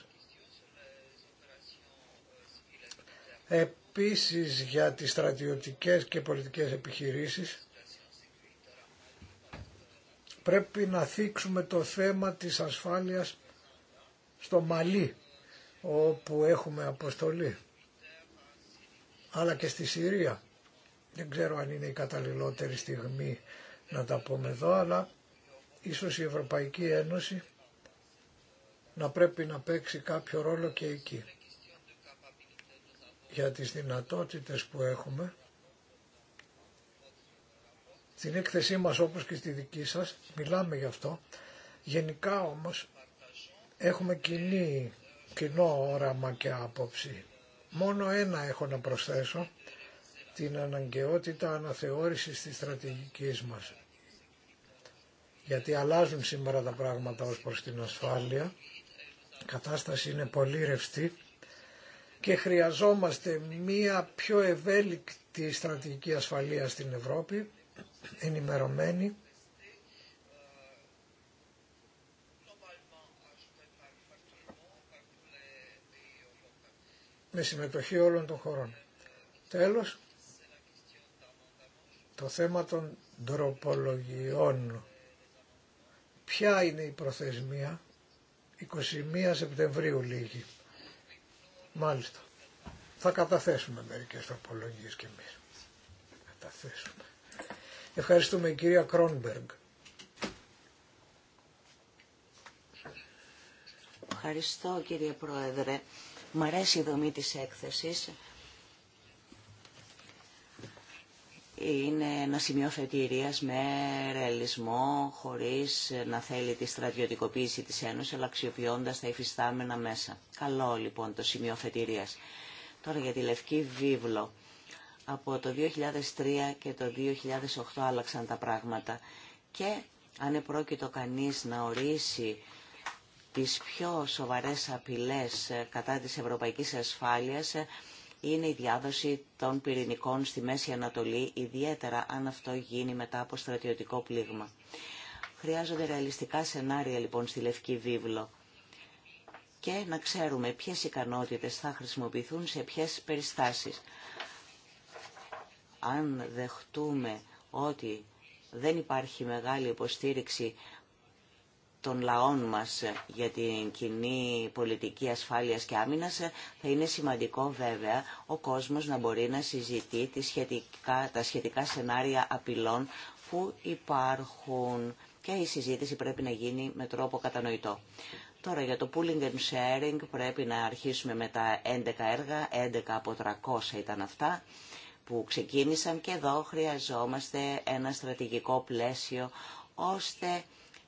Επίσης για τις στρατιωτικές και πολιτικές επιχειρήσεις πρέπει να θίξουμε το θέμα της ασφάλειας στο Μαλί όπου έχουμε αποστολή αλλά και στη Συρία. Δεν ξέρω αν είναι η καταλληλότερη στιγμή να τα πούμε εδώ, αλλά ίσως η Ευρωπαϊκή Ένωση να πρέπει να παίξει κάποιο ρόλο και εκεί. Για τις δυνατότητες που έχουμε, στην έκθεσή μας όπως και στη δική σας, μιλάμε γι' αυτό, γενικά όμως έχουμε κοινή, κοινό όραμα και άποψη. Μόνο ένα έχω να προσθέσω, την αναγκαιότητα αναθεώρησης της στρατηγικής μας. Γιατί αλλάζουν σήμερα τα πράγματα ως προς την ασφάλεια, η κατάσταση είναι πολύ ρευστή και χρειαζόμαστε μία πιο ευέλικτη στρατηγική ασφαλεία στην Ευρώπη, ενημερωμένη με συμμετοχή όλων των χωρών. Τέλος, το θέμα των τροπολογιών. Ποια είναι η προθεσμία 21 Σεπτεμβρίου λίγη. Μάλιστα. Θα καταθέσουμε μερικές τροπολογίες κι εμείς. Ευχαριστούμε η κυρία Κρόνμπεργκ. Ευχαριστώ κύριε Πρόεδρε. Μ' αρέσει η δομή της έκθεσης. Είναι ένα σημείο φετηρίας με ρεαλισμό, χωρίς να θέλει τη στρατιωτικοποίηση της Ένωσης, αλλά αξιοποιώντα τα υφιστάμενα μέσα. Καλό λοιπόν το σημείο φετηρίας. Τώρα για τη Λευκή Βίβλο. Από το 2003 και το 2008 άλλαξαν τα πράγματα. Και αν επρόκειτο κανείς να ορίσει τις πιο σοβαρές απειλές ε, κατά της ευρωπαϊκής ασφάλειας ε, είναι η διάδοση των πυρηνικών στη Μέση Ανατολή, ιδιαίτερα αν αυτό γίνει μετά από στρατιωτικό πλήγμα. Χρειάζονται ρεαλιστικά σενάρια λοιπόν στη Λευκή Βίβλο και να ξέρουμε ποιες ικανότητες θα χρησιμοποιηθούν σε ποιες περιστάσεις. Αν δεχτούμε ότι δεν υπάρχει μεγάλη υποστήριξη των λαών μας ε, για την κοινή πολιτική ασφάλειας και άμυνας ε, θα είναι σημαντικό βέβαια ο κόσμος να μπορεί να συζητεί τις σχετικά, τα σχετικά σενάρια απειλών που υπάρχουν και η συζήτηση πρέπει να γίνει με τρόπο κατανοητό. Τώρα για το pooling and sharing πρέπει να αρχίσουμε με τα 11 έργα, 11 από 300 ήταν αυτά που ξεκίνησαν και εδώ χρειαζόμαστε ένα στρατηγικό πλαίσιο ώστε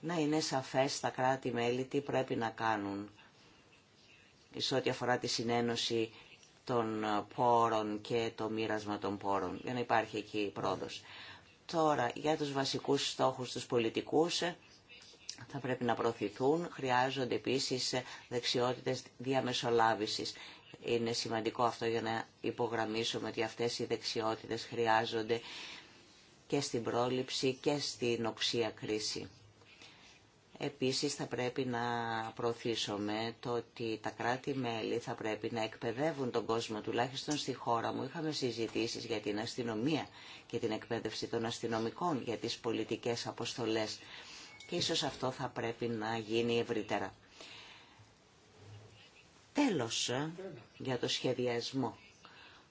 να είναι σαφές στα κράτη-μέλη τι πρέπει να κάνουν σε ό,τι αφορά τη συνένωση των πόρων και το μοίρασμα των πόρων, για να υπάρχει εκεί πρόοδος. Τώρα, για τους βασικούς στόχους τους πολιτικούς, θα πρέπει να προωθηθούν. Χρειάζονται επίσης δεξιότητες διαμεσολάβησης. Είναι σημαντικό αυτό για να υπογραμμίσουμε ότι αυτές οι δεξιότητες χρειάζονται και στην πρόληψη και στην οξία κρίση. Επίσης θα πρέπει να προωθήσουμε το ότι τα κράτη-μέλη θα πρέπει να εκπαιδεύουν τον κόσμο, τουλάχιστον στη χώρα μου. Είχαμε συζητήσεις για την αστυνομία και την εκπαίδευση των αστυνομικών για τις πολιτικές αποστολές και ίσως αυτό θα πρέπει να γίνει ευρύτερα. Τέλος, για το σχεδιασμό.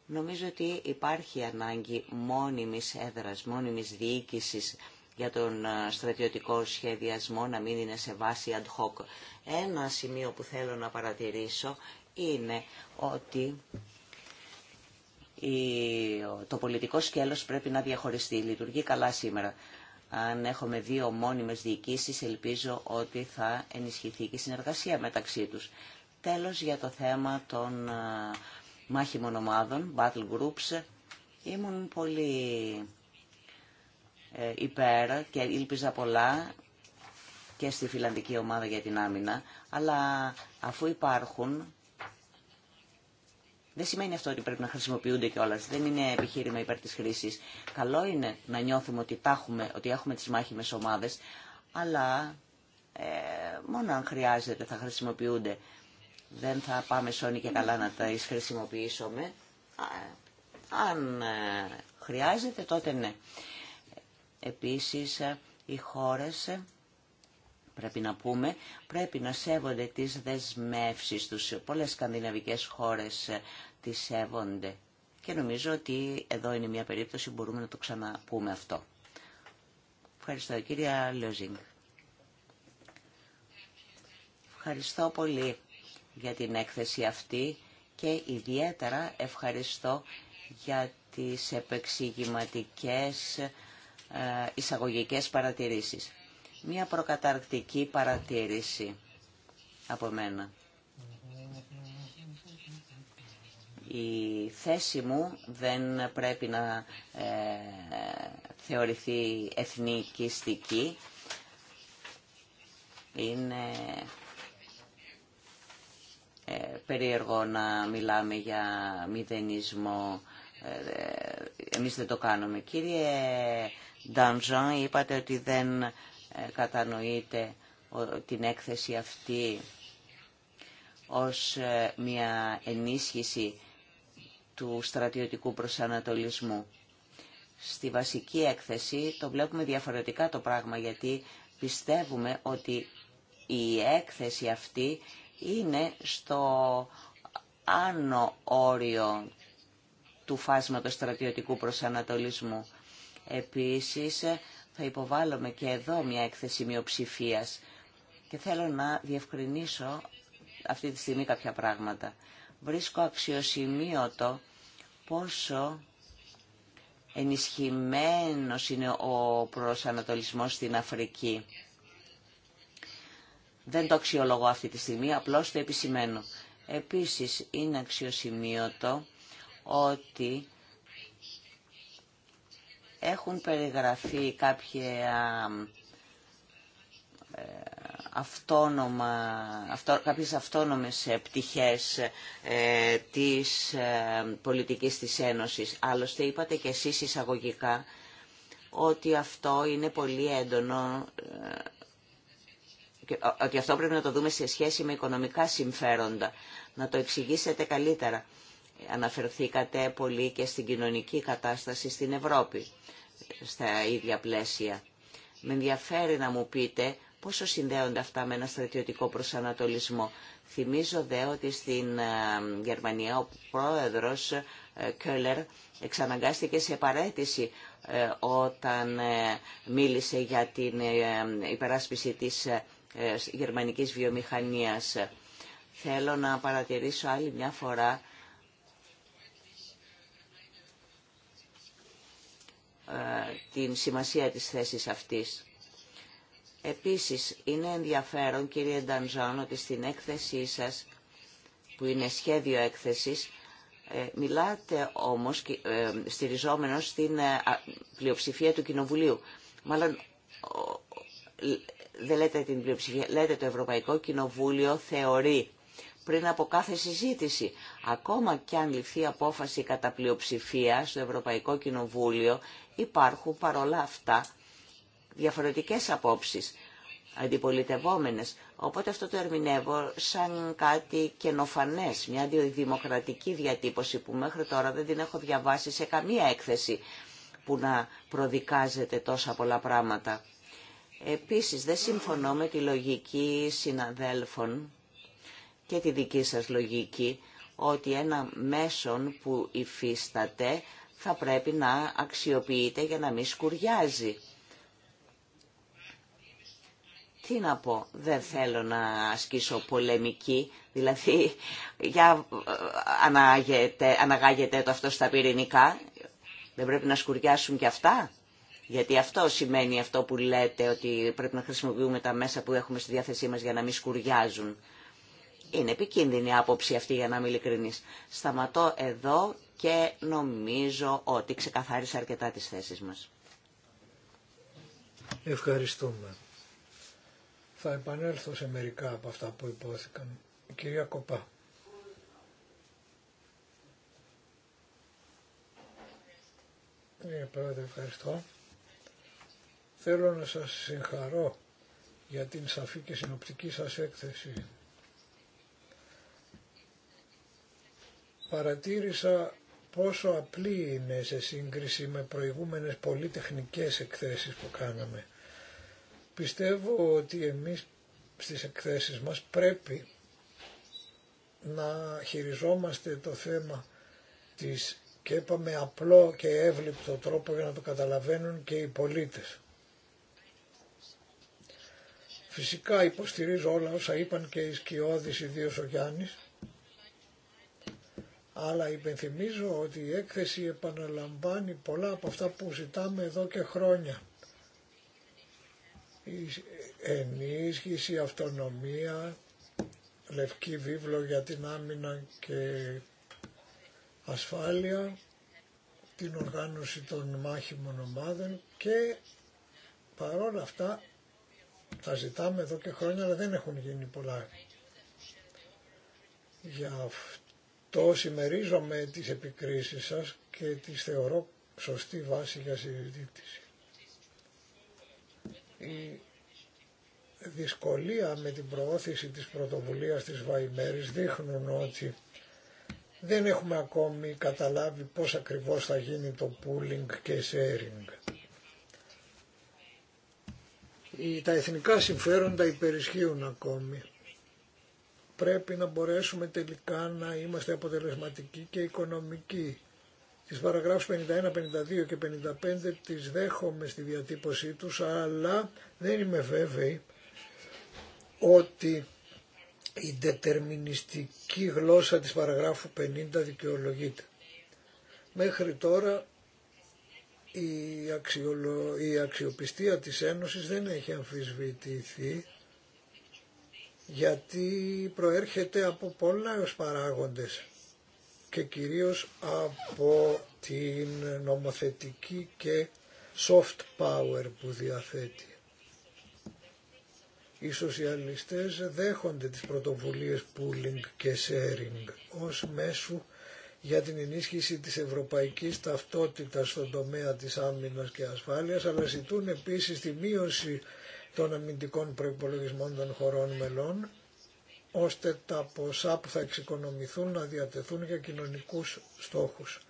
Νομίζω ότι υπάρχει ανάγκη μόνιμης έδρας, μόνιμης διοίκησης για τον ε, στρατιωτικό σχεδιασμό να μην είναι σε βάση ad hoc. Ένα σημείο που θέλω να παρατηρήσω είναι ότι το πολιτικό σκέλος πρέπει να διαχωριστεί. Λειτουργεί καλά σήμερα. Αν έχουμε δύο μόνιμες διοικήσεις, ελπίζω ότι θα ενισχυθεί και η συνεργασία μεταξύ τους. Τέλος, για το θέμα των ε, μάχημων ομάδων, battle groups, ήμουν πολύ υπέρ και ήλπιζα πολλά και στη φιλανδική ομάδα για την άμυνα, αλλά αφού υπάρχουν δεν σημαίνει αυτό ότι πρέπει να χρησιμοποιούνται κιόλα. Δεν είναι επιχείρημα υπέρ τη χρήση. Καλό είναι να νιώθουμε ότι, έχουμε, ότι έχουμε τι μάχημε ομάδε, αλλά ε, μόνο αν χρειάζεται θα χρησιμοποιούνται. Δεν θα πάμε σόνι και καλά να τα χρησιμοποιήσουμε. Ε, αν ε, χρειάζεται, τότε ναι. Επίσης, ε, οι χώρες, ε, πρέπει να πούμε, πρέπει να σέβονται τις δεσμεύσεις τους. Πολλές σκανδιναβικές χώρες ε, τις σέβονται. Και νομίζω ότι εδώ είναι μια περίπτωση που μπορούμε να το ξαναπούμε αυτό. Ευχαριστώ, κυρία Λόζινγκ. Ευχαριστώ πολύ για την έκθεση αυτή και ιδιαίτερα ευχαριστώ για τις επεξηγηματικές ε, εισαγωγικές παρατηρήσεις. Μία προκαταρκτική παρατήρηση από μένα. Η θέση μου δεν πρέπει να ε, θεωρηθεί εθνικιστική. Είναι ε, περίεργο να μιλάμε για μηδενισμό. Ε, ε εμείς δεν το κάνουμε. Κύριε Ντανζάν είπατε ότι δεν ε, κατανοείτε την έκθεση αυτή ως ε, μια ενίσχυση του στρατιωτικού προσανατολισμού. Στη βασική έκθεση το βλέπουμε διαφορετικά το πράγμα γιατί πιστεύουμε ότι η έκθεση αυτή είναι στο άνω όριο του φάσματος στρατιωτικού προσανατολισμού. Επίσης, θα υποβάλλουμε και εδώ μια έκθεση μειοψηφία και θέλω να διευκρινίσω αυτή τη στιγμή κάποια πράγματα. Βρίσκω αξιοσημείωτο πόσο ενισχυμένος είναι ο προσανατολισμός στην Αφρική. Δεν το αξιολογώ αυτή τη στιγμή, απλώς το επισημαίνω. Επίσης, είναι αξιοσημείωτο ότι έχουν περιγραφεί κάποια ε, αυτόνομα, αυτο, κάποιες αυτόνομες ε, πτυχές ε, της ε, πολιτικής της Ένωσης. Άλλωστε είπατε και εσείς εισαγωγικά ότι αυτό είναι πολύ έντονο, και, ότι αυτό πρέπει να το δούμε σε σχέση με οικονομικά συμφέροντα. Να το εξηγήσετε καλύτερα. Αναφερθήκατε πολύ και στην κοινωνική κατάσταση στην Ευρώπη στα ίδια πλαίσια. Με ενδιαφέρει να μου πείτε πόσο συνδέονται αυτά με ένα στρατιωτικό προσανατολισμό. Θυμίζω δε ότι στην ε, Γερμανία ο πρόεδρος Κέλερ εξαναγκάστηκε σε παρέτηση ε, όταν ε, μίλησε για την υπεράσπιση της γερμανικής βιομηχανίας. Θέλω να παρατηρήσω άλλη μια φορά Ε, την σημασία της θέσης αυτής. Επίσης, είναι ενδιαφέρον, κύριε Ντανζάν, ότι στην έκθεσή σας, που είναι σχέδιο έκθεσης, ε, μιλάτε όμως ε, στηριζόμενος στην πλειοψηφία του Κοινοβουλίου. Μάλλον δεν λέτε την πλειοψηφία, λέτε το Ευρωπαϊκό Κοινοβούλιο θεωρεί πριν από κάθε συζήτηση. Ακόμα και αν ληφθεί απόφαση κατά πλειοψηφία στο Ευρωπαϊκό Κοινοβούλιο, υπάρχουν παρόλα αυτά διαφορετικές απόψεις, αντιπολιτευόμενες. Οπότε αυτό το ερμηνεύω σαν κάτι καινοφανές, μια δημοκρατική διατύπωση που μέχρι τώρα δεν την έχω διαβάσει σε καμία έκθεση που να προδικάζεται τόσα πολλά πράγματα. Επίσης δεν συμφωνώ με τη λογική συναδέλφων και τη δική σας λογική ότι ένα μέσον που υφίσταται θα πρέπει να αξιοποιείται για να μην σκουριάζει. Τι να πω, δεν θέλω να ασκήσω πολεμική, δηλαδή για ε, αναγάγεται, αναγάγεται το αυτό στα πυρηνικά, δεν πρέπει να σκουριάσουν και αυτά. Γιατί αυτό σημαίνει αυτό που λέτε, ότι πρέπει να χρησιμοποιούμε τα μέσα που έχουμε στη διάθεσή μας για να μην σκουριάζουν. Είναι επικίνδυνη άποψη αυτή για να μην Σταματώ εδώ και νομίζω ότι ξεκαθάρισα αρκετά τις θέσεις μας. Ευχαριστούμε. Θα επανέλθω σε μερικά από αυτά που υπόθηκαν. κυρία Κοπά. Κύριε Πρόεδρε, ευχαριστώ. Θέλω να σας συγχαρώ για την σαφή και συνοπτική σας έκθεση. παρατήρησα πόσο απλή είναι σε σύγκριση με προηγούμενες πολυτεχνικές εκθέσεις που κάναμε. Πιστεύω ότι εμείς στις εκθέσεις μας πρέπει να χειριζόμαστε το θέμα της και είπαμε απλό και εύληπτο τρόπο για να το καταλαβαίνουν και οι πολίτες. Φυσικά υποστηρίζω όλα όσα είπαν και οι σκιώδεις, ιδίως ο Γιάννης, αλλά υπενθυμίζω ότι η έκθεση επαναλαμβάνει πολλά από αυτά που ζητάμε εδώ και χρόνια. Η ενίσχυση, αυτονομία, λευκή βίβλο για την άμυνα και ασφάλεια, την οργάνωση των μάχημων ομάδων και παρόλα αυτά τα ζητάμε εδώ και χρόνια αλλά δεν έχουν γίνει πολλά. για αυτό το συμμερίζομαι τις επικρίσεις σας και τις θεωρώ σωστή βάση για συζήτηση. Η δυσκολία με την προώθηση της πρωτοβουλίας της Βαϊμέρης δείχνουν ότι δεν έχουμε ακόμη καταλάβει πώς ακριβώς θα γίνει το pooling και sharing. Τα εθνικά συμφέροντα υπερισχύουν ακόμη πρέπει να μπορέσουμε τελικά να είμαστε αποτελεσματικοί και οικονομικοί. Τις παραγράφους 51, 52 και 55 τις δέχομαι στη διατύπωσή τους, αλλά δεν είμαι βέβαιη ότι η δετερμινιστική γλώσσα της παραγράφου 50 δικαιολογείται. Μέχρι τώρα η, η αξιοπιστία της Ένωσης δεν έχει αμφισβητηθεί γιατί προέρχεται από πολλά παράγοντες και κυρίως από την νομοθετική και soft power που διαθέτει. Οι σοσιαλιστές δέχονται τις πρωτοβουλίες pooling και sharing ως μέσου για την ενίσχυση της ευρωπαϊκής ταυτότητας στον τομέα της άμυνας και ασφάλειας, αλλά ζητούν επίσης τη μείωση των αμυντικών προϋπολογισμών των χωρών μελών, ώστε τα ποσά που θα εξοικονομηθούν να διατεθούν για κοινωνικούς στόχους.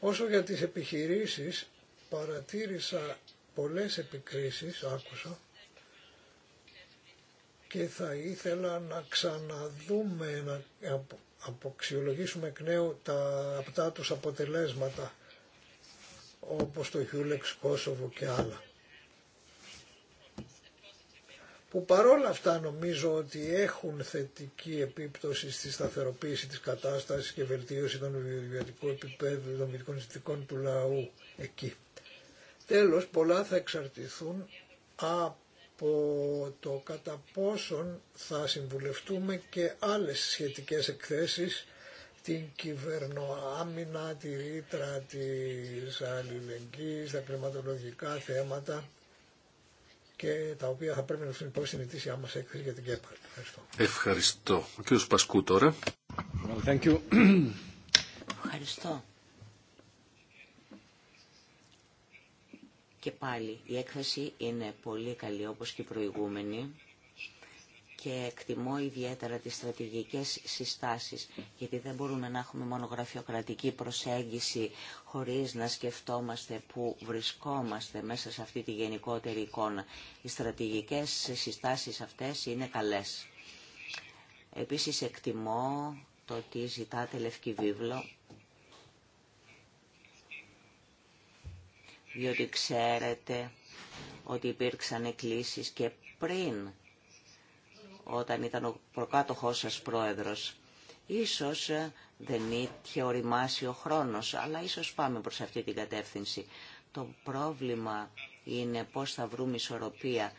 Όσο για τις επιχειρήσεις, παρατήρησα πολλές επικρίσεις, άκουσα, και θα ήθελα να ξαναδούμε, να αποξιολογήσουμε εκ νέου τα αυτά τους αποτελέσματα, όπως το Χιούλεξ, Κόσοβο και άλλα που παρόλα αυτά νομίζω ότι έχουν θετική επίπτωση στη σταθεροποίηση της κατάστασης και βελτίωση των βιωτικού επιπέδων των βιωτικών του λαού εκεί. Τέλος, πολλά θα εξαρτηθούν από το κατά πόσον θα συμβουλευτούμε και άλλες σχετικές εκθέσεις την κυβερνοάμυνα, τη ρήτρα της αλληλεγγύης, τα κλιματολογικά θέματα και τα οποία θα πρέπει να ληφθούν υπόψη στην ετήσια μα έκθεση για την ΚΕΠΑ. Ευχαριστώ. Ευχαριστώ. Ο κ. Πασκού τώρα. Well, thank you. Ευχαριστώ. Και πάλι η έκθεση είναι πολύ καλή όπως και η προηγούμενη και εκτιμώ ιδιαίτερα τις στρατηγικές συστάσεις, γιατί δεν μπορούμε να έχουμε μόνο γραφειοκρατική προσέγγιση χωρίς να σκεφτόμαστε που βρισκόμαστε μέσα σε αυτή τη γενικότερη εικόνα. Οι στρατηγικές συστάσεις αυτές είναι καλές. Επίσης εκτιμώ το ότι ζητάτε λευκή βίβλο, διότι ξέρετε ότι υπήρξαν εκκλήσεις και πριν όταν ήταν ο προκάτοχός σας πρόεδρος. Ίσως ε, δεν είχε οριμάσει ο χρόνος, αλλά ίσως πάμε προς αυτή την κατεύθυνση. Το πρόβλημα είναι πώς θα βρούμε ισορροπία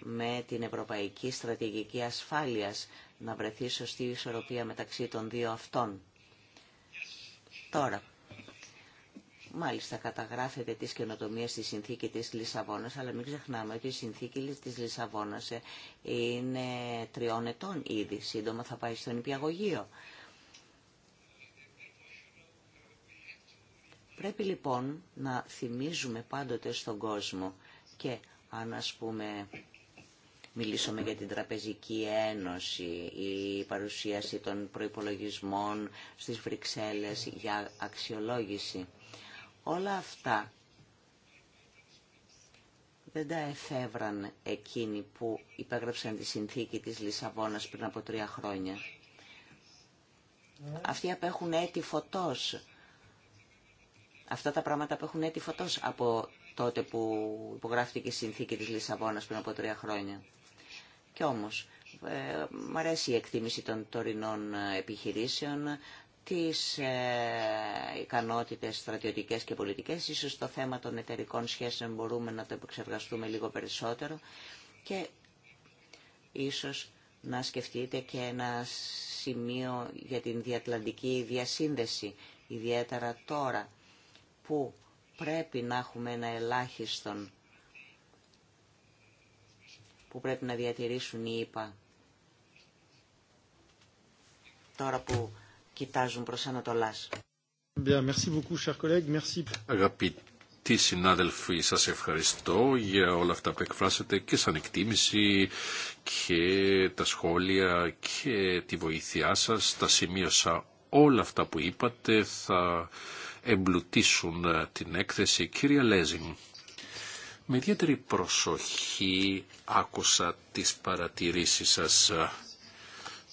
με την Ευρωπαϊκή Στρατηγική Ασφάλειας, να βρεθεί σωστή ισορροπία μεταξύ των δύο αυτών. Τώρα, Μάλιστα καταγράφεται τις καινοτομίες στη συνθήκη της Λισαβόνας, αλλά μην ξεχνάμε ότι η συνθήκη της Λισαβόνας ε, είναι τριών ετών ήδη. Σύντομα θα πάει στον υπηαγωγείο. Πρέπει λοιπόν να θυμίζουμε πάντοτε στον κόσμο και αν ας πούμε μιλήσουμε για την Τραπεζική Ένωση, η παρουσίαση των προϋπολογισμών στις Βρυξέλλες για αξιολόγηση Όλα αυτά δεν τα εφεύραν εκείνοι που υπέγραψαν τη συνθήκη της Λισαβόνας πριν από τρία χρόνια. Αυτοί απέχουν έτη φωτός. Αυτά τα πράγματα απέχουν έτη φωτός από τότε που υπογράφτηκε η συνθήκη της Λισαβόνας πριν από τρία χρόνια. Και όμως, ε, αρέσει η εκτίμηση των τωρινών επιχειρήσεων, τις ε, ικανότητες στρατιωτικές και πολιτικές. Ίσως το θέμα των εταιρικών σχέσεων μπορούμε να το επεξεργαστούμε λίγο περισσότερο και ίσως να σκεφτείτε και ένα σημείο για την διατλαντική διασύνδεση, ιδιαίτερα τώρα που πρέπει να έχουμε ένα ελάχιστον που πρέπει να διατηρήσουν οι ΙΠΑ. Τώρα που κοιτάζουν προς Ανατολάς. Αγαπητοί συνάδελφοι, σας ευχαριστώ για όλα αυτά που εκφράσατε και σαν εκτίμηση και τα σχόλια και τη βοήθειά σας. Τα σημείωσα όλα αυτά που είπατε θα εμπλουτίσουν την έκθεση. Κύριε Λέζιν, με ιδιαίτερη προσοχή άκουσα τις παρατηρήσεις σας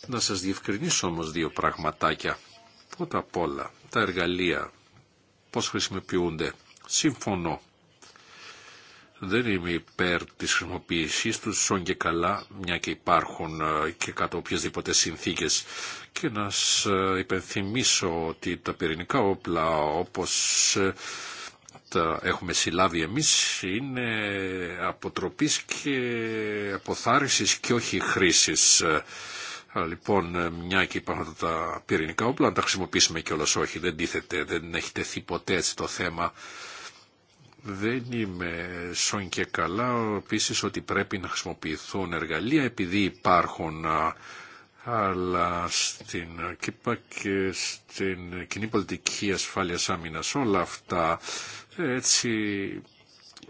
να σας διευκρινίσω όμως δύο πραγματάκια. Πρώτα απ' όλα, τα εργαλεία πώς χρησιμοποιούνται. Συμφωνώ. Δεν είμαι υπέρ της χρησιμοποίησής τους, όν και καλά, μια και υπάρχουν ε, και κάτω οποιασδήποτε συνθήκες. Και να σα ε, υπενθυμίσω ότι τα πυρηνικά όπλα όπως ε, τα έχουμε συλλάβει εμείς είναι αποτροπής και αποθάρρυσης και όχι χρήσης λοιπόν ε, μια και υπάρχουν τα πυρηνικά όπλα, να τα χρησιμοποιήσουμε κιόλας όχι, δεν τίθεται, δεν έχει τεθεί ποτέ έτσι το θέμα. Δεν είμαι σόν και καλά επίση ότι πρέπει να χρησιμοποιηθούν εργαλεία επειδή υπάρχουν αλλά στην ΚΥΠΑ και στην κοινή πολιτική ασφάλειας άμυνας όλα αυτά ε, έτσι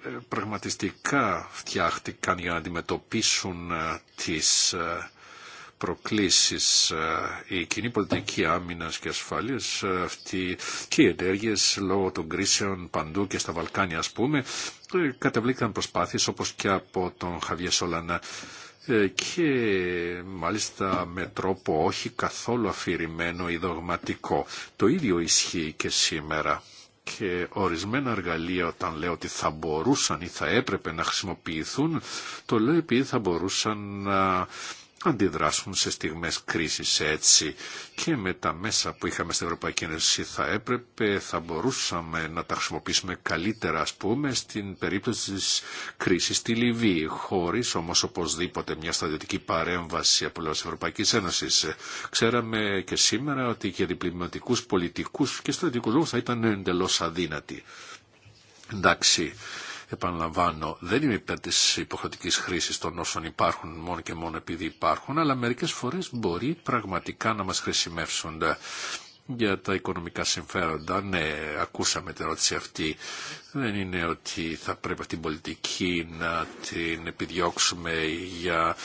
ε, πραγματιστικά φτιάχτηκαν για να αντιμετωπίσουν τις προκλήσεις. Ε, η κοινή πολιτική άμυνας και ασφάλειας ε, αυτή και οι ενέργειες λόγω των κρίσεων παντού και στα Βαλκάνια ας πούμε ε, καταβλήκαν προσπάθειες όπως και από τον Χαβιέ Σολανά και μάλιστα με τρόπο όχι καθόλου αφηρημένο ή δογματικό. Το ίδιο ισχύει και σήμερα και ορισμένα εργαλεία όταν λέω ότι θα μπορούσαν ή θα έπρεπε να χρησιμοποιηθούν, το λέω επειδή θα μπορούσαν να αντιδράσουν σε στιγμές κρίσης έτσι και με τα μέσα που είχαμε στην Ευρωπαϊκή Ένωση θα έπρεπε, θα μπορούσαμε να τα χρησιμοποιήσουμε καλύτερα ας πούμε στην περίπτωση της κρίσης στη Λιβύη χωρίς όμως οπωσδήποτε μια στρατιωτική παρέμβαση από λόγω της Ευρωπαϊκής Ένωσης. Ξέραμε και σήμερα ότι και διπλωματικούς πολιτικούς και στρατιωτικούς λόγους θα ήταν εντελώς αδύνατοι. Εντάξει, Επαναλαμβάνω, δεν είμαι υπέρ τη υποχρεωτική χρήση των όσων υπάρχουν μόνο και μόνο επειδή υπάρχουν, αλλά μερικέ φορέ μπορεί πραγματικά να μα χρησιμεύσουν για τα οικονομικά συμφέροντα. Ναι, ακούσαμε την ερώτηση αυτή. Δεν είναι ότι θα πρέπει την πολιτική να την επιδιώξουμε για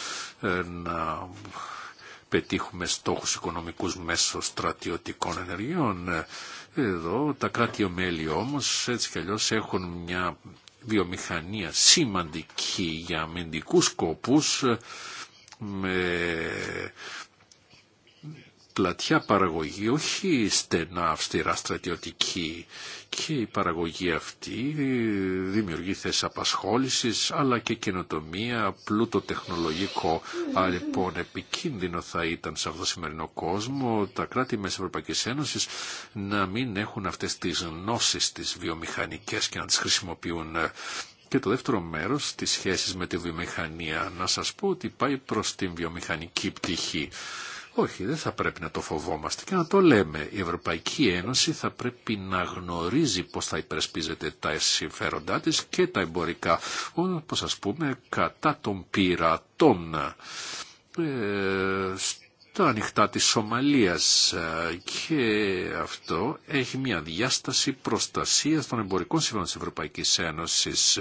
ε, να πετύχουμε στόχους οικονομικούς μέσω στρατιωτικών ενεργειών. Εδώ τα κράτη ομέλη όμως έτσι κι αλλιώς έχουν μια βιομηχανία σημαντική για αμυντικούς σκοπούς ε, με πλατιά παραγωγή, όχι στενά αυστηρά στρατιωτική και η παραγωγή αυτή δημιουργεί θέσεις απασχόλησης αλλά και καινοτομία, πλούτο τεχνολογικό. Άρα λοιπόν επικίνδυνο θα ήταν σε αυτό το σημερινό κόσμο τα κράτη μέσα Ευρωπαϊκή Ένωσης να μην έχουν αυτές τις γνώσεις τις βιομηχανικές και να τις χρησιμοποιούν. Και το δεύτερο μέρος, τις σχέσεις με τη βιομηχανία. Να σας πω ότι πάει προς την βιομηχανική πτυχή. Όχι, δεν θα πρέπει να το φοβόμαστε και να το λέμε. Η Ευρωπαϊκή Ένωση θα πρέπει να γνωρίζει πώς θα υπερσπίζεται τα συμφέροντά της και τα εμπορικά, όπως ας πούμε κατά των πειρατών ε, στα ανοιχτά της Σομαλίας και αυτό έχει μια διάσταση προστασίας των εμπορικών συμφέροντων της Ευρωπαϊκής Ένωσης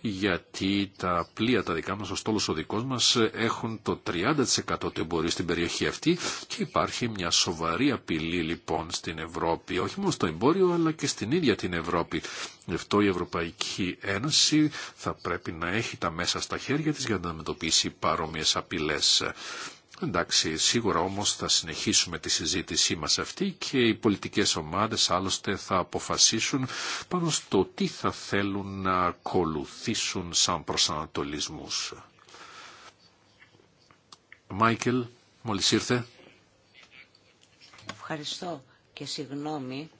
γιατί τα πλοία τα δικά μας, ο στόλος ο δικός μας έχουν το 30% του εμπορίου στην περιοχή αυτή και υπάρχει μια σοβαρή απειλή λοιπόν στην Ευρώπη, όχι μόνο στο εμπόριο αλλά και στην ίδια την Ευρώπη. Γι' αυτό η Ευρωπαϊκή Ένωση θα πρέπει να έχει τα μέσα στα χέρια της για να αντιμετωπίσει παρόμοιες απειλές. Εντάξει, σίγουρα όμως θα συνεχίσουμε τη συζήτησή μας αυτή και οι πολιτικές ομάδες άλλωστε θα αποφασίσουν πάνω στο τι θα θέλουν να ακολουθήσουν σαν προσανατολισμούς. Μάικελ, μόλις ήρθε. Ευχαριστώ και συγγνώμη.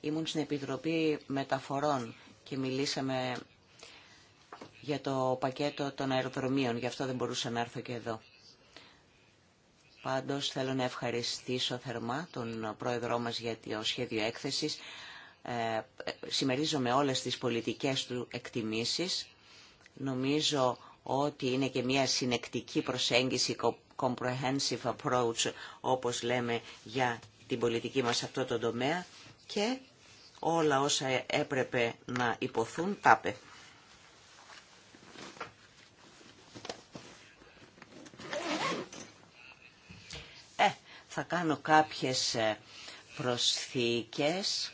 Ήμουν στην Επιτροπή Μεταφορών και μιλήσαμε για το πακέτο των αεροδρομίων. Γι' αυτό δεν μπορούσα να έρθω και εδώ. Πάντως θέλω να ευχαριστήσω θερμά τον πρόεδρό μας για το σχέδιο έκθεσης. Ε, συμμερίζομαι όλες τις πολιτικές του εκτιμήσεις. Νομίζω ότι είναι και μια συνεκτική προσέγγιση, comprehensive approach, όπως λέμε, για την πολιτική μας σε αυτό το τομέα και όλα όσα έπρεπε να υποθούν, τα Θα κάνω κάποιες ε, προσθήκες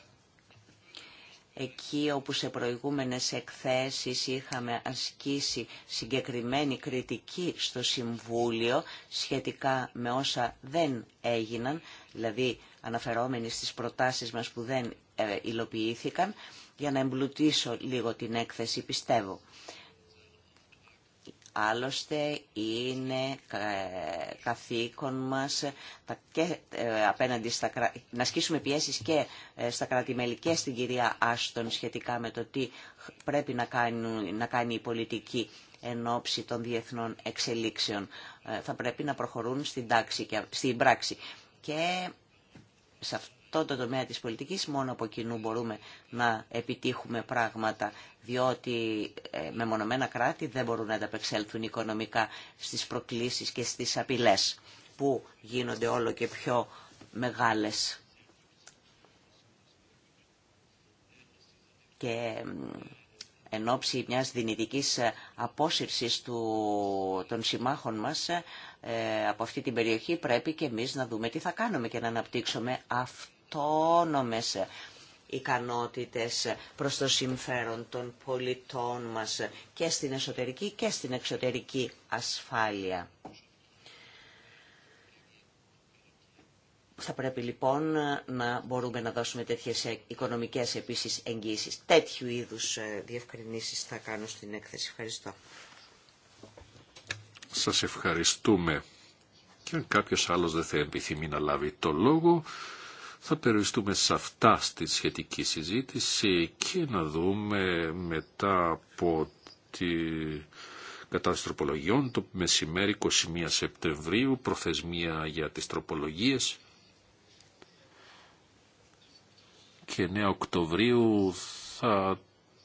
εκεί όπου σε προηγούμενες εκθέσεις είχαμε ασκήσει συγκεκριμένη κριτική στο Συμβούλιο σχετικά με όσα δεν έγιναν, δηλαδή αναφερόμενοι στις προτάσεις μας που δεν ε, υλοποιήθηκαν, για να εμπλουτίσω λίγο την έκθεση πιστεύω. Άλλωστε είναι ε, καθήκον μας και ε, απέναντι στα, να ασκήσουμε πιέσεις και ε, στα κρατημέλη και στην κυρία Άστον σχετικά με το τι πρέπει να, να κάνει η πολιτική εν ώψη των διεθνών εξελίξεων. Θα πρέπει να προχωρούν στην, τάξη και, στην πράξη. Και σε αυτό αυτό το τομέα της πολιτικής μόνο από κοινού μπορούμε να επιτύχουμε πράγματα, διότι με μονομένα κράτη δεν μπορούν να ανταπεξέλθουν οικονομικά στις προκλήσεις και στις απειλές που γίνονται όλο και πιο μεγάλες. Και ε, εν ώψη μιας δυνητικής ε, απόσυρσης του, των συμμάχων μας ε, από αυτή την περιοχή πρέπει και εμείς να δούμε τι θα κάνουμε και να αναπτύξουμε αυτό αυτόνομες ικανότητες προς το συμφέρον των πολιτών μας και στην εσωτερική και στην εξωτερική ασφάλεια. Θα πρέπει λοιπόν να μπορούμε να δώσουμε τέτοιες οικονομικές επίσης εγγύσεις. Τέτοιου είδους ε, διευκρινήσεις θα κάνω στην έκθεση. Ευχαριστώ. Σας ευχαριστούμε. Και αν κάποιος άλλος δεν θα επιθυμεί να λάβει το λόγο, θα περιοριστούμε σε αυτά στη σχετική συζήτηση και να δούμε μετά από τη κατάσταση τροπολογιών το μεσημέρι 21 Σεπτεμβρίου προθεσμία για τις τροπολογίες και 9 Οκτωβρίου θα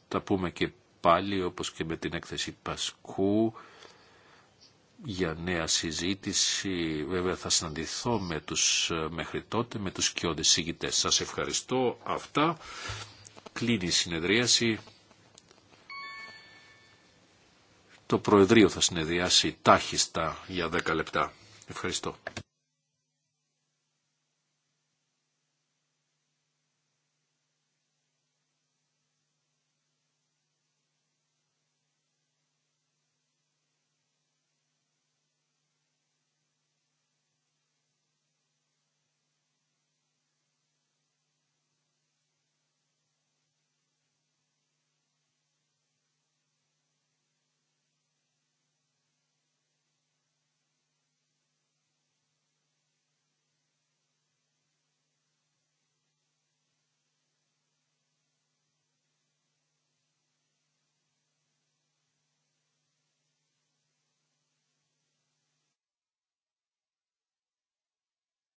τα πούμε και πάλι όπως και με την έκθεση Πασκού για νέα συζήτηση. Βέβαια θα συναντηθώ με τους ε, μέχρι τότε, με τους κοιόντες συγκητές. Σας ευχαριστώ. Αυτά. Κλείνει η συνεδρίαση. Το Προεδρείο θα συνεδριάσει τάχιστα για 10 λεπτά. Ευχαριστώ.